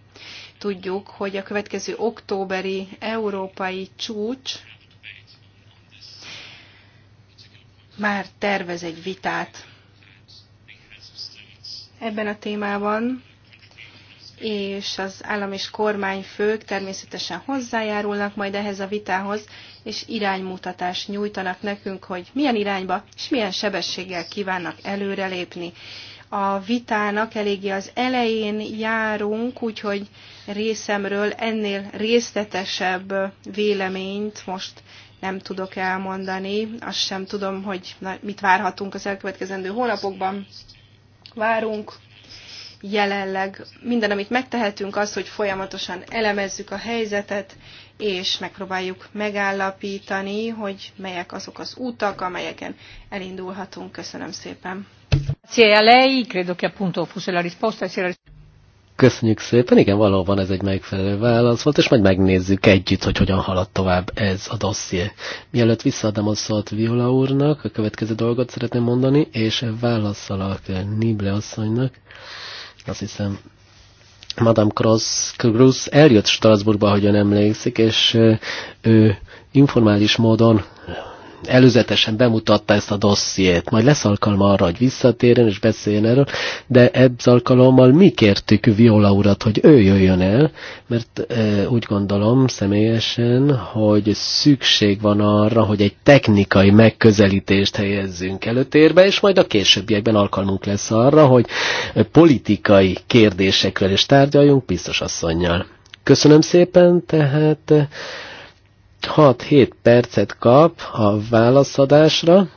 Tudjuk, hogy a következő októberi európai csúcs már tervez egy vitát ebben a témában és az állam és kormányfők természetesen hozzájárulnak majd ehhez a vitához, és iránymutatást nyújtanak nekünk, hogy milyen irányba és milyen sebességgel kívánnak előrelépni. A vitának eléggé az elején járunk, úgyhogy részemről ennél részletesebb véleményt most nem tudok elmondani. Azt sem tudom, hogy mit várhatunk az elkövetkezendő hónapokban. Várunk Jelenleg minden, amit megtehetünk, az, hogy folyamatosan elemezzük a helyzetet, és megpróbáljuk megállapítani, hogy melyek azok az útak, amelyeken elindulhatunk. Köszönöm szépen. E Köszönjük szépen, igen, valóban ez egy megfelelő válasz volt, és majd megnézzük együtt, hogy hogyan halad tovább ez a dosszié. Mielőtt visszaadom a szót Viola úrnak, a következő dolgot szeretném mondani, és válaszolok Nible asszonynak. Azt hiszem, Madame Cross, Cruz eljött Strasbourgba, hogy ön emlékszik, és ő informális módon előzetesen bemutatta ezt a dossziét. Majd lesz alkalma arra, hogy visszatérjen és beszéljen erről, de ez alkalommal mi kértük Viola urat, hogy ő jöjjön el, mert e, úgy gondolom személyesen, hogy szükség van arra, hogy egy technikai megközelítést helyezzünk előtérbe, és majd a későbbiekben alkalmunk lesz arra, hogy politikai kérdésekről is tárgyaljunk biztos asszonynal. Köszönöm szépen, tehát 6-7 percet kap a válaszadásra,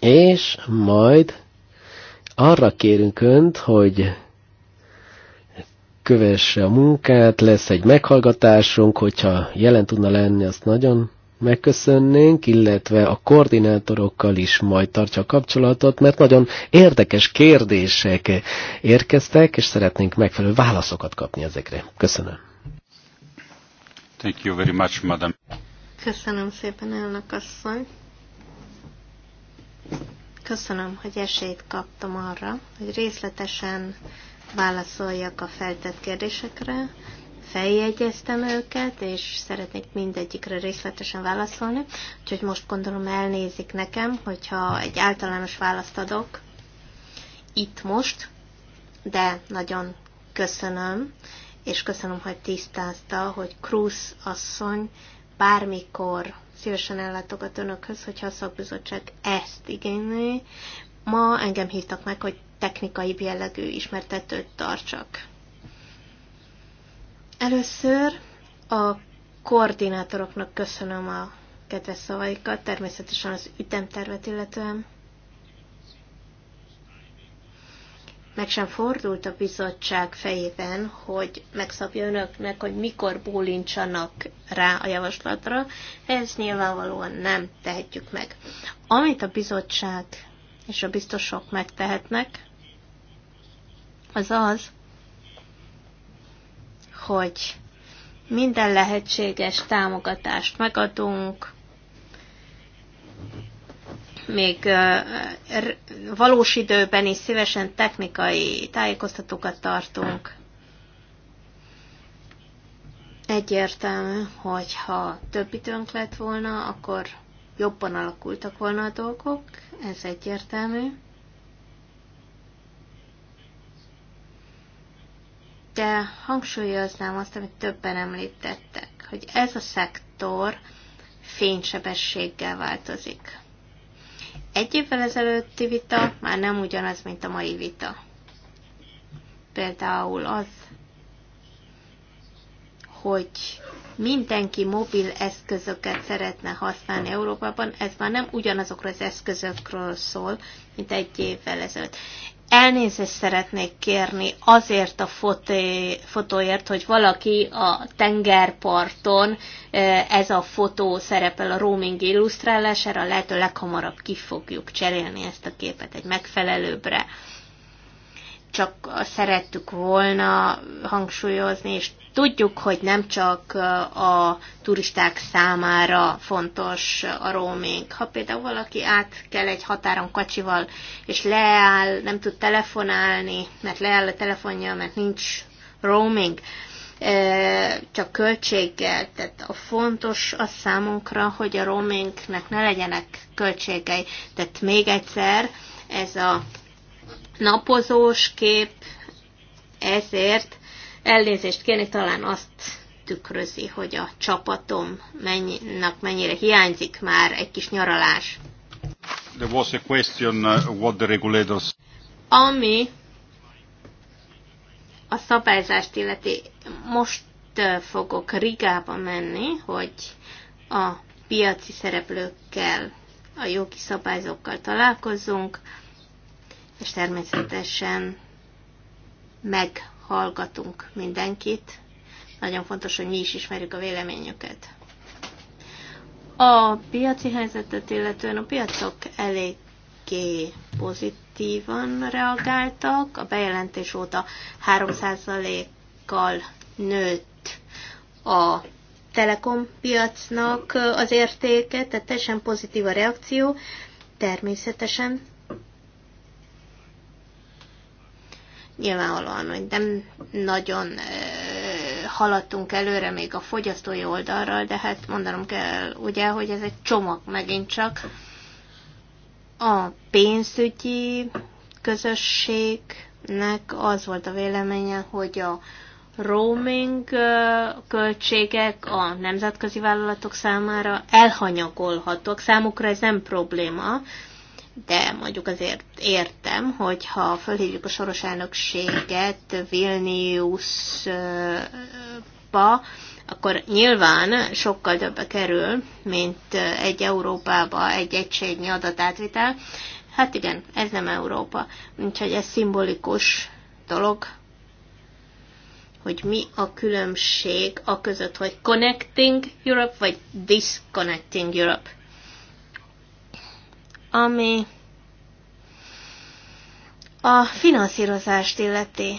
és majd arra kérünk Önt, hogy kövesse a munkát, lesz egy meghallgatásunk, hogyha jelen tudna lenni, azt nagyon megköszönnénk, illetve a koordinátorokkal is majd tartja a kapcsolatot, mert nagyon érdekes kérdések érkeztek, és szeretnénk megfelelő válaszokat kapni ezekre. Köszönöm. Thank you very much, madam. Köszönöm szépen, elnök asszony. Köszönöm, hogy esélyt kaptam arra, hogy részletesen válaszoljak a feltett kérdésekre. Feljegyeztem őket, és szeretnék mindegyikre részletesen válaszolni, úgyhogy most gondolom elnézik nekem, hogyha egy általános választ adok itt most, de nagyon köszönöm, és köszönöm, hogy tisztázta, hogy Krusz asszony bármikor szívesen ellátogat önökhöz, hogyha a szakbizottság ezt igényli. Ma engem hívtak meg, hogy technikai jellegű ismertetőt tartsak. Először a koordinátoroknak köszönöm a kedves szavaikat, természetesen az ütemtervet illetően. meg sem fordult a bizottság fejében, hogy megszabja önöknek, hogy mikor bólintsanak rá a javaslatra, ez nyilvánvalóan nem tehetjük meg. Amit a bizottság és a biztosok megtehetnek, az az, hogy minden lehetséges támogatást megadunk, még valós időben is szívesen technikai tájékoztatókat tartunk. Egyértelmű, hogy ha több időnk lett volna, akkor jobban alakultak volna a dolgok, ez egyértelmű. De hangsúlyoznám azt, amit többen említettek, hogy ez a szektor fénysebességgel változik egy évvel ezelőtti vita már nem ugyanaz, mint a mai vita. Például az, hogy mindenki mobil eszközöket szeretne használni Európában, ez már nem ugyanazokról az eszközökről szól, mint egy évvel ezelőtt elnézést szeretnék kérni azért a foté, fotóért, hogy valaki a tengerparton ez a fotó szerepel a roaming illusztrálására, lehető leghamarabb ki fogjuk cserélni ezt a képet egy megfelelőbbre. Csak szerettük volna hangsúlyozni és Tudjuk, hogy nem csak a turisták számára fontos a roaming. Ha például valaki át kell egy határon kocsival, és leáll, nem tud telefonálni, mert leáll a telefonja, mert nincs roaming, csak költséggel. Tehát a fontos az számunkra, hogy a roamingnek ne legyenek költségei. Tehát még egyszer, ez a napozós kép, ezért Elnézést kérni talán azt tükrözi, hogy a csapatom csapatomnak mennyire hiányzik már egy kis nyaralás. There was a question uh, what the regulators... Ami a szabályzást illeti, most uh, fogok Rigába menni, hogy a piaci szereplőkkel, a jogi szabályzókkal találkozzunk, és természetesen meg hallgatunk mindenkit. Nagyon fontos, hogy mi is ismerjük a véleményüket. A piaci helyzetet illetően a piacok eléggé pozitívan reagáltak. A bejelentés óta 3%-kal nőtt a telekom piacnak az értéke, tehát teljesen pozitív a reakció. Természetesen nyilvánvalóan, hogy nem nagyon haladtunk előre még a fogyasztói oldalról, de hát mondanom kell ugye, hogy ez egy csomag megint csak. A pénzügyi közösségnek az volt a véleménye, hogy a roaming költségek a nemzetközi vállalatok számára elhanyagolhatók. Számukra ez nem probléma, de mondjuk azért értem, hogy ha fölhívjuk a soros elnökséget Vilniusba, akkor nyilván sokkal többe kerül, mint egy Európába egy egységnyi adatátvitel. Hát igen, ez nem Európa. Úgyhogy ez szimbolikus dolog, hogy mi a különbség a között, hogy Connecting Europe vagy Disconnecting Europe. Ami a finanszírozást illeti,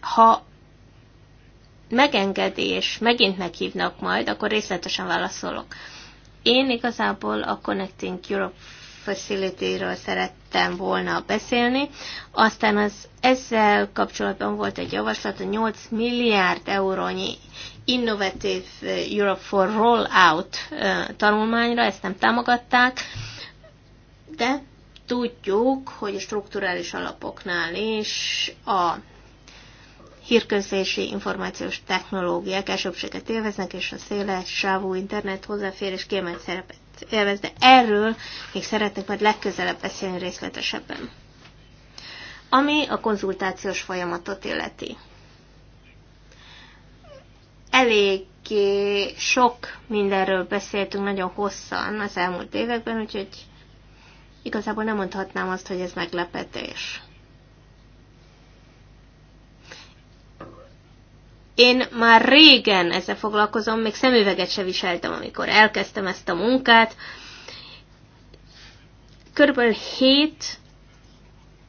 ha megengedi, és megint meghívnak majd, akkor részletesen válaszolok. Én igazából a Connecting Europe Facility-ről szerettem volna beszélni, aztán az ezzel kapcsolatban volt egy javaslat, a 8 milliárd eurónyi Innovative Europe for Rollout tanulmányra, ezt nem támogatták, de tudjuk, hogy a strukturális alapoknál is a hírközlési információs technológiák elsőbséget élveznek, és a széles sávú internet hozzáférés kiemelt szerepet élvez, de erről még szeretnék majd legközelebb beszélni részletesebben. Ami a konzultációs folyamatot illeti. Eléggé sok mindenről beszéltünk nagyon hosszan az elmúlt években, úgyhogy Igazából nem mondhatnám azt, hogy ez meglepetés. Én már régen ezzel foglalkozom, még szemüveget se viseltem, amikor elkezdtem ezt a munkát. Körülbelül hét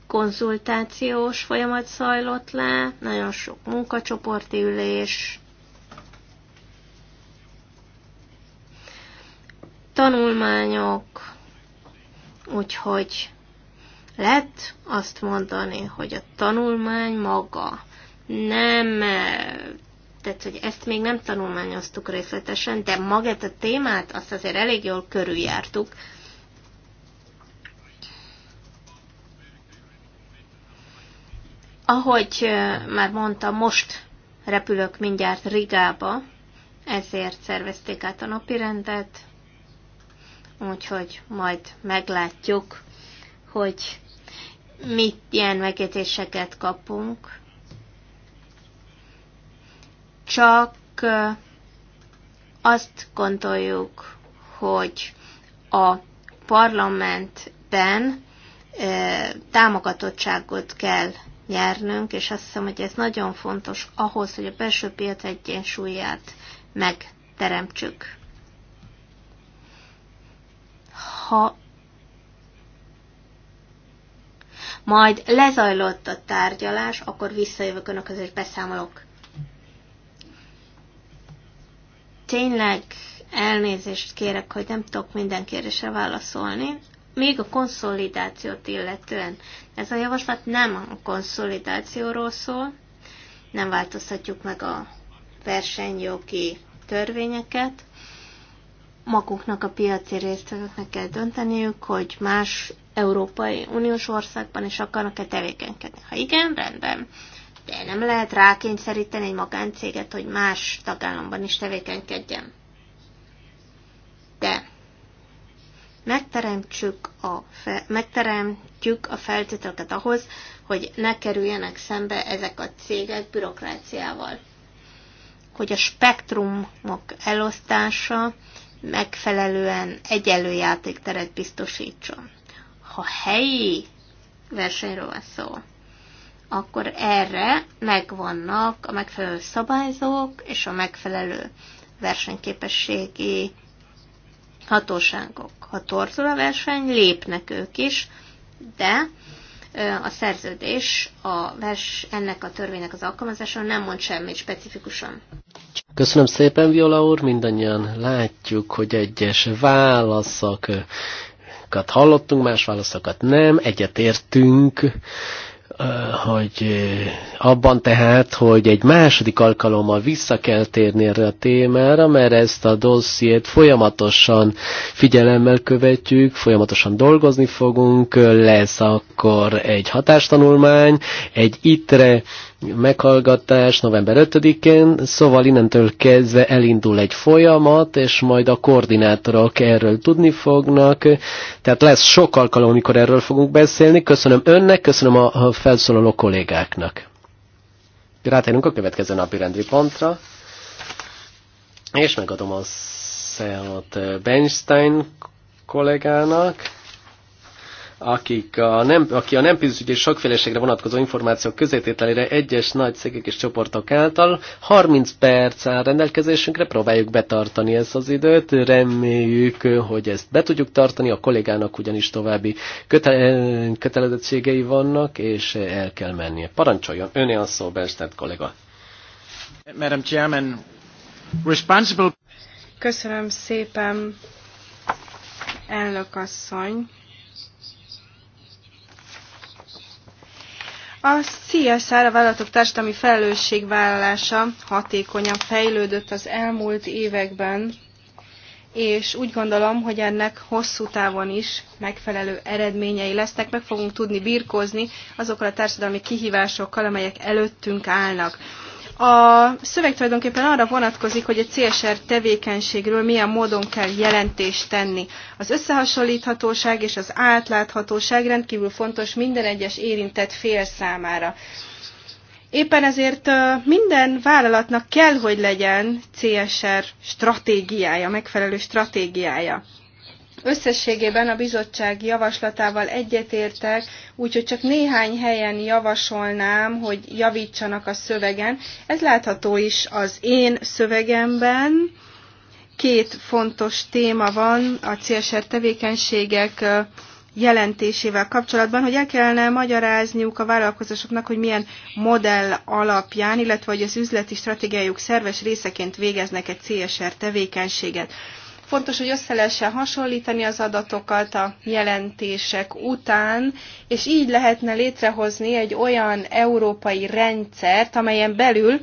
konzultációs folyamat zajlott le, nagyon sok munkacsoporti ülés, tanulmányok, Úgyhogy lehet azt mondani, hogy a tanulmány maga nem, eh, tehát hogy ezt még nem tanulmányoztuk részletesen, de magát a témát azt azért elég jól körüljártuk. Ahogy eh, már mondtam, most repülök mindjárt Rigába, ezért szervezték át a napirendet, úgyhogy majd meglátjuk, hogy mit ilyen megjegyzéseket kapunk. Csak azt gondoljuk, hogy a parlamentben támogatottságot kell nyernünk, és azt hiszem, hogy ez nagyon fontos ahhoz, hogy a belső piac egyensúlyát megteremtsük ha majd lezajlott a tárgyalás, akkor visszajövök önökhöz és beszámolok. Tényleg elnézést kérek, hogy nem tudok minden kérdésre válaszolni. Még a konszolidációt illetően. Ez a javaslat nem a konszolidációról szól, nem változtatjuk meg a versenyjogi törvényeket, maguknak a piaci résztvevőknek kell dönteniük, hogy más Európai Uniós országban is akarnak-e tevékenykedni. Ha igen, rendben. De nem lehet rákényszeríteni egy magáncéget, hogy más tagállamban is tevékenykedjen. De megteremtsük a, fe, megteremtjük a feltételeket ahhoz, hogy ne kerüljenek szembe ezek a cégek bürokráciával. Hogy a spektrumok elosztása megfelelően egyenlő játékteret biztosítson. Ha helyi versenyről van szó, akkor erre megvannak a megfelelő szabályzók és a megfelelő versenyképességi hatóságok. Ha torzul a verseny, lépnek ők is, de a szerződés a vers, ennek a törvénynek az alkalmazása nem mond semmit specifikusan. Köszönöm szépen, Viola úr, mindannyian látjuk, hogy egyes válaszokat hallottunk, más válaszokat nem, egyetértünk, hogy abban tehát, hogy egy második alkalommal vissza kell térni erre a témára, mert ezt a dossziét folyamatosan figyelemmel követjük, folyamatosan dolgozni fogunk, lesz akkor egy hatástanulmány, egy itre meghallgatás november 5-én, szóval innentől kezdve elindul egy folyamat, és majd a koordinátorok erről tudni fognak. Tehát lesz sok alkalom, amikor erről fogunk beszélni. Köszönöm önnek, köszönöm a felszólaló kollégáknak. Rátérünk a következő napi rendi pontra, és megadom a számot Benstein kollégának akik a nem, aki a nem pénzügyi sokféleségre vonatkozó információk közétételére egyes nagy cégek és csoportok által 30 perc áll rendelkezésünkre, próbáljuk betartani ezt az időt, reméljük, hogy ezt be tudjuk tartani, a kollégának ugyanis további köte kötelezettségei vannak, és el kell mennie. Parancsoljon, öné a szó, Bernstedt kollega. Madam Chairman, responsible... Köszönöm szépen, elnök asszony. A CSR, a vállalatok társadalmi felelősségvállalása hatékonyan fejlődött az elmúlt években, és úgy gondolom, hogy ennek hosszú távon is megfelelő eredményei lesznek, meg fogunk tudni birkózni azokkal a társadalmi kihívásokkal, amelyek előttünk állnak a szöveg tulajdonképpen arra vonatkozik, hogy a CSR tevékenységről milyen módon kell jelentést tenni. Az összehasonlíthatóság és az átláthatóság rendkívül fontos minden egyes érintett fél számára. Éppen ezért minden vállalatnak kell, hogy legyen CSR stratégiája, megfelelő stratégiája. Összességében a bizottság javaslatával egyetértek, úgyhogy csak néhány helyen javasolnám, hogy javítsanak a szövegen. Ez látható is az én szövegemben. Két fontos téma van a CSR tevékenységek jelentésével kapcsolatban, hogy el kellene magyarázniuk a vállalkozásoknak, hogy milyen modell alapján, illetve hogy az üzleti stratégiájuk szerves részeként végeznek egy CSR tevékenységet. Fontos, hogy össze lehessen hasonlítani az adatokat a jelentések után, és így lehetne létrehozni egy olyan európai rendszert, amelyen belül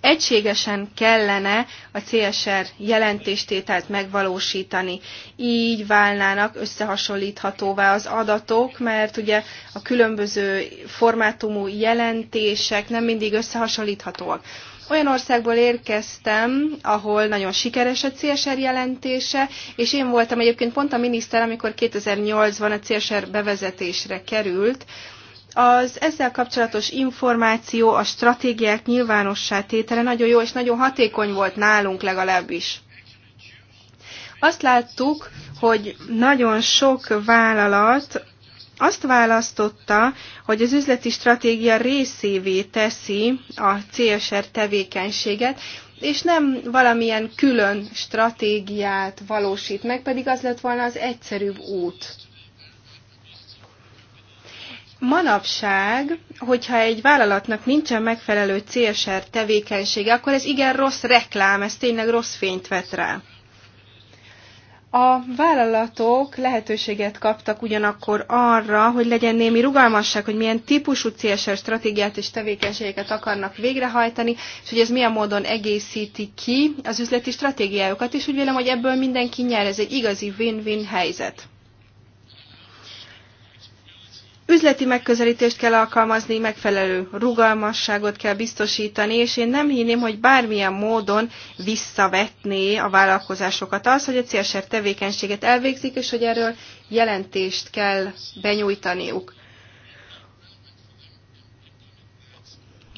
egységesen kellene a CSR jelentéstételt megvalósítani. Így válnának összehasonlíthatóvá az adatok, mert ugye a különböző formátumú jelentések nem mindig összehasonlíthatóak. Olyan országból érkeztem, ahol nagyon sikeres a CSR jelentése, és én voltam egyébként pont a miniszter, amikor 2008-ban a CSR bevezetésre került, az ezzel kapcsolatos információ, a stratégiák nyilvánossá tétele nagyon jó és nagyon hatékony volt nálunk legalábbis. Azt láttuk, hogy nagyon sok vállalat azt választotta, hogy az üzleti stratégia részévé teszi a CSR tevékenységet, és nem valamilyen külön stratégiát valósít meg, pedig az lett volna az egyszerűbb út. Manapság, hogyha egy vállalatnak nincsen megfelelő CSR tevékenysége, akkor ez igen rossz reklám, ez tényleg rossz fényt vet rá. A vállalatok lehetőséget kaptak ugyanakkor arra, hogy legyen némi rugalmasság, hogy milyen típusú CSR stratégiát és tevékenységeket akarnak végrehajtani, és hogy ez milyen módon egészíti ki az üzleti stratégiájukat, és úgy vélem, hogy ebből mindenki nyer, ez egy igazi win-win helyzet. Üzleti megközelítést kell alkalmazni, megfelelő rugalmasságot kell biztosítani, és én nem hinném, hogy bármilyen módon visszavetné a vállalkozásokat az, hogy a CSR tevékenységet elvégzik, és hogy erről jelentést kell benyújtaniuk.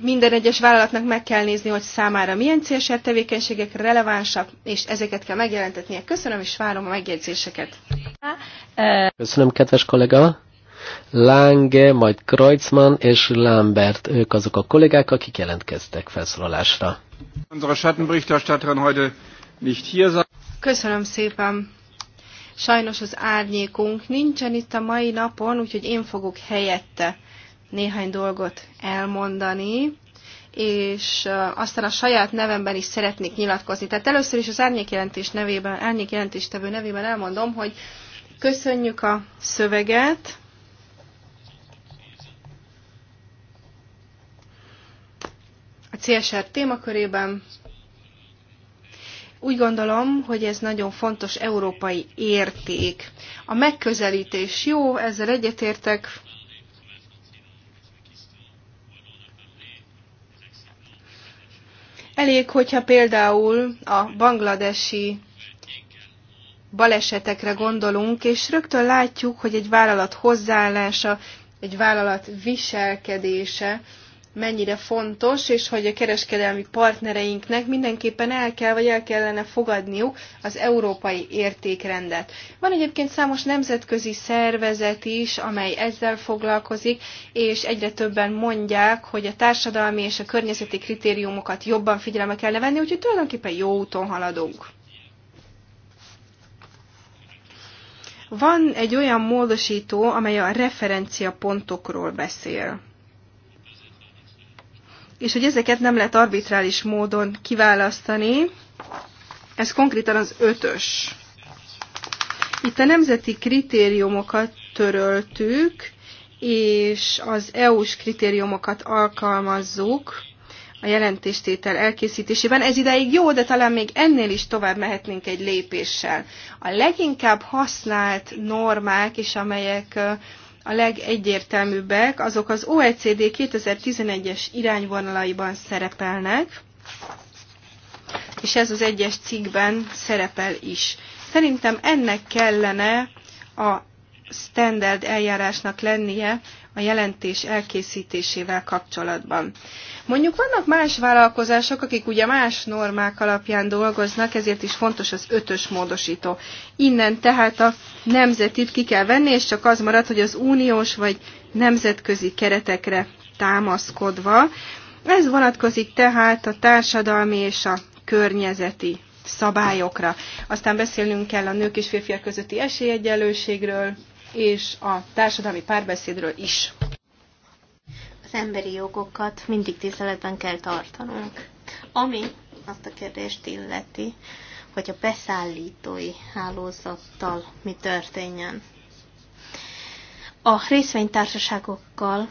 Minden egyes vállalatnak meg kell nézni, hogy számára milyen CSR tevékenységek relevánsak, és ezeket kell megjelentetnie. Köszönöm, és várom a megjegyzéseket. Köszönöm, kedves kollega! Lange, majd Kreutzmann és Lambert. Ők azok a kollégák, akik jelentkeztek felszólalásra. Köszönöm szépen. Sajnos az árnyékunk nincsen itt a mai napon, úgyhogy én fogok helyette néhány dolgot elmondani és aztán a saját nevemben is szeretnék nyilatkozni. Tehát először is az árnyékjelentés nevében, árnyékjelentéstevő nevében elmondom, hogy köszönjük a szöveget, a CSR témakörében. Úgy gondolom, hogy ez nagyon fontos európai érték. A megközelítés jó, ezzel egyetértek. Elég, hogyha például a bangladesi balesetekre gondolunk, és rögtön látjuk, hogy egy vállalat hozzáállása, egy vállalat viselkedése mennyire fontos, és hogy a kereskedelmi partnereinknek mindenképpen el kell, vagy el kellene fogadniuk az európai értékrendet. Van egyébként számos nemzetközi szervezet is, amely ezzel foglalkozik, és egyre többen mondják, hogy a társadalmi és a környezeti kritériumokat jobban figyelembe kellene venni, úgyhogy tulajdonképpen jó úton haladunk. Van egy olyan módosító, amely a referenciapontokról beszél és hogy ezeket nem lehet arbitrális módon kiválasztani, ez konkrétan az ötös. Itt a nemzeti kritériumokat töröltük, és az EU-s kritériumokat alkalmazzuk a jelentéstétel elkészítésében. Ez ideig jó, de talán még ennél is tovább mehetnénk egy lépéssel. A leginkább használt normák, és amelyek uh, a legegyértelműbbek, azok az OECD 2011-es irányvonalaiban szerepelnek, és ez az egyes cikkben szerepel is. Szerintem ennek kellene a standard eljárásnak lennie a jelentés elkészítésével kapcsolatban. Mondjuk vannak más vállalkozások, akik ugye más normák alapján dolgoznak, ezért is fontos az ötös módosító. Innen tehát a nemzetit ki kell venni, és csak az marad, hogy az uniós vagy nemzetközi keretekre támaszkodva. Ez vonatkozik tehát a társadalmi és a környezeti szabályokra. Aztán beszélnünk kell a nők és férfiak közötti esélyegyenlőségről, és a társadalmi párbeszédről is. Az emberi jogokat mindig tiszteletben kell tartanunk. Ami azt a kérdést illeti, hogy a beszállítói hálózattal mi történjen. A részvénytársaságokkal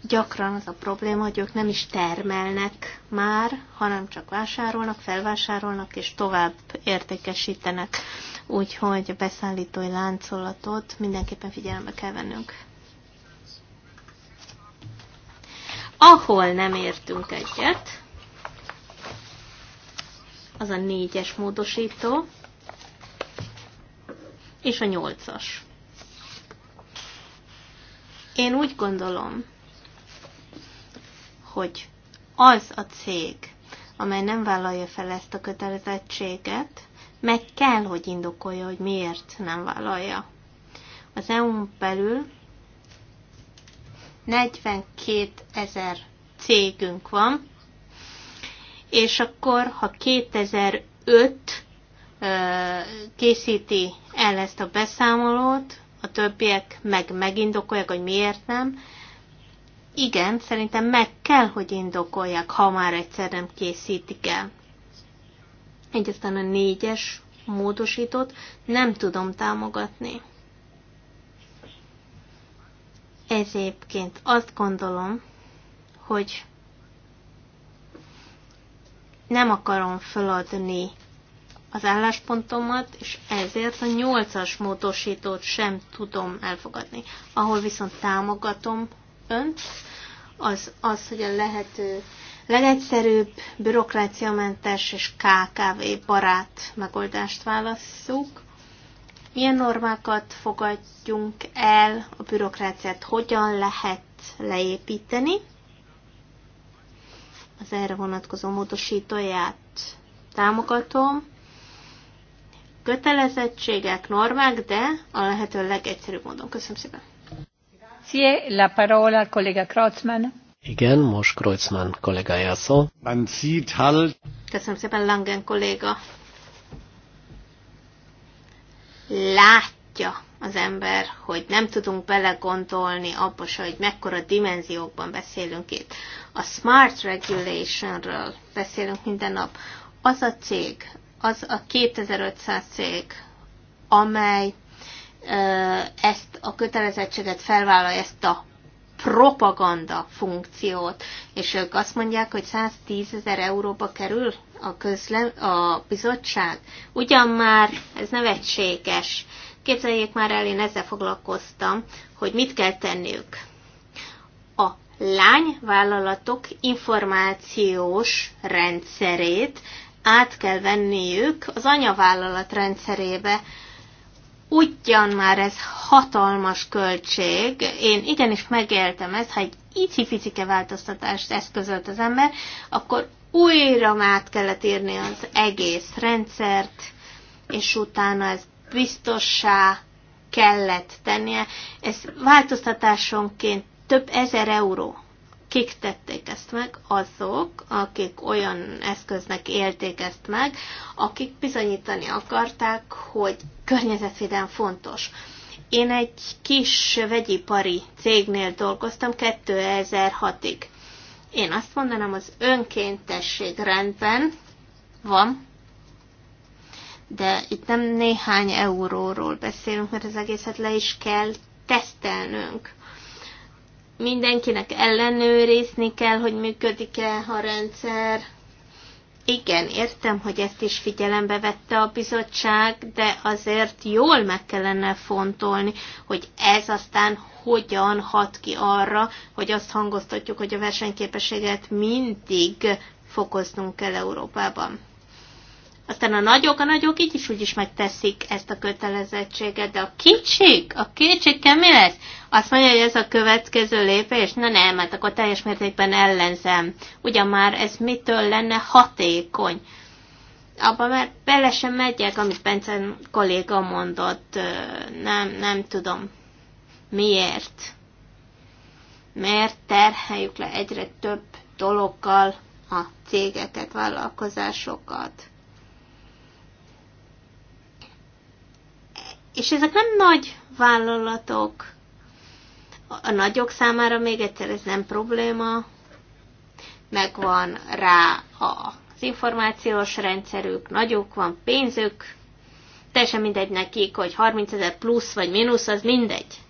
gyakran az a probléma, hogy ők nem is termelnek már, hanem csak vásárolnak, felvásárolnak és tovább értékesítenek. Úgyhogy a beszállítói láncolatot mindenképpen figyelembe kell vennünk. Ahol nem értünk egyet, az a négyes módosító, és a nyolcas. Én úgy gondolom, hogy az a cég, amely nem vállalja fel ezt a kötelezettséget, meg kell, hogy indokolja, hogy miért nem vállalja. Az EU-n belül 42 ezer cégünk van, és akkor, ha 2005 készíti el ezt a beszámolót, a többiek meg megindokolják, hogy miért nem, igen, szerintem meg kell, hogy indokolják, ha már egyszer nem készítik el. Így aztán a négyes módosított nem tudom támogatni. Egyébként azt gondolom, hogy nem akarom feladni az álláspontomat, és ezért a nyolcas módosítót sem tudom elfogadni, ahol viszont támogatom önt, az az, hogy a lehető legegyszerűbb, bürokráciamentes és KKV-barát megoldást válasszuk. Milyen normákat fogadjunk el, a bürokráciát hogyan lehet leépíteni. Az erre vonatkozó módosítóját támogatom. Kötelezettségek, normák, de a lehető legegyszerűbb módon. Köszönöm szépen! Grazie, la parola Kreutzmann. Igen, most Kreutzmann kollégája szó. Man sieht halt. Köszönöm szépen, Langen kolléga. Látja az ember, hogy nem tudunk belegondolni abba se, hogy mekkora dimenziókban beszélünk itt. A smart regulationről beszélünk minden nap. Az a cég, az a 2500 cég, amely ezt a kötelezettséget felvállalja, ezt a propaganda funkciót, és ők azt mondják, hogy 110 ezer euróba kerül a, közle, a bizottság. Ugyan már ez nevetséges. Képzeljék már el, én ezzel foglalkoztam, hogy mit kell tenniük. A lányvállalatok információs rendszerét át kell venniük az anyavállalat rendszerébe, ugyan már ez hatalmas költség, én igenis megéltem ezt, ha egy icipicike változtatást eszközölt az ember, akkor újra át kellett írni az egész rendszert, és utána ez biztossá kellett tennie. Ez változtatásonként több ezer euró kik tették ezt meg, azok, akik olyan eszköznek élték ezt meg, akik bizonyítani akarták, hogy környezetvédelem fontos. Én egy kis vegyipari cégnél dolgoztam 2006-ig. Én azt mondanám, az önkéntesség rendben van, de itt nem néhány euróról beszélünk, mert az egészet le is kell tesztelnünk mindenkinek ellenőrizni kell, hogy működik-e a rendszer. Igen, értem, hogy ezt is figyelembe vette a bizottság, de azért jól meg kellene fontolni, hogy ez aztán hogyan hat ki arra, hogy azt hangoztatjuk, hogy a versenyképességet mindig fokoznunk kell Európában. Aztán a nagyok, a nagyok így is úgy is megteszik ezt a kötelezettséget, de a kicsik, a kicsik mi lesz? Azt mondja, hogy ez a következő lépés? Na nem, mert hát akkor teljes mértékben ellenzem. Ugyan már ez mitől lenne hatékony? Abba már bele sem megyek, amit Bence kolléga mondott. Nem, nem tudom. Miért? Miért terheljük le egyre több dologgal a cégeket, vállalkozásokat? És ezek nem nagy vállalatok. A nagyok számára még egyszer ez nem probléma. Megvan rá az információs rendszerük, nagyok van pénzük, teljesen mindegy nekik, hogy 30 ezer plusz vagy mínusz, az mindegy.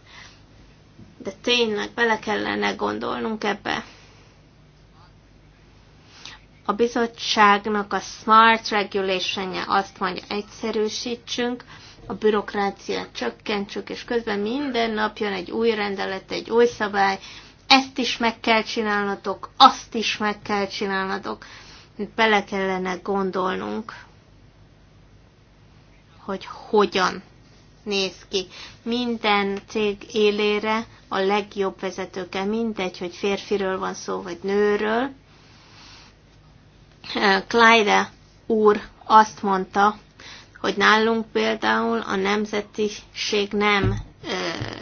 De tényleg bele kellene gondolnunk ebbe. A bizottságnak a smart regulation -je azt mondja, egyszerűsítsünk, a bürokráciát csökkentsük, és közben minden nap jön egy új rendelet, egy új szabály, ezt is meg kell csinálnatok, azt is meg kell csinálnatok, bele kellene gondolnunk, hogy hogyan néz ki. Minden cég élére a legjobb vezetőke, mindegy, hogy férfiről van szó, vagy nőről. Clyde úr azt mondta, hogy nálunk például a nemzetiség nem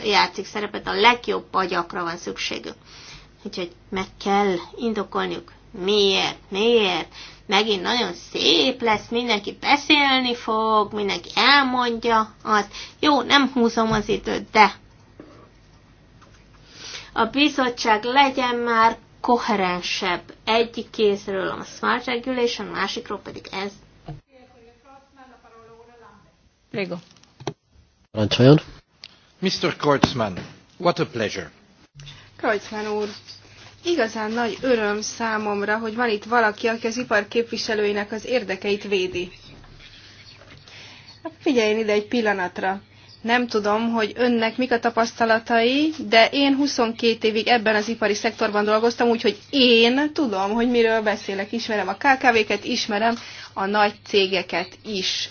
játszik szerepet, a legjobb agyakra van szükségük. Úgyhogy meg kell indokolniuk, miért, miért. Megint nagyon szép lesz, mindenki beszélni fog, mindenki elmondja azt. Jó, nem húzom az időt, de a bizottság legyen már koherensebb egyik kézről a smart regulation, másikról pedig ez Prego. Parancsoljon. Mr. Kreutzmann, what a pleasure. Kreutzmann úr, igazán nagy öröm számomra, hogy van itt valaki, aki az ipar képviselőinek az érdekeit védi. Hát figyeljen ide egy pillanatra. Nem tudom, hogy önnek mik a tapasztalatai, de én 22 évig ebben az ipari szektorban dolgoztam, úgyhogy én tudom, hogy miről beszélek. Ismerem a KKV-ket, ismerem a nagy cégeket is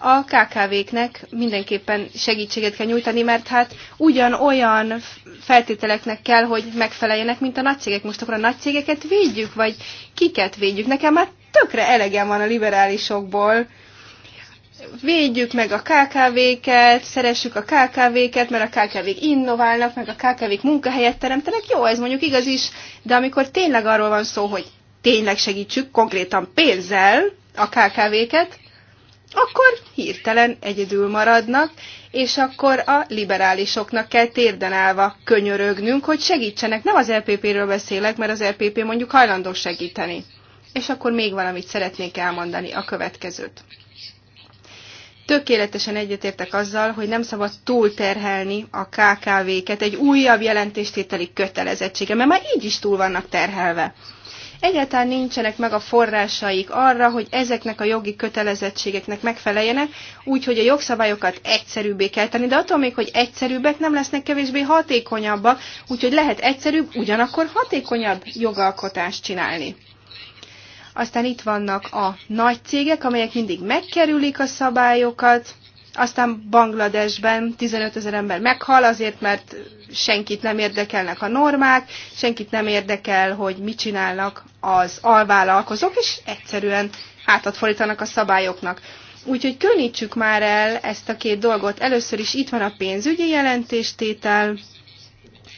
a KKV-knek mindenképpen segítséget kell nyújtani, mert hát ugyanolyan feltételeknek kell, hogy megfeleljenek, mint a nagy Most akkor a nagy védjük, vagy kiket védjük? Nekem már tökre elegem van a liberálisokból. Védjük meg a KKV-ket, szeressük a KKV-ket, mert a KKV-k innoválnak, meg a KKV-k munkahelyet teremtenek. Jó, ez mondjuk igaz is, de amikor tényleg arról van szó, hogy tényleg segítsük, konkrétan pénzzel a KKV-ket, akkor hirtelen egyedül maradnak, és akkor a liberálisoknak kell térden állva könyörögnünk, hogy segítsenek. Nem az LPP-ről beszélek, mert az LPP mondjuk hajlandó segíteni. És akkor még valamit szeretnék elmondani, a következőt. Tökéletesen egyetértek azzal, hogy nem szabad túlterhelni a KKV-ket egy újabb jelentéstételi kötelezettsége, mert már így is túl vannak terhelve egyáltalán nincsenek meg a forrásaik arra, hogy ezeknek a jogi kötelezettségeknek megfeleljenek, úgyhogy a jogszabályokat egyszerűbbé kell tenni, de attól még, hogy egyszerűbbek nem lesznek kevésbé hatékonyabbak, úgyhogy lehet egyszerűbb, ugyanakkor hatékonyabb jogalkotást csinálni. Aztán itt vannak a nagy cégek, amelyek mindig megkerülik a szabályokat, aztán Bangladesben 15 ezer ember meghal azért, mert senkit nem érdekelnek a normák, senkit nem érdekel, hogy mit csinálnak az alvállalkozók, és egyszerűen hátat fordítanak a szabályoknak. Úgyhogy különítsük már el ezt a két dolgot. Először is itt van a pénzügyi jelentéstétel,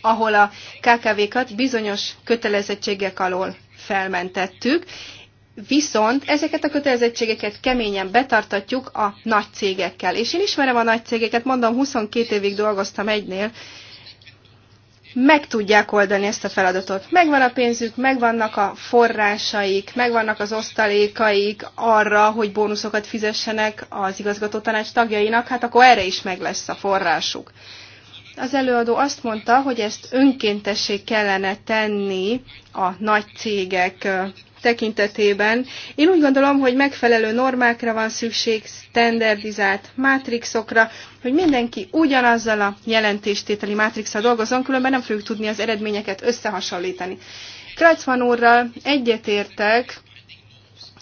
ahol a KKV-kat bizonyos kötelezettségek alól felmentettük, Viszont ezeket a kötelezettségeket keményen betartatjuk a nagy cégekkel. És én ismerem a nagy cégeket, mondom, 22 évig dolgoztam egynél, meg tudják oldani ezt a feladatot. Megvan a pénzük, megvannak a forrásaik, megvannak az osztalékaik arra, hogy bónuszokat fizessenek az igazgató tanács tagjainak, hát akkor erre is meg lesz a forrásuk. Az előadó azt mondta, hogy ezt önkéntessé kellene tenni a nagy cégek tekintetében. Én úgy gondolom, hogy megfelelő normákra van szükség, standardizált mátrixokra, hogy mindenki ugyanazzal a jelentéstételi mátrixsal dolgozzon, különben nem fogjuk tudni az eredményeket összehasonlítani. Krajcman úrral egyetértek,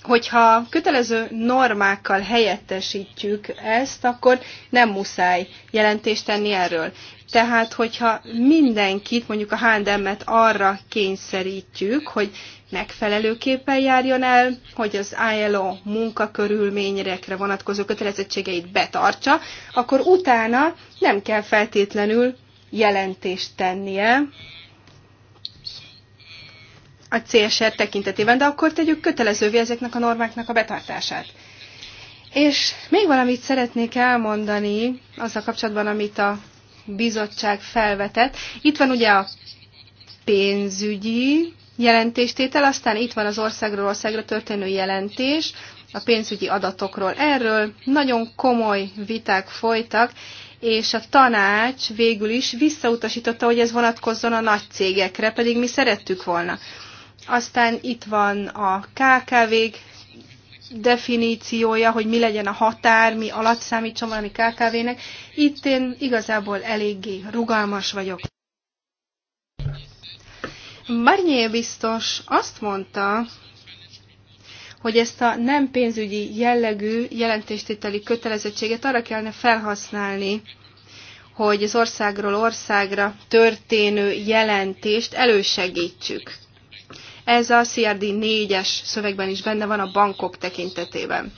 hogyha kötelező normákkal helyettesítjük ezt, akkor nem muszáj jelentést tenni erről. Tehát, hogyha mindenkit, mondjuk a H&M-et arra kényszerítjük, hogy megfelelőképpen járjon el, hogy az ILO munkakörülményekre vonatkozó kötelezettségeit betartsa, akkor utána nem kell feltétlenül jelentést tennie a CSR tekintetében, de akkor tegyük kötelezővé ezeknek a normáknak a betartását. És még valamit szeretnék elmondani azzal kapcsolatban, amit a bizottság felvetett. Itt van ugye a pénzügyi jelentéstétel, aztán itt van az országról országra történő jelentés, a pénzügyi adatokról. Erről nagyon komoly viták folytak, és a tanács végül is visszautasította, hogy ez vonatkozzon a nagy cégekre, pedig mi szerettük volna. Aztán itt van a kkv definíciója, hogy mi legyen a határ, mi alatt számítson valami KKV-nek. Itt én igazából eléggé rugalmas vagyok. Barnier biztos azt mondta, hogy ezt a nem pénzügyi jellegű jelentéstételi kötelezettséget arra kellene felhasználni, hogy az országról országra történő jelentést elősegítsük. Ez a CRD 4-es szövegben is benne van a bankok tekintetében.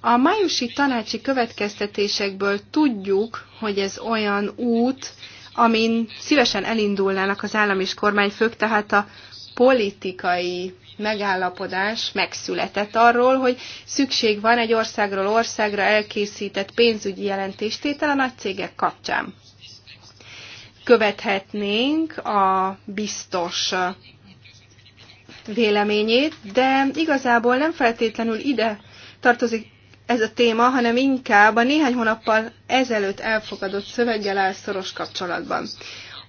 A májusi tanácsi következtetésekből tudjuk, hogy ez olyan út, amin szívesen elindulnának az állam és kormányfők, tehát a politikai megállapodás megszületett arról, hogy szükség van egy országról országra elkészített pénzügyi jelentéstétel a nagy cégek kapcsán. Követhetnénk a biztos véleményét, de igazából nem feltétlenül ide tartozik ez a téma, hanem inkább a néhány hónappal ezelőtt elfogadott szöveggel áll szoros kapcsolatban.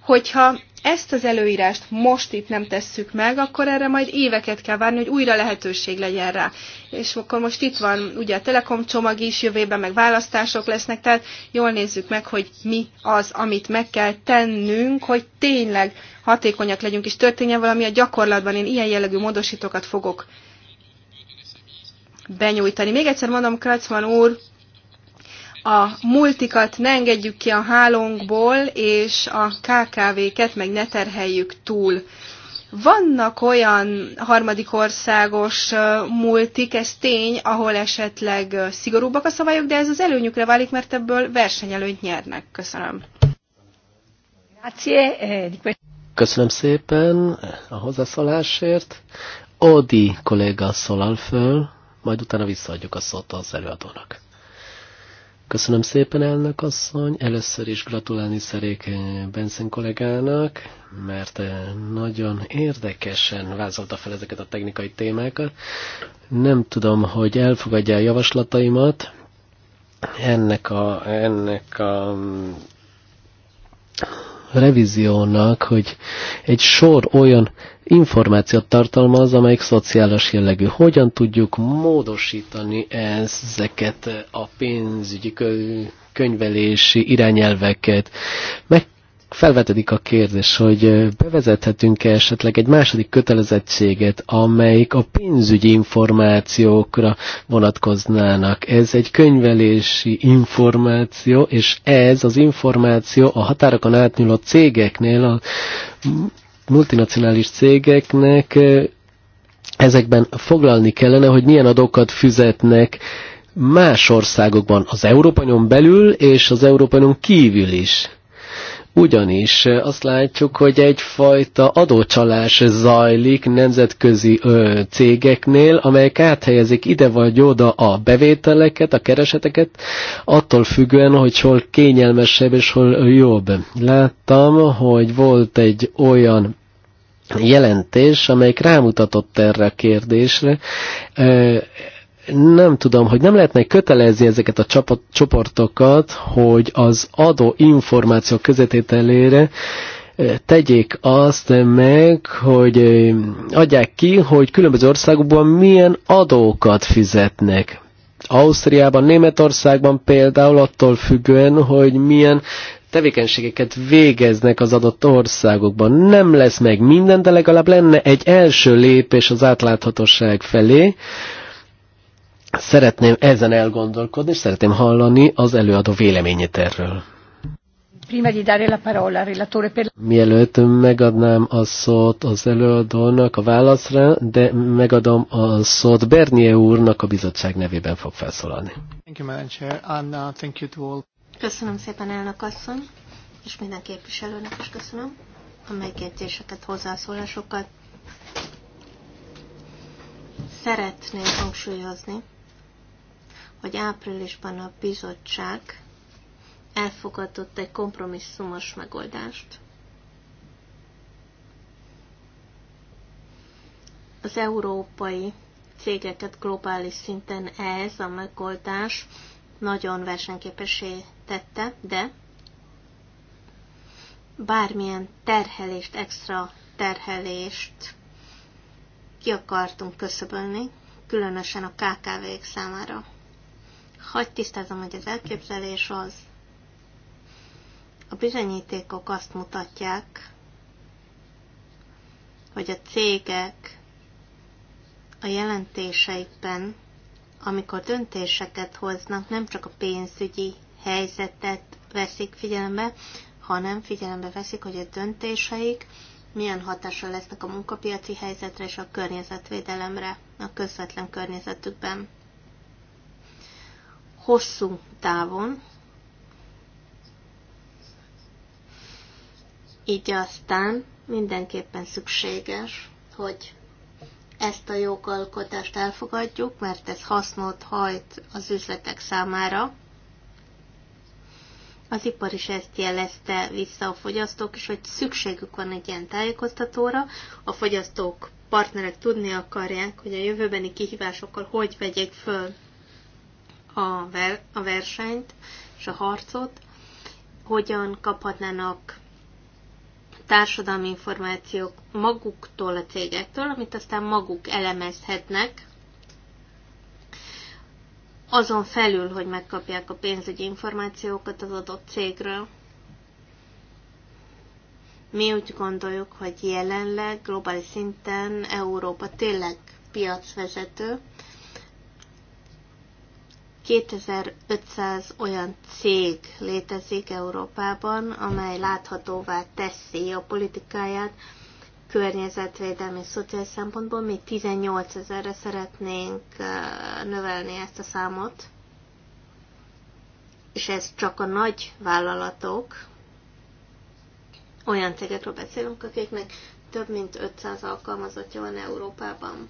Hogyha ezt az előírást most itt nem tesszük meg, akkor erre majd éveket kell várni, hogy újra lehetőség legyen rá. És akkor most itt van ugye a Telekom csomag is, jövőben meg választások lesznek, tehát jól nézzük meg, hogy mi az, amit meg kell tennünk, hogy tényleg hatékonyak legyünk, és történjen valami a gyakorlatban. Én ilyen jellegű módosítókat fogok benyújtani. Még egyszer mondom, Kracman úr, a multikat ne engedjük ki a hálónkból, és a KKV-ket meg ne terheljük túl. Vannak olyan harmadik országos multik, ez tény, ahol esetleg szigorúbbak a szabályok, de ez az előnyükre válik, mert ebből versenyelőnyt nyernek. Köszönöm. Eh, Köszönöm szépen a hozzászólásért. Odi kolléga szólal föl majd utána visszaadjuk a szót az előadónak. Köszönöm szépen, elnök asszony. Először is gratulálni szerék Benson kollégának, mert nagyon érdekesen vázolta fel ezeket a technikai témákat. Nem tudom, hogy elfogadja a javaslataimat ennek a, ennek a revíziónak, hogy egy sor olyan információt tartalmaz, amelyik szociális jellegű. Hogyan tudjuk módosítani ezeket a pénzügyi könyvelési irányelveket? Meg felvetedik a kérdés, hogy bevezethetünk-e esetleg egy második kötelezettséget, amelyik a pénzügyi információkra vonatkoznának. Ez egy könyvelési információ, és ez az információ a határokon átnyúló cégeknél a multinacionális cégeknek ezekben foglalni kellene, hogy milyen adókat fizetnek más országokban, az Európanyon belül és az Európanyon kívül is ugyanis eh, azt látjuk, hogy egyfajta adócsalás zajlik nemzetközi ö, cégeknél, amelyek áthelyezik ide vagy oda a bevételeket, a kereseteket, attól függően, hogy hol kényelmesebb és hol jobb. Láttam, hogy volt egy olyan jelentés, amelyik rámutatott erre a kérdésre nem tudom, hogy nem lehetne kötelezni ezeket a csapat, csoportokat, hogy az adó információ közetételére eh, tegyék azt meg, hogy eh, adják ki, hogy különböző országokban milyen adókat fizetnek. Ausztriában, Németországban például attól függően, hogy milyen tevékenységeket végeznek az adott országokban. Nem lesz meg minden, de legalább lenne egy első lépés az átláthatóság felé, Szeretném ezen elgondolkodni, és szeretném hallani az előadó véleményét erről. Mielőtt megadnám a szót az előadónak a válaszra, de megadom a szót Bernier úrnak a bizottság nevében fog felszólalni. Uh, köszönöm szépen, elnök asszony, és minden képviselőnek is köszönöm a megjegyzéseket, hozzászólásokat. Szeretném hangsúlyozni, hogy áprilisban a bizottság elfogadott egy kompromisszumos megoldást. Az európai cégeket globális szinten ez a megoldás nagyon versenyképesé tette, de bármilyen terhelést, extra terhelést ki akartunk köszöbölni, különösen a KKV-k számára. Hagy tisztázom, hogy az elképzelés az, a bizonyítékok azt mutatják, hogy a cégek a jelentéseikben, amikor döntéseket hoznak, nem csak a pénzügyi helyzetet veszik figyelembe, hanem figyelembe veszik, hogy a döntéseik milyen hatással lesznek a munkapiaci helyzetre és a környezetvédelemre, a közvetlen környezetükben hosszú távon, így aztán mindenképpen szükséges, hogy ezt a jogalkotást elfogadjuk, mert ez hasznot hajt az üzletek számára. Az ipar is ezt jelezte vissza a fogyasztók is, hogy szükségük van egy ilyen tájékoztatóra. A fogyasztók, partnerek tudni akarják, hogy a jövőbeni kihívásokkal hogy vegyék föl a, ver, a versenyt és a harcot, hogyan kaphatnának társadalmi információk maguktól a cégektől, amit aztán maguk elemezhetnek, azon felül, hogy megkapják a pénzügyi információkat az adott cégről. Mi úgy gondoljuk, hogy jelenleg globális szinten Európa tényleg piacvezető, 2500 olyan cég létezik Európában, amely láthatóvá teszi a politikáját környezetvédelmi szociális szempontból. Mi 18 ezerre szeretnénk növelni ezt a számot, és ez csak a nagy vállalatok, olyan cégekről beszélünk, akiknek több mint 500 alkalmazottja van Európában.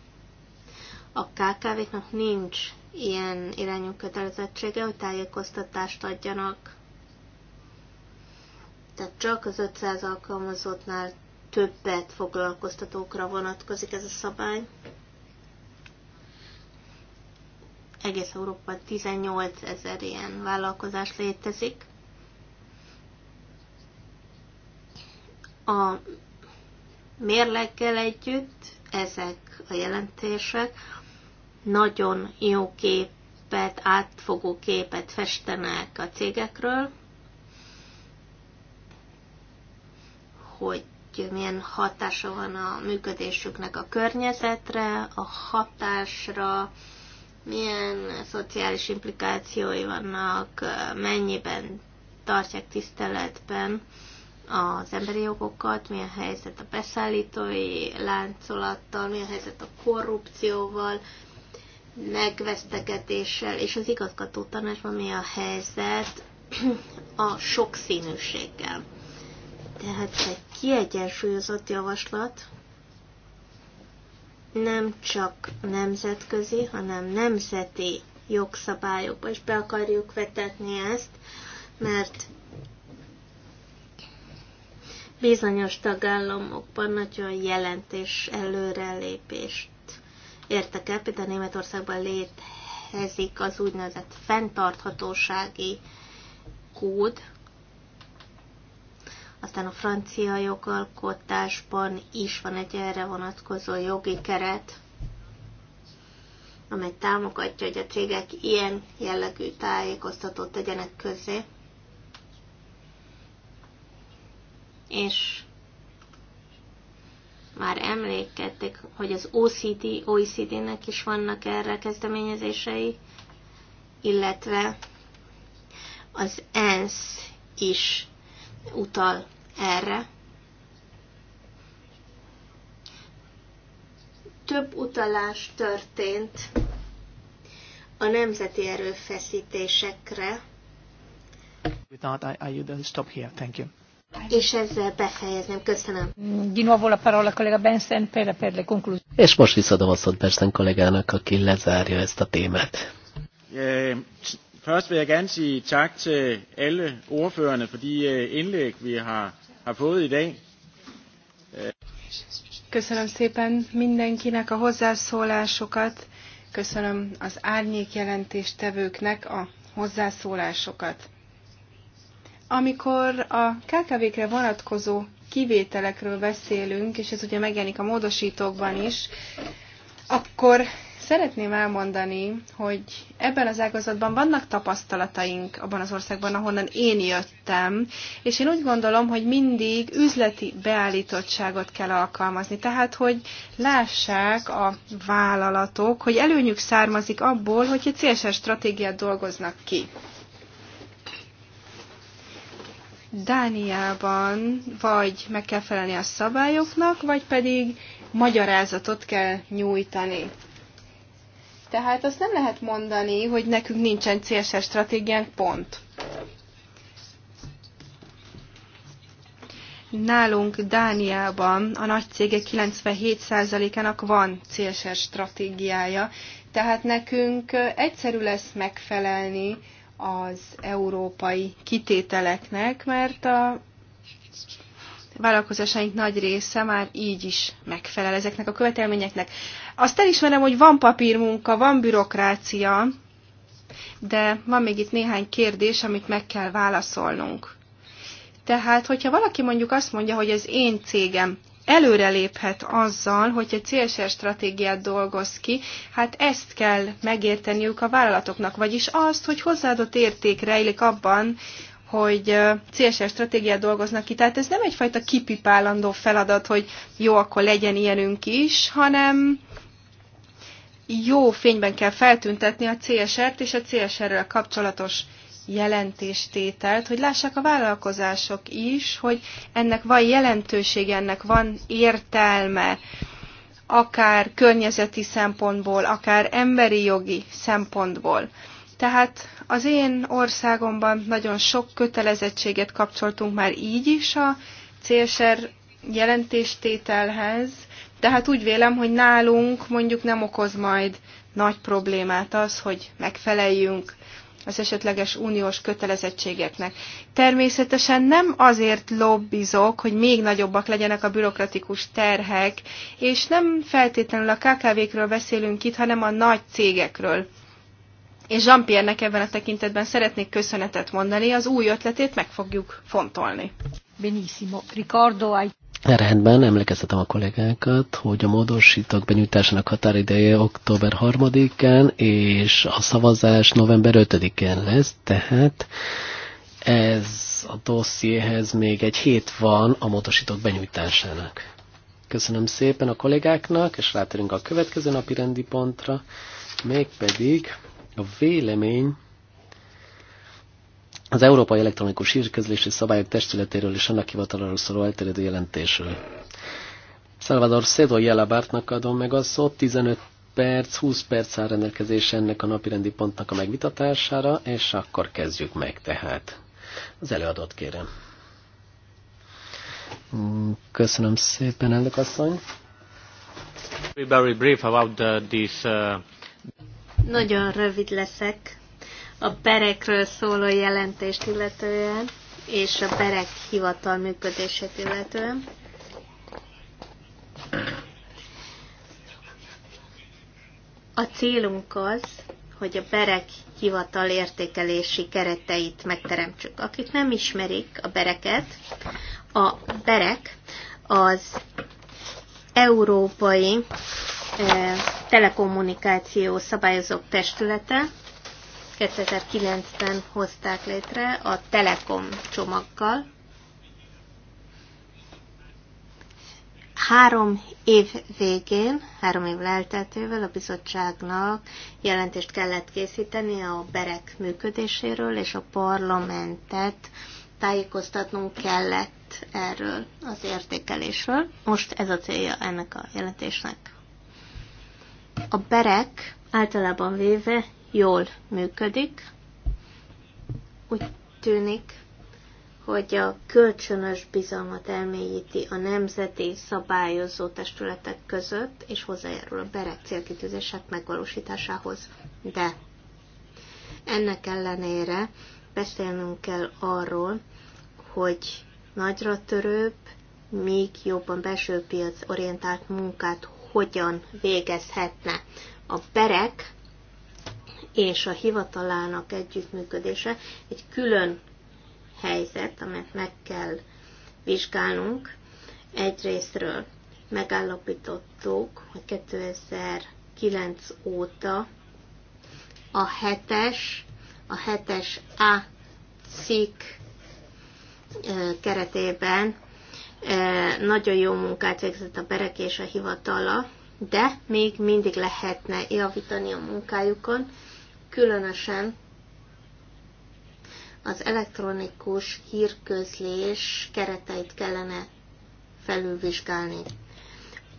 A KKV-knak nincs ilyen irányú kötelezettsége, hogy tájékoztatást adjanak. Tehát csak az 500 alkalmazottnál többet foglalkoztatókra vonatkozik ez a szabály. Egész Európában 18 ezer ilyen vállalkozás létezik. A mérlekkel együtt ezek a jelentések nagyon jó képet, átfogó képet festenek a cégekről, hogy milyen hatása van a működésüknek a környezetre, a hatásra, milyen szociális implikációi vannak, mennyiben tartják tiszteletben az emberi jogokat, milyen helyzet a beszállítói láncolattal, milyen helyzet a korrupcióval, megvesztegetéssel, és az igazgató tanácsban mi a helyzet a sokszínűséggel. Tehát egy kiegyensúlyozott javaslat nem csak nemzetközi, hanem nemzeti jogszabályokba is be akarjuk vetetni ezt, mert bizonyos tagállamokban nagyon jelentős előrelépést értek el, például Németországban létezik az úgynevezett fenntarthatósági kód, aztán a francia jogalkotásban is van egy erre vonatkozó jogi keret, amely támogatja, hogy a cégek ilyen jellegű tájékoztatót tegyenek közé. És már emlékeztek, hogy az OCD, OECD-nek is vannak erre kezdeményezései, illetve az ENSZ is utal erre. Több utalás történt a nemzeti erőfeszítésekre. Without, I, I stop here. Thank you. És ezzel befejezném. Köszönöm. Di nuovo la parola collega Benson per, per le conclusioni. És most visszadom a szót Benson kollégának, aki lezárja ezt a témát. Eh, først vil jeg gerne sige tak til alle ordførerne for de eh, indlæg, vi har, har fået i dag. Köszönöm szépen mindenkinek a hozzászólásokat, köszönöm az árnyék jelentéstevőknek a hozzászólásokat. Amikor a KKV-kre vonatkozó kivételekről beszélünk, és ez ugye megjelenik a módosítókban is, akkor szeretném elmondani, hogy ebben az ágazatban vannak tapasztalataink abban az országban, ahonnan én jöttem, és én úgy gondolom, hogy mindig üzleti beállítottságot kell alkalmazni. Tehát, hogy lássák a vállalatok, hogy előnyük származik abból, hogyha CSR stratégiát dolgoznak ki. Dániában vagy meg kell felelni a szabályoknak, vagy pedig magyarázatot kell nyújtani. Tehát azt nem lehet mondani, hogy nekünk nincsen CSR stratégiánk, pont. Nálunk Dániában a nagy cégek 97%-ának van CSR stratégiája, tehát nekünk egyszerű lesz megfelelni az európai kitételeknek, mert a vállalkozásaink nagy része már így is megfelel ezeknek a követelményeknek. Azt elismerem, hogy van papírmunka, van bürokrácia, de van még itt néhány kérdés, amit meg kell válaszolnunk. Tehát, hogyha valaki mondjuk azt mondja, hogy az én cégem előreléphet azzal, hogy egy CSR stratégiát dolgoz ki, hát ezt kell megérteniük a vállalatoknak, vagyis azt, hogy hozzáadott érték rejlik abban, hogy CSR stratégiát dolgoznak ki. Tehát ez nem egyfajta kipipálandó feladat, hogy jó, akkor legyen ilyenünk is, hanem jó fényben kell feltüntetni a CSR-t és a CSR-rel kapcsolatos jelentéstételt, hogy lássák a vállalkozások is, hogy ennek van jelentősége, ennek van értelme, akár környezeti szempontból, akár emberi jogi szempontból. Tehát az én országomban nagyon sok kötelezettséget kapcsoltunk már így is a CSR jelentéstételhez, tehát úgy vélem, hogy nálunk mondjuk nem okoz majd nagy problémát az, hogy megfeleljünk az esetleges uniós kötelezettségeknek. Természetesen nem azért lobbizok, hogy még nagyobbak legyenek a bürokratikus terhek, és nem feltétlenül a KKV-kről beszélünk itt, hanem a nagy cégekről. És Jean-Pierre-nek ebben a tekintetben szeretnék köszönetet mondani, az új ötletét meg fogjuk fontolni. Benissimo. Ricordo ai... Rendben, emlékeztetem a kollégákat, hogy a módosítók benyújtásának határideje október 3-án, és a szavazás november 5-én lesz, tehát ez a dossziéhez még egy hét van a módosítók benyújtásának. Köszönöm szépen a kollégáknak, és rátérünk a következő napi rendi pontra, mégpedig a vélemény az Európai Elektronikus Hírközlési Szabályok Testületéről és annak hivataláról szóló elterjedő jelentésről. Salvador Szedó Jelabártnak adom meg a szót, 15 perc, 20 perc áll rendelkezés ennek a napirendi pontnak a megvitatására, és akkor kezdjük meg tehát. Az előadót kérem. Köszönöm szépen, elnök asszony. Very brief about uh, this, uh... Nagyon rövid leszek a berekről szóló jelentést illetően, és a berek hivatal működését illetően. A célunk az, hogy a berek hivatal értékelési kereteit megteremtsük. Akik nem ismerik a bereket, a berek az Európai eh, Telekommunikáció Szabályozók Testülete, 2009-ben hozták létre a Telekom csomaggal. Három év végén, három év lelteltével a bizottságnak jelentést kellett készíteni a berek működéséről, és a parlamentet tájékoztatnunk kellett erről az értékelésről. Most ez a célja ennek a jelentésnek. A berek általában véve jól működik. Úgy tűnik, hogy a kölcsönös bizalmat elmélyíti a nemzeti szabályozó testületek között, és hozzájárul a berek célkitűzések megvalósításához. De ennek ellenére beszélnünk kell arról, hogy nagyra törőbb, még jobban belső piac orientált munkát hogyan végezhetne. A berek és a hivatalának együttműködése egy külön helyzet, amelyet meg kell vizsgálnunk. Egyrésztről megállapítottuk, hogy 2009 óta a 7-es, a 7-es A cikk keretében nagyon jó munkát végzett a Berek és a hivatala, de még mindig lehetne javítani a munkájukon, különösen az elektronikus hírközlés kereteit kellene felülvizsgálni.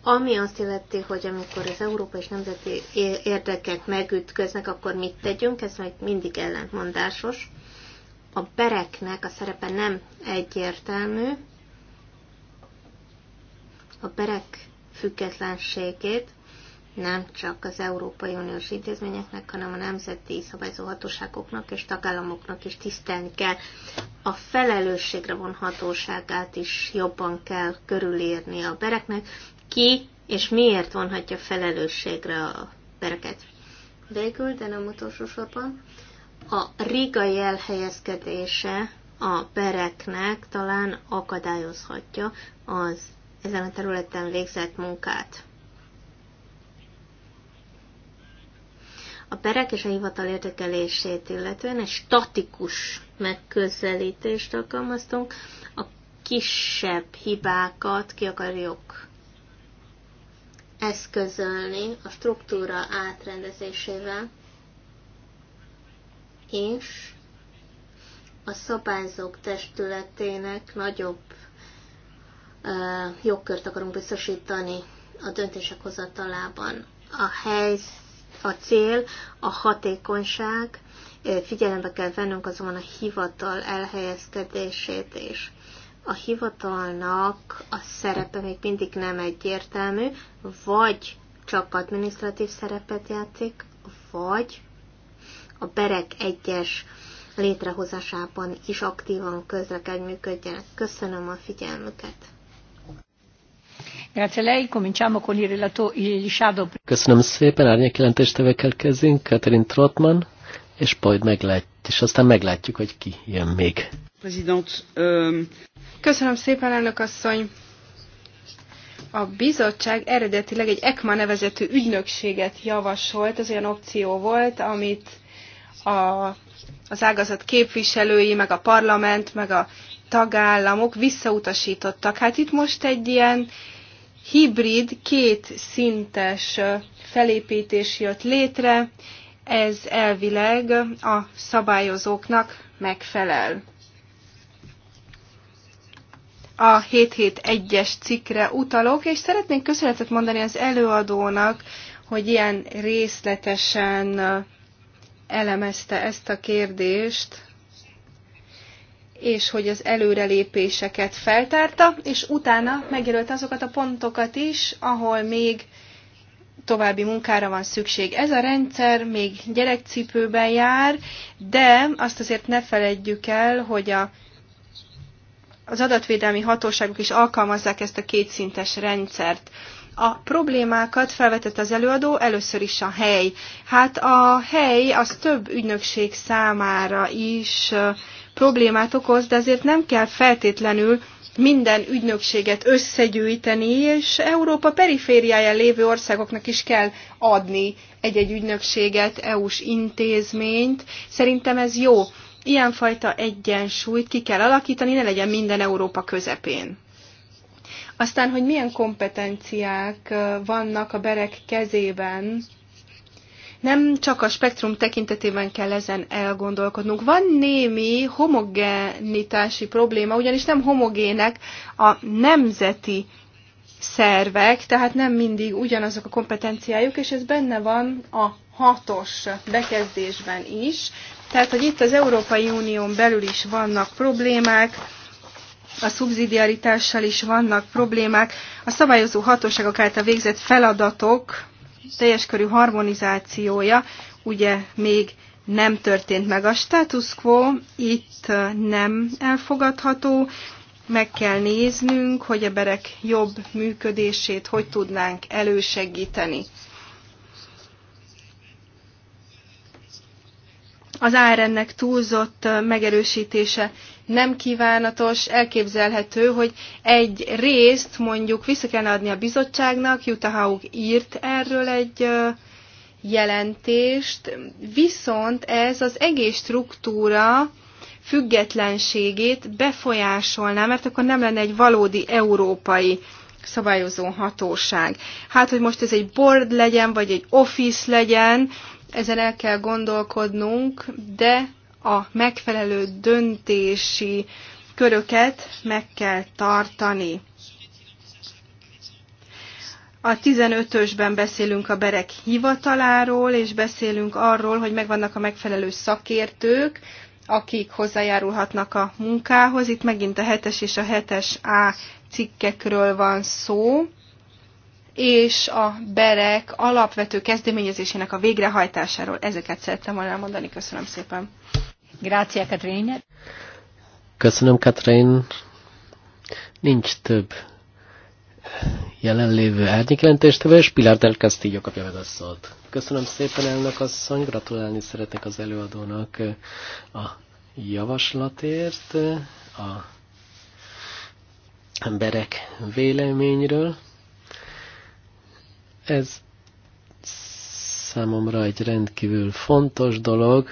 Ami azt illeti, hogy amikor az európai és nemzeti érdekek megütköznek, akkor mit tegyünk, ez még mindig ellentmondásos. A bereknek a szerepe nem egyértelmű. A berek függetlenségét nem csak az Európai Uniós intézményeknek, hanem a nemzeti szabályzóhatóságoknak és tagállamoknak is tisztelni kell. A felelősségre vonhatóságát is jobban kell körülírni a bereknek, ki és miért vonhatja felelősségre a bereket. Végül, de nem utolsó sorban, a rigai elhelyezkedése a bereknek talán akadályozhatja az ezen a területen végzett munkát. A perek és a hivatal értékelését illetően egy statikus megközelítést alkalmaztunk, a kisebb hibákat ki akarjuk eszközölni a struktúra átrendezésével, és a szabályzók testületének nagyobb jogkört akarunk biztosítani a döntések hozatalában. A helyzet a cél, a hatékonyság, figyelembe kell vennünk azonban a hivatal elhelyezkedését is. A hivatalnak a szerepe még mindig nem egyértelmű, vagy csak adminisztratív szerepet játszik, vagy a berek egyes létrehozásában is aktívan közre működjenek. Köszönöm a figyelmüket! Köszönöm szépen, árnyék jelentéstevekkel kezdünk, Katerin Trotman, és majd meglátjuk, és aztán meglátjuk, hogy ki jön még. Um, Köszönöm szépen, elnök asszony! A bizottság eredetileg egy ECMA nevezetű ügynökséget javasolt, ez olyan opció volt, amit a, az ágazat képviselői, meg a parlament, meg a tagállamok visszautasítottak. Hát itt most egy ilyen hibrid, két szintes felépítés jött létre, ez elvileg a szabályozóknak megfelel. A 771-es cikkre utalok, és szeretnék köszönetet mondani az előadónak, hogy ilyen részletesen elemezte ezt a kérdést és hogy az előrelépéseket feltárta, és utána megjelölt azokat a pontokat is, ahol még további munkára van szükség. Ez a rendszer még gyerekcipőben jár, de azt azért ne feledjük el, hogy a, az adatvédelmi hatóságok is alkalmazzák ezt a kétszintes rendszert. A problémákat felvetett az előadó, először is a hely. Hát a hely az több ügynökség számára is uh, problémát okoz, de azért nem kell feltétlenül minden ügynökséget összegyűjteni, és Európa perifériáján lévő országoknak is kell adni egy-egy ügynökséget, EU-s intézményt. Szerintem ez jó. Ilyenfajta egyensúlyt ki kell alakítani, ne legyen minden Európa közepén. Aztán, hogy milyen kompetenciák vannak a berek kezében, nem csak a spektrum tekintetében kell ezen elgondolkodnunk. Van némi homogenitási probléma, ugyanis nem homogének a nemzeti szervek, tehát nem mindig ugyanazok a kompetenciájuk, és ez benne van a hatos bekezdésben is. Tehát, hogy itt az Európai Unión belül is vannak problémák, a szubszidiaritással is vannak problémák, a szabályozó hatóságok által végzett feladatok teljes körű harmonizációja ugye még nem történt meg. A status quo itt nem elfogadható, meg kell néznünk, hogy a berek jobb működését hogy tudnánk elősegíteni. Az ARN-nek túlzott megerősítése nem kívánatos, elképzelhető, hogy egy részt mondjuk vissza kellene adni a bizottságnak, Jutta Haug írt erről egy jelentést, viszont ez az egész struktúra függetlenségét befolyásolná, mert akkor nem lenne egy valódi európai szabályozó hatóság. Hát, hogy most ez egy board legyen, vagy egy office legyen, ezen el kell gondolkodnunk, de a megfelelő döntési köröket meg kell tartani. A 15-ösben beszélünk a berek hivataláról, és beszélünk arról, hogy megvannak a megfelelő szakértők, akik hozzájárulhatnak a munkához. Itt megint a 7-es és a 7-es A cikkekről van szó, és a berek alapvető kezdeményezésének a végrehajtásáról. Ezeket szerettem volna elmondani. Köszönöm szépen. Grácia, Köszönöm, Katrin. Nincs több jelenlévő árnyékjelentéstevő, és Pilar del Castillo kapja meg a szót. Köszönöm szépen, elnök asszony, gratulálni szeretek az előadónak a javaslatért, a emberek véleményről. Ez számomra egy rendkívül fontos dolog,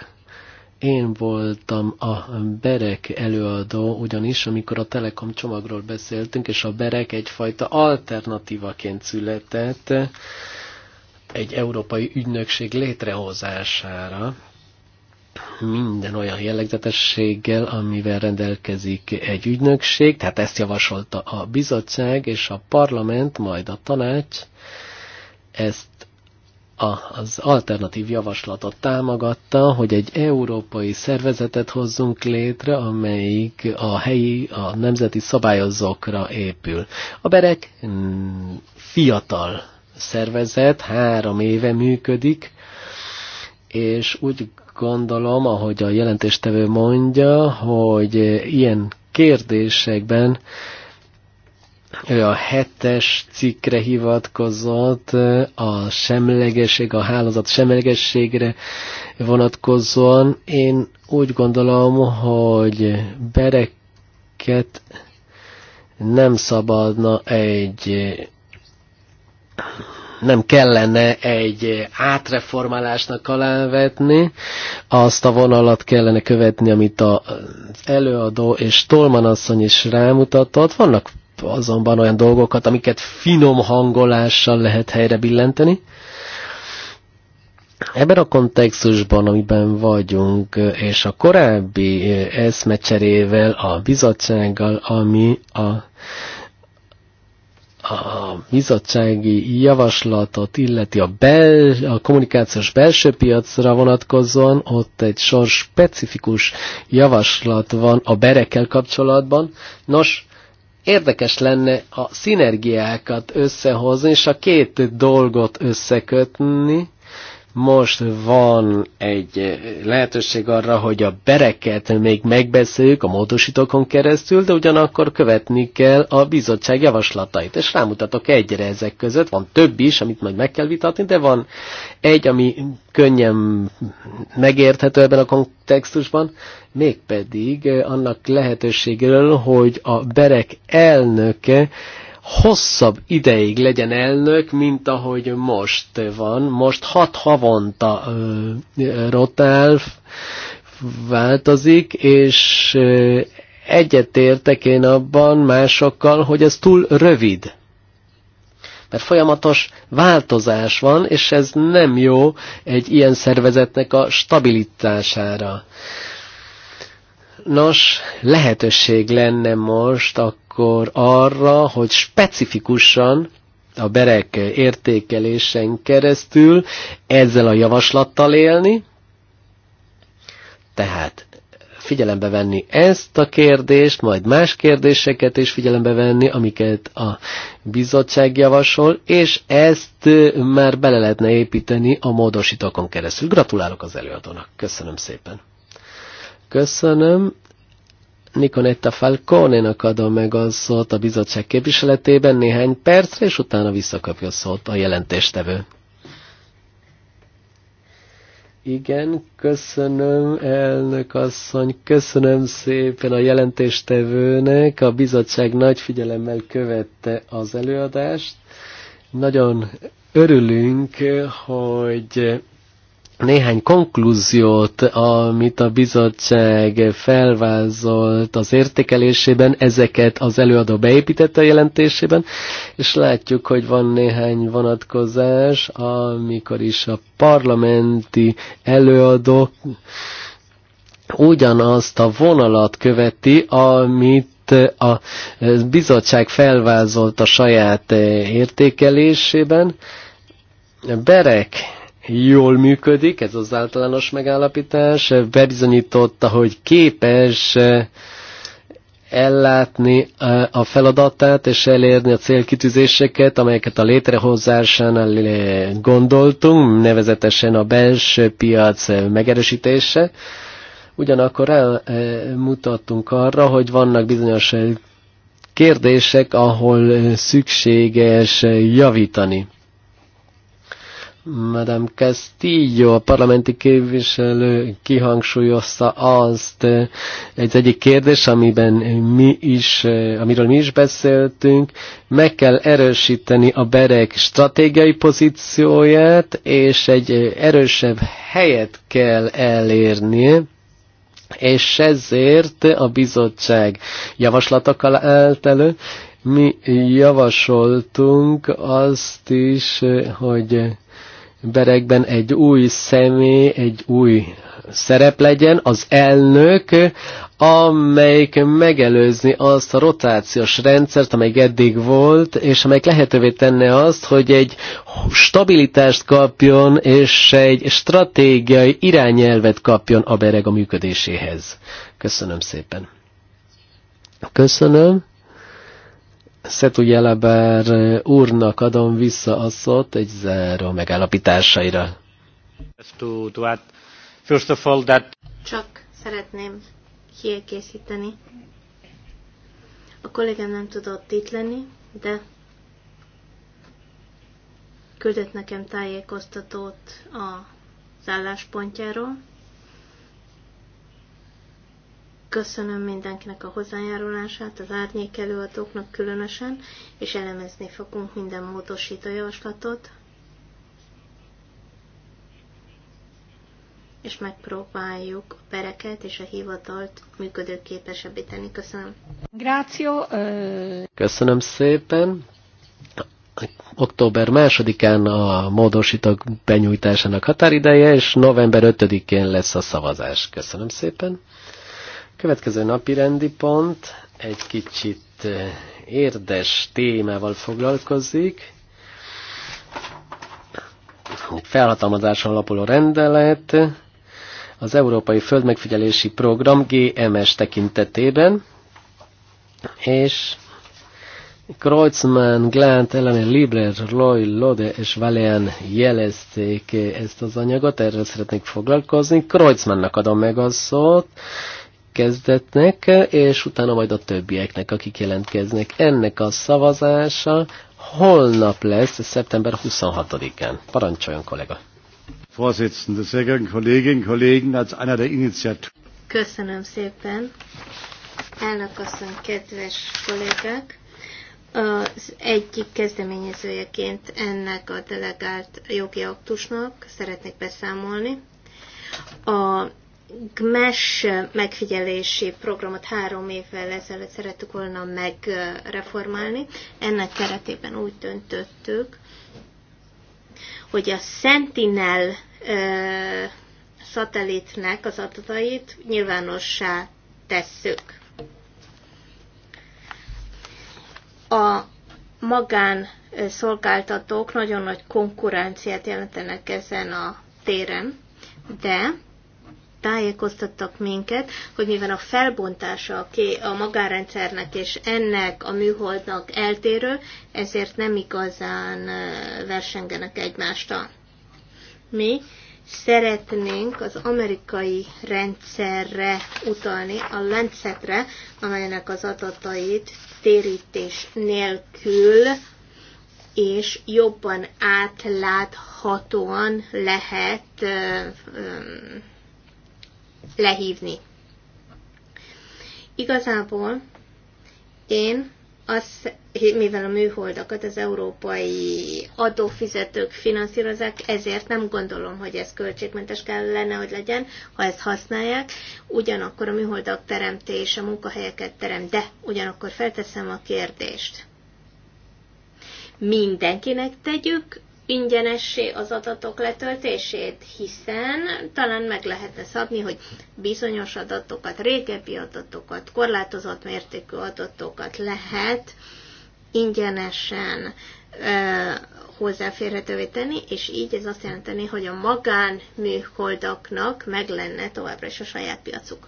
én voltam a Berek előadó, ugyanis amikor a Telekom csomagról beszéltünk, és a Berek egyfajta alternatívaként született egy európai ügynökség létrehozására, minden olyan jellegzetességgel, amivel rendelkezik egy ügynökség, tehát ezt javasolta a bizottság és a parlament, majd a tanács, ezt az alternatív javaslatot támogatta, hogy egy európai szervezetet hozzunk létre, amelyik a helyi, a nemzeti szabályozókra épül. A berek mm, fiatal szervezet, három éve működik, és úgy gondolom, ahogy a jelentéstevő mondja, hogy ilyen kérdésekben ő a hetes cikkre hivatkozott, a semlegesség, a hálózat semlegességre vonatkozóan. Én úgy gondolom, hogy bereket nem szabadna egy nem kellene egy átreformálásnak alávetni, azt a vonalat kellene követni, amit az előadó és Tolman asszony is rámutatott. Vannak azonban olyan dolgokat, amiket finom hangolással lehet helyre billenteni. Ebben a kontextusban, amiben vagyunk, és a korábbi eh, eszmecserével, a bizottsággal, ami a, a bizottsági javaslatot illeti a, bel, a kommunikációs belső piacra vonatkozóan, ott egy sor specifikus javaslat van a berekkel kapcsolatban. Nos, érdekes lenne a szinergiákat összehozni, és a két dolgot összekötni, most van egy lehetőség arra, hogy a bereket még megbeszéljük a módosítókon keresztül, de ugyanakkor követni kell a bizottság javaslatait. És rámutatok egyre ezek között, van több is, amit majd meg kell vitatni, de van egy, ami könnyen megérthető ebben a kontextusban, mégpedig annak lehetőségről, hogy a berek elnöke hosszabb ideig legyen elnök, mint ahogy most van. Most hat havonta Rotel változik, és egyetértek én abban másokkal, hogy ez túl rövid. Mert folyamatos változás van, és ez nem jó egy ilyen szervezetnek a stabilitására. Nos, lehetőség lenne most a akkor arra, hogy specifikusan a berek értékelésen keresztül ezzel a javaslattal élni, tehát figyelembe venni ezt a kérdést, majd más kérdéseket is figyelembe venni, amiket a bizottság javasol, és ezt már bele lehetne építeni a módosítókon keresztül. Gratulálok az előadónak. Köszönöm szépen. Köszönöm. Nikonetta Falconénak adom meg a szót a bizottság képviseletében néhány percre, és utána visszakapja a szót a jelentéstevő. Igen, köszönöm elnök asszony, köszönöm szépen a jelentéstevőnek. A bizottság nagy figyelemmel követte az előadást. Nagyon örülünk, hogy néhány konklúziót, amit a bizottság felvázolt az értékelésében, ezeket az előadó beépítette a jelentésében, és látjuk, hogy van néhány vonatkozás, amikor is a parlamenti előadó ugyanazt a vonalat követi, amit a bizottság felvázolt a saját értékelésében. Berek jól működik, ez az általános megállapítás, bebizonyította, hogy képes eh, ellátni eh, a feladatát és elérni a célkitűzéseket, amelyeket a létrehozásánál eh, gondoltunk, nevezetesen a belső piac megerősítése. Ugyanakkor elmutattunk arra, hogy vannak bizonyos kérdések, ahol szükséges javítani. Madame Castillo, a parlamenti képviselő kihangsúlyozta azt eh, egy egyik kérdés, amiben mi is, eh, amiről mi is beszéltünk, meg kell erősíteni a berek stratégiai pozícióját, és egy eh, erősebb helyet kell elérnie, és ezért a bizottság javaslatokkal állt elő. Mi javasoltunk azt is, hogy emberekben egy új személy, egy új szerep legyen, az elnök, amelyik megelőzni azt a rotációs rendszert, amely eddig volt, és amelyik lehetővé tenne azt, hogy egy stabilitást kapjon, és egy stratégiai irányelvet kapjon a bereg a működéséhez. Köszönöm szépen. Köszönöm. Szetu Jelabár eh, úrnak adom vissza a szót egy záró megállapításaira. Csak szeretném kiegészíteni. A kollégám nem tudott itt lenni, de küldött nekem tájékoztatót az álláspontjáról, Köszönöm mindenkinek a hozzájárulását, az árnyék előadóknak különösen, és elemezni fogunk minden módosító javaslatot. és megpróbáljuk a pereket és a hivatalt működőképesebbíteni. Köszönöm. Gráció. Köszönöm szépen. Október 2-án a módosítók benyújtásának határideje, és november 5-én lesz a szavazás. Köszönöm szépen. Következő napi rendi pont egy kicsit eh, érdes témával foglalkozik. Egy felhatalmazáson alapuló rendelet az Európai Földmegfigyelési Program GMS tekintetében, és Kreuzmann, Glant, Ellen, Libler, Loy, Lode és Valéan jelezték ezt az anyagot, erről szeretnék foglalkozni. Kreuzmannnak adom meg a szót, kezdetnek, és utána majd a többieknek, akik jelentkeznek. Ennek a szavazása holnap lesz, szeptember 26-án. Parancsoljon, kollega! Köszönöm szépen, elnök asszony, kedves kollégák! Az egyik kezdeményezőjeként ennek a delegált jogi aktusnak szeretnék beszámolni. A GMES megfigyelési programot három évvel ezelőtt szerettük volna megreformálni. Ennek keretében úgy döntöttük, hogy a Sentinel ö, szatellitnek az adatait nyilvánossá tesszük. A magán szolgáltatók nagyon nagy konkurenciát jelentenek ezen a téren, de tájékoztattak minket, hogy mivel a felbontása a magárendszernek és ennek a műholdnak eltérő, ezért nem igazán versengenek egymástól. Mi szeretnénk az amerikai rendszerre utalni, a Lancetre, amelynek az adatait térítés nélkül és jobban átláthatóan lehet lehívni. Igazából én az, mivel a műholdakat az európai adófizetők finanszírozák, ezért nem gondolom, hogy ez költségmentes kellene, hogy legyen, ha ezt használják. Ugyanakkor a műholdak teremtése munkahelyeket terem, de ugyanakkor felteszem a kérdést. Mindenkinek tegyük ingyenessé az adatok letöltését, hiszen talán meg lehetne szabni, hogy bizonyos adatokat, régebbi adatokat, korlátozott mértékű adatokat lehet ingyenesen ö, hozzáférhetővé tenni, és így ez azt jelenteni, hogy a magánműholdaknak meg lenne továbbra is a saját piacuk.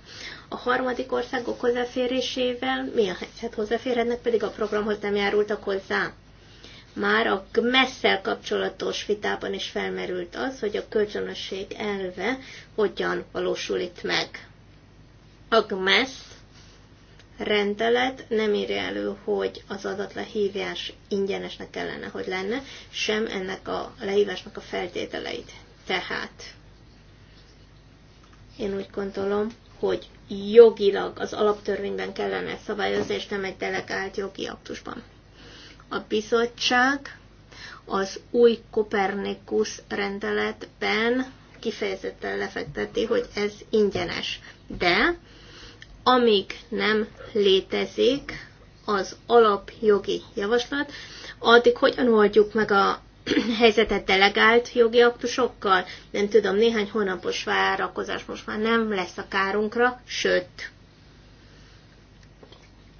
A harmadik országok hozzáférésével mi a helyzet? Hozzáférhetnek, pedig a programhoz nem járultak hozzá. Már a messzel kapcsolatos vitában is felmerült az, hogy a kölcsönösség elve hogyan valósul itt meg. A GMESZ rendelet nem írja elő, hogy az adatlehívás ingyenesnek kellene, hogy lenne, sem ennek a lehívásnak a feltételeit. Tehát én úgy gondolom, hogy jogilag az alaptörvényben kellene szabályozni, és nem egy delegált jogi aktusban. A bizottság az új Kopernikus rendeletben kifejezetten lefekteti, hogy ez ingyenes. De amíg nem létezik az alapjogi javaslat, addig hogyan oldjuk meg a helyzetet delegált jogi aktusokkal? Nem tudom, néhány hónapos várakozás most már nem lesz a kárunkra, sőt,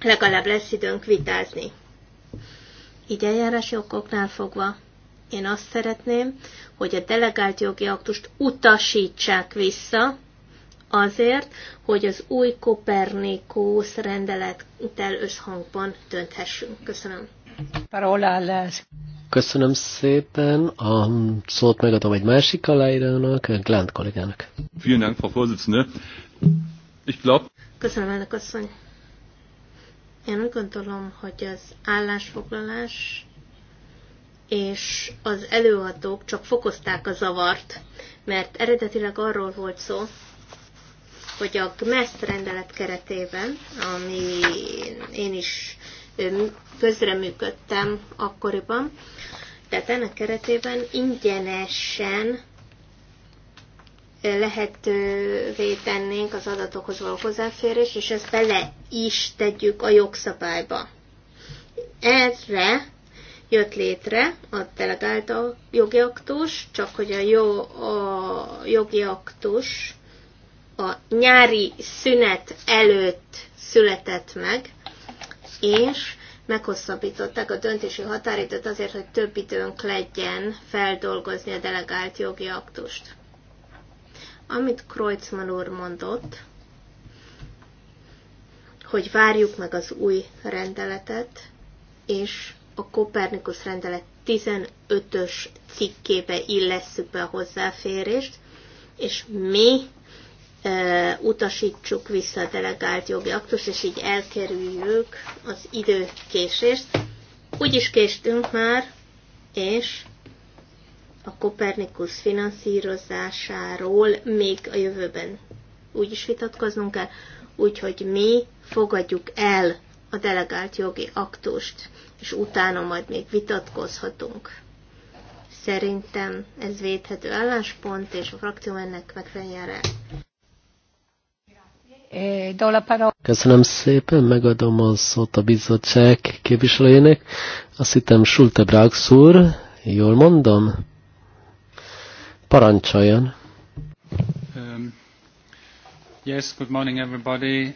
legalább lesz időnk vitázni. Így eljárási okoknál fogva én azt szeretném, hogy a delegált jogi aktust utasítsák vissza, azért, hogy az új Kopernikus rendelettel összhangban dönthessünk. Köszönöm. Parola Köszönöm szépen. A szót megadom egy másik aláírónak, Glant kollégának. Vielen Dank, Frau Vorsitzende. Ich glaub... Köszönöm, elnök asszony. Én úgy gondolom, hogy az állásfoglalás és az előadók csak fokozták a zavart, mert eredetileg arról volt szó, hogy a GMESZ rendelet keretében, ami én is közreműködtem akkoriban, tehát ennek keretében ingyenesen lehetővé tennénk az adatokhoz való hozzáférés, és ezt bele is tegyük a jogszabályba. Erre jött létre a delegált a jogi aktus, csak hogy a, jó, a jogi aktus a nyári szünet előtt született meg, és meghosszabbították a döntési határidőt azért, hogy több időnk legyen feldolgozni a delegált jogi aktust. Amit Kreutzmann úr mondott, hogy várjuk meg az új rendeletet, és a Kopernikus rendelet 15-ös cikkébe illesszük be a hozzáférést, és mi e, utasítsuk vissza a delegált jogi aktus, és így elkerüljük az időkésést. is késtünk már, és a Kopernikus finanszírozásáról még a jövőben úgy is vitatkoznunk kell, úgyhogy mi fogadjuk el a delegált jogi aktust, és utána majd még vitatkozhatunk. Szerintem ez védhető álláspont, és a frakció ennek megfelelően el. Eh, Köszönöm szépen, megadom a szót a bizottság képviselőjének. Azt hittem Schulte Braxur, jól mondom? Parancsoljon! Um, yes, good morning everybody.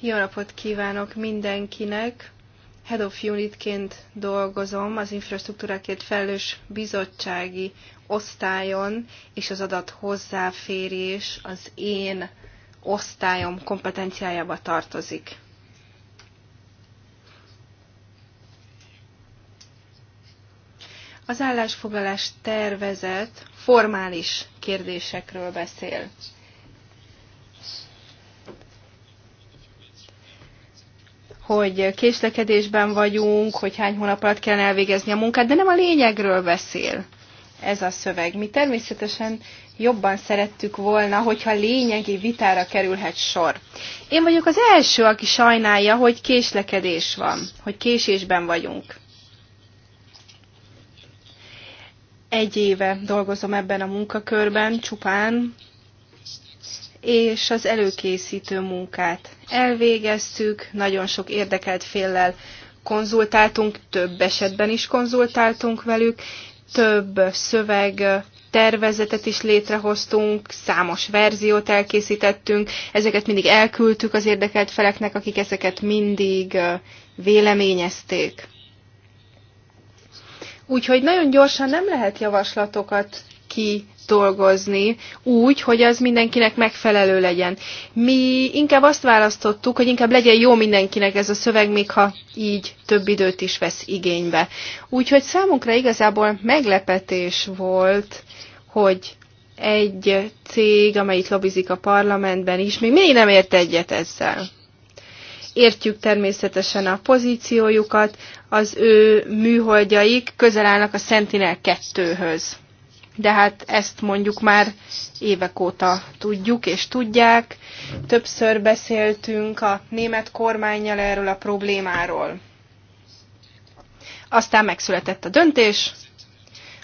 Jó napot kívánok mindenkinek! Head of Unitként dolgozom az infrastruktúrákért felelős bizottsági osztályon, és az adat hozzáférés az én osztályom kompetenciájába tartozik. Az állásfoglalás tervezet formális kérdésekről beszél. hogy késlekedésben vagyunk, hogy hány hónap alatt kell elvégezni a munkát, de nem a lényegről beszél ez a szöveg. Mi természetesen jobban szerettük volna, hogyha lényegi vitára kerülhet sor. Én vagyok az első, aki sajnálja, hogy késlekedés van, hogy késésben vagyunk. egy éve dolgozom ebben a munkakörben csupán, és az előkészítő munkát elvégeztük, nagyon sok érdekelt féllel konzultáltunk, több esetben is konzultáltunk velük, több szöveg tervezetet is létrehoztunk, számos verziót elkészítettünk, ezeket mindig elküldtük az érdekelt feleknek, akik ezeket mindig véleményezték. Úgyhogy nagyon gyorsan nem lehet javaslatokat ki dolgozni úgy, hogy az mindenkinek megfelelő legyen. Mi inkább azt választottuk, hogy inkább legyen jó mindenkinek ez a szöveg, még ha így több időt is vesz igénybe. Úgyhogy számunkra igazából meglepetés volt, hogy egy cég, amelyik lobizik a parlamentben is, még mindig nem ért egyet ezzel. Értjük természetesen a pozíciójukat, az ő műholdjaik közel állnak a Sentinel-2-höz. De hát ezt mondjuk már évek óta tudjuk és tudják. Többször beszéltünk a német kormányjal erről a problémáról. Aztán megszületett a döntés.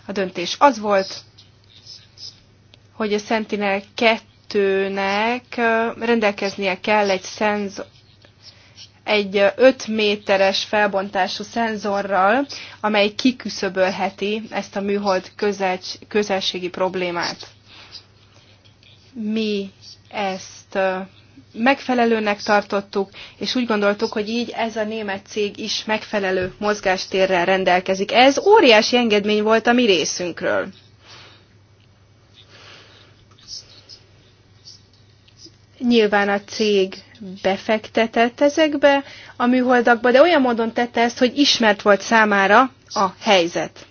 A döntés az volt, hogy a Sentinel 2-nek rendelkeznie kell egy szenzor, egy 5 méteres felbontású szenzorral, amely kiküszöbölheti ezt a műhold közelségi problémát. Mi ezt megfelelőnek tartottuk, és úgy gondoltuk, hogy így ez a német cég is megfelelő mozgástérrel rendelkezik. Ez óriási engedmény volt a mi részünkről. Nyilván a cég befektetett ezekbe a műholdakba, de olyan módon tette ezt, hogy ismert volt számára a helyzet.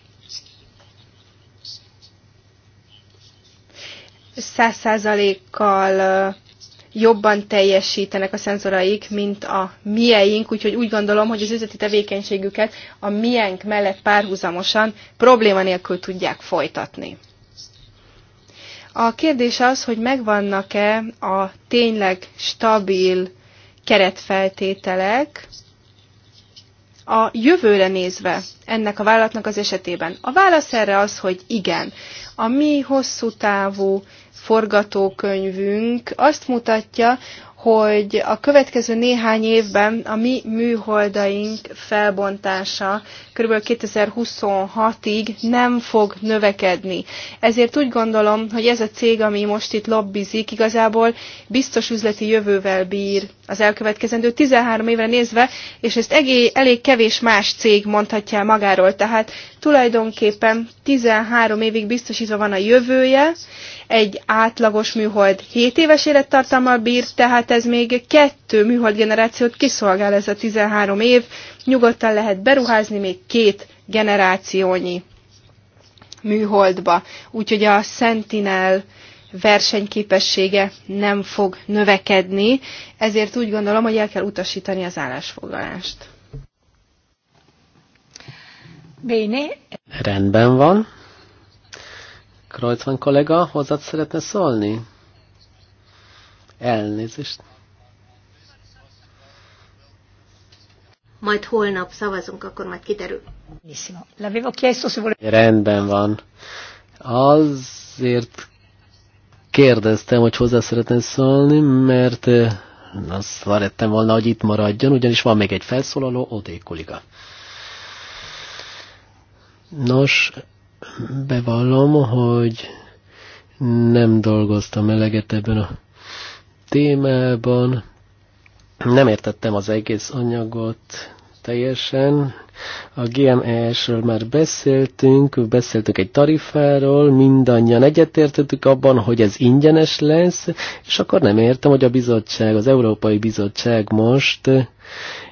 Száz százalékkal jobban teljesítenek a szenzoraik, mint a mieink, úgyhogy úgy gondolom, hogy az üzleti tevékenységüket a miénk mellett párhuzamosan probléma nélkül tudják folytatni. A kérdés az, hogy megvannak-e a tényleg stabil keretfeltételek a jövőre nézve ennek a vállalatnak az esetében. A válasz erre az, hogy igen. A mi hosszú távú forgatókönyvünk azt mutatja, hogy a következő néhány évben a mi műholdaink felbontása kb. 2026-ig nem fog növekedni. Ezért úgy gondolom, hogy ez a cég, ami most itt lobbizik, igazából biztos üzleti jövővel bír az elkövetkezendő 13 évre nézve, és ezt egé- elég kevés más cég mondhatja magáról. Tehát Tulajdonképpen 13 évig biztosítva van a jövője, egy átlagos műhold 7 éves élettartammal bír, tehát ez még kettő műhold generációt kiszolgál ez a 13 év, nyugodtan lehet beruházni még két generációnyi műholdba. Úgyhogy a Sentinel versenyképessége nem fog növekedni, ezért úgy gondolom, hogy el kell utasítani az állásfoglalást. Béni. Rendben van. Kreuzmann kollega, hozzád szeretne szólni? Elnézést. Majd holnap szavazunk, akkor majd kiderül. Rendben van. Azért kérdeztem, hogy hozzá szeretném szólni, mert eh, azt szerettem volna, hogy itt maradjon, ugyanis van még egy felszólaló, Odé kolléga. Nos, bevallom, hogy nem dolgoztam eleget ebben a témában. Nem értettem az egész anyagot teljesen. A GMS-ről már beszéltünk, beszéltük egy tarifáról, mindannyian egyetértettük abban, hogy ez ingyenes lesz, és akkor nem értem, hogy a bizottság, az Európai Bizottság most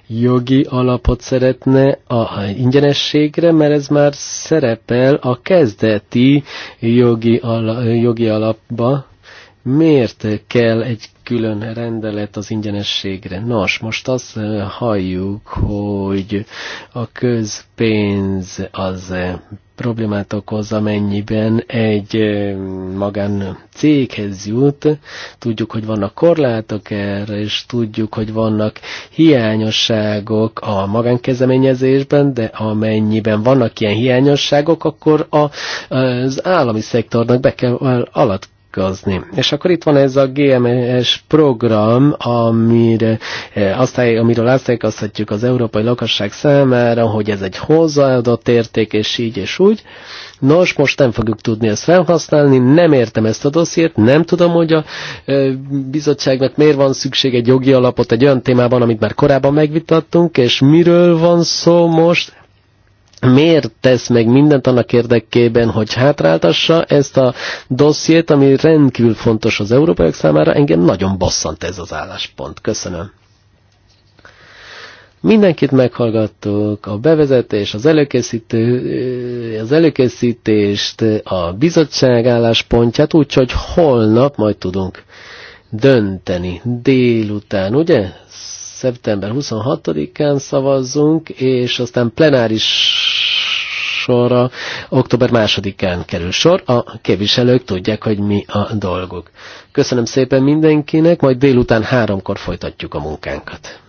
jogi alapot szeretne a ingyenességre, mert ez már szerepel a kezdeti jogi, ala, jogi alapba. Miért kell egy külön rendelet az ingyenességre. Nos, most azt halljuk, hogy a közpénz az problémát okoz, amennyiben egy magán céghez jut. Tudjuk, hogy vannak korlátok erre, és tudjuk, hogy vannak hiányosságok a magánkezeményezésben, de amennyiben vannak ilyen hiányosságok, akkor a, az állami szektornak be kell alatt találkozni. És akkor itt van ez a GMS program, amire, eh, azt, amiről azt elkezdhetjük az európai lakosság számára, hogy ez egy hozzáadott érték, és így és úgy. Nos, most nem fogjuk tudni ezt felhasználni, nem értem ezt a dossziét, nem tudom, hogy a eh, bizottságnak miért van szükség egy jogi alapot egy olyan témában, amit már korábban megvitattunk, és miről van szó most, miért tesz meg mindent annak érdekében, hogy hátráltassa ezt a dossziét, ami rendkívül fontos az európaiak számára. Engem nagyon bosszant ez az álláspont. Köszönöm. Mindenkit meghallgattuk, a bevezetés, az, előkészítő, az előkészítést, a bizottság álláspontját, úgyhogy holnap majd tudunk dönteni délután, ugye? szeptember 26-án szavazzunk, és aztán plenáris sorra október 2-án kerül sor. A képviselők tudják, hogy mi a dolguk. Köszönöm szépen mindenkinek, majd délután háromkor folytatjuk a munkánkat.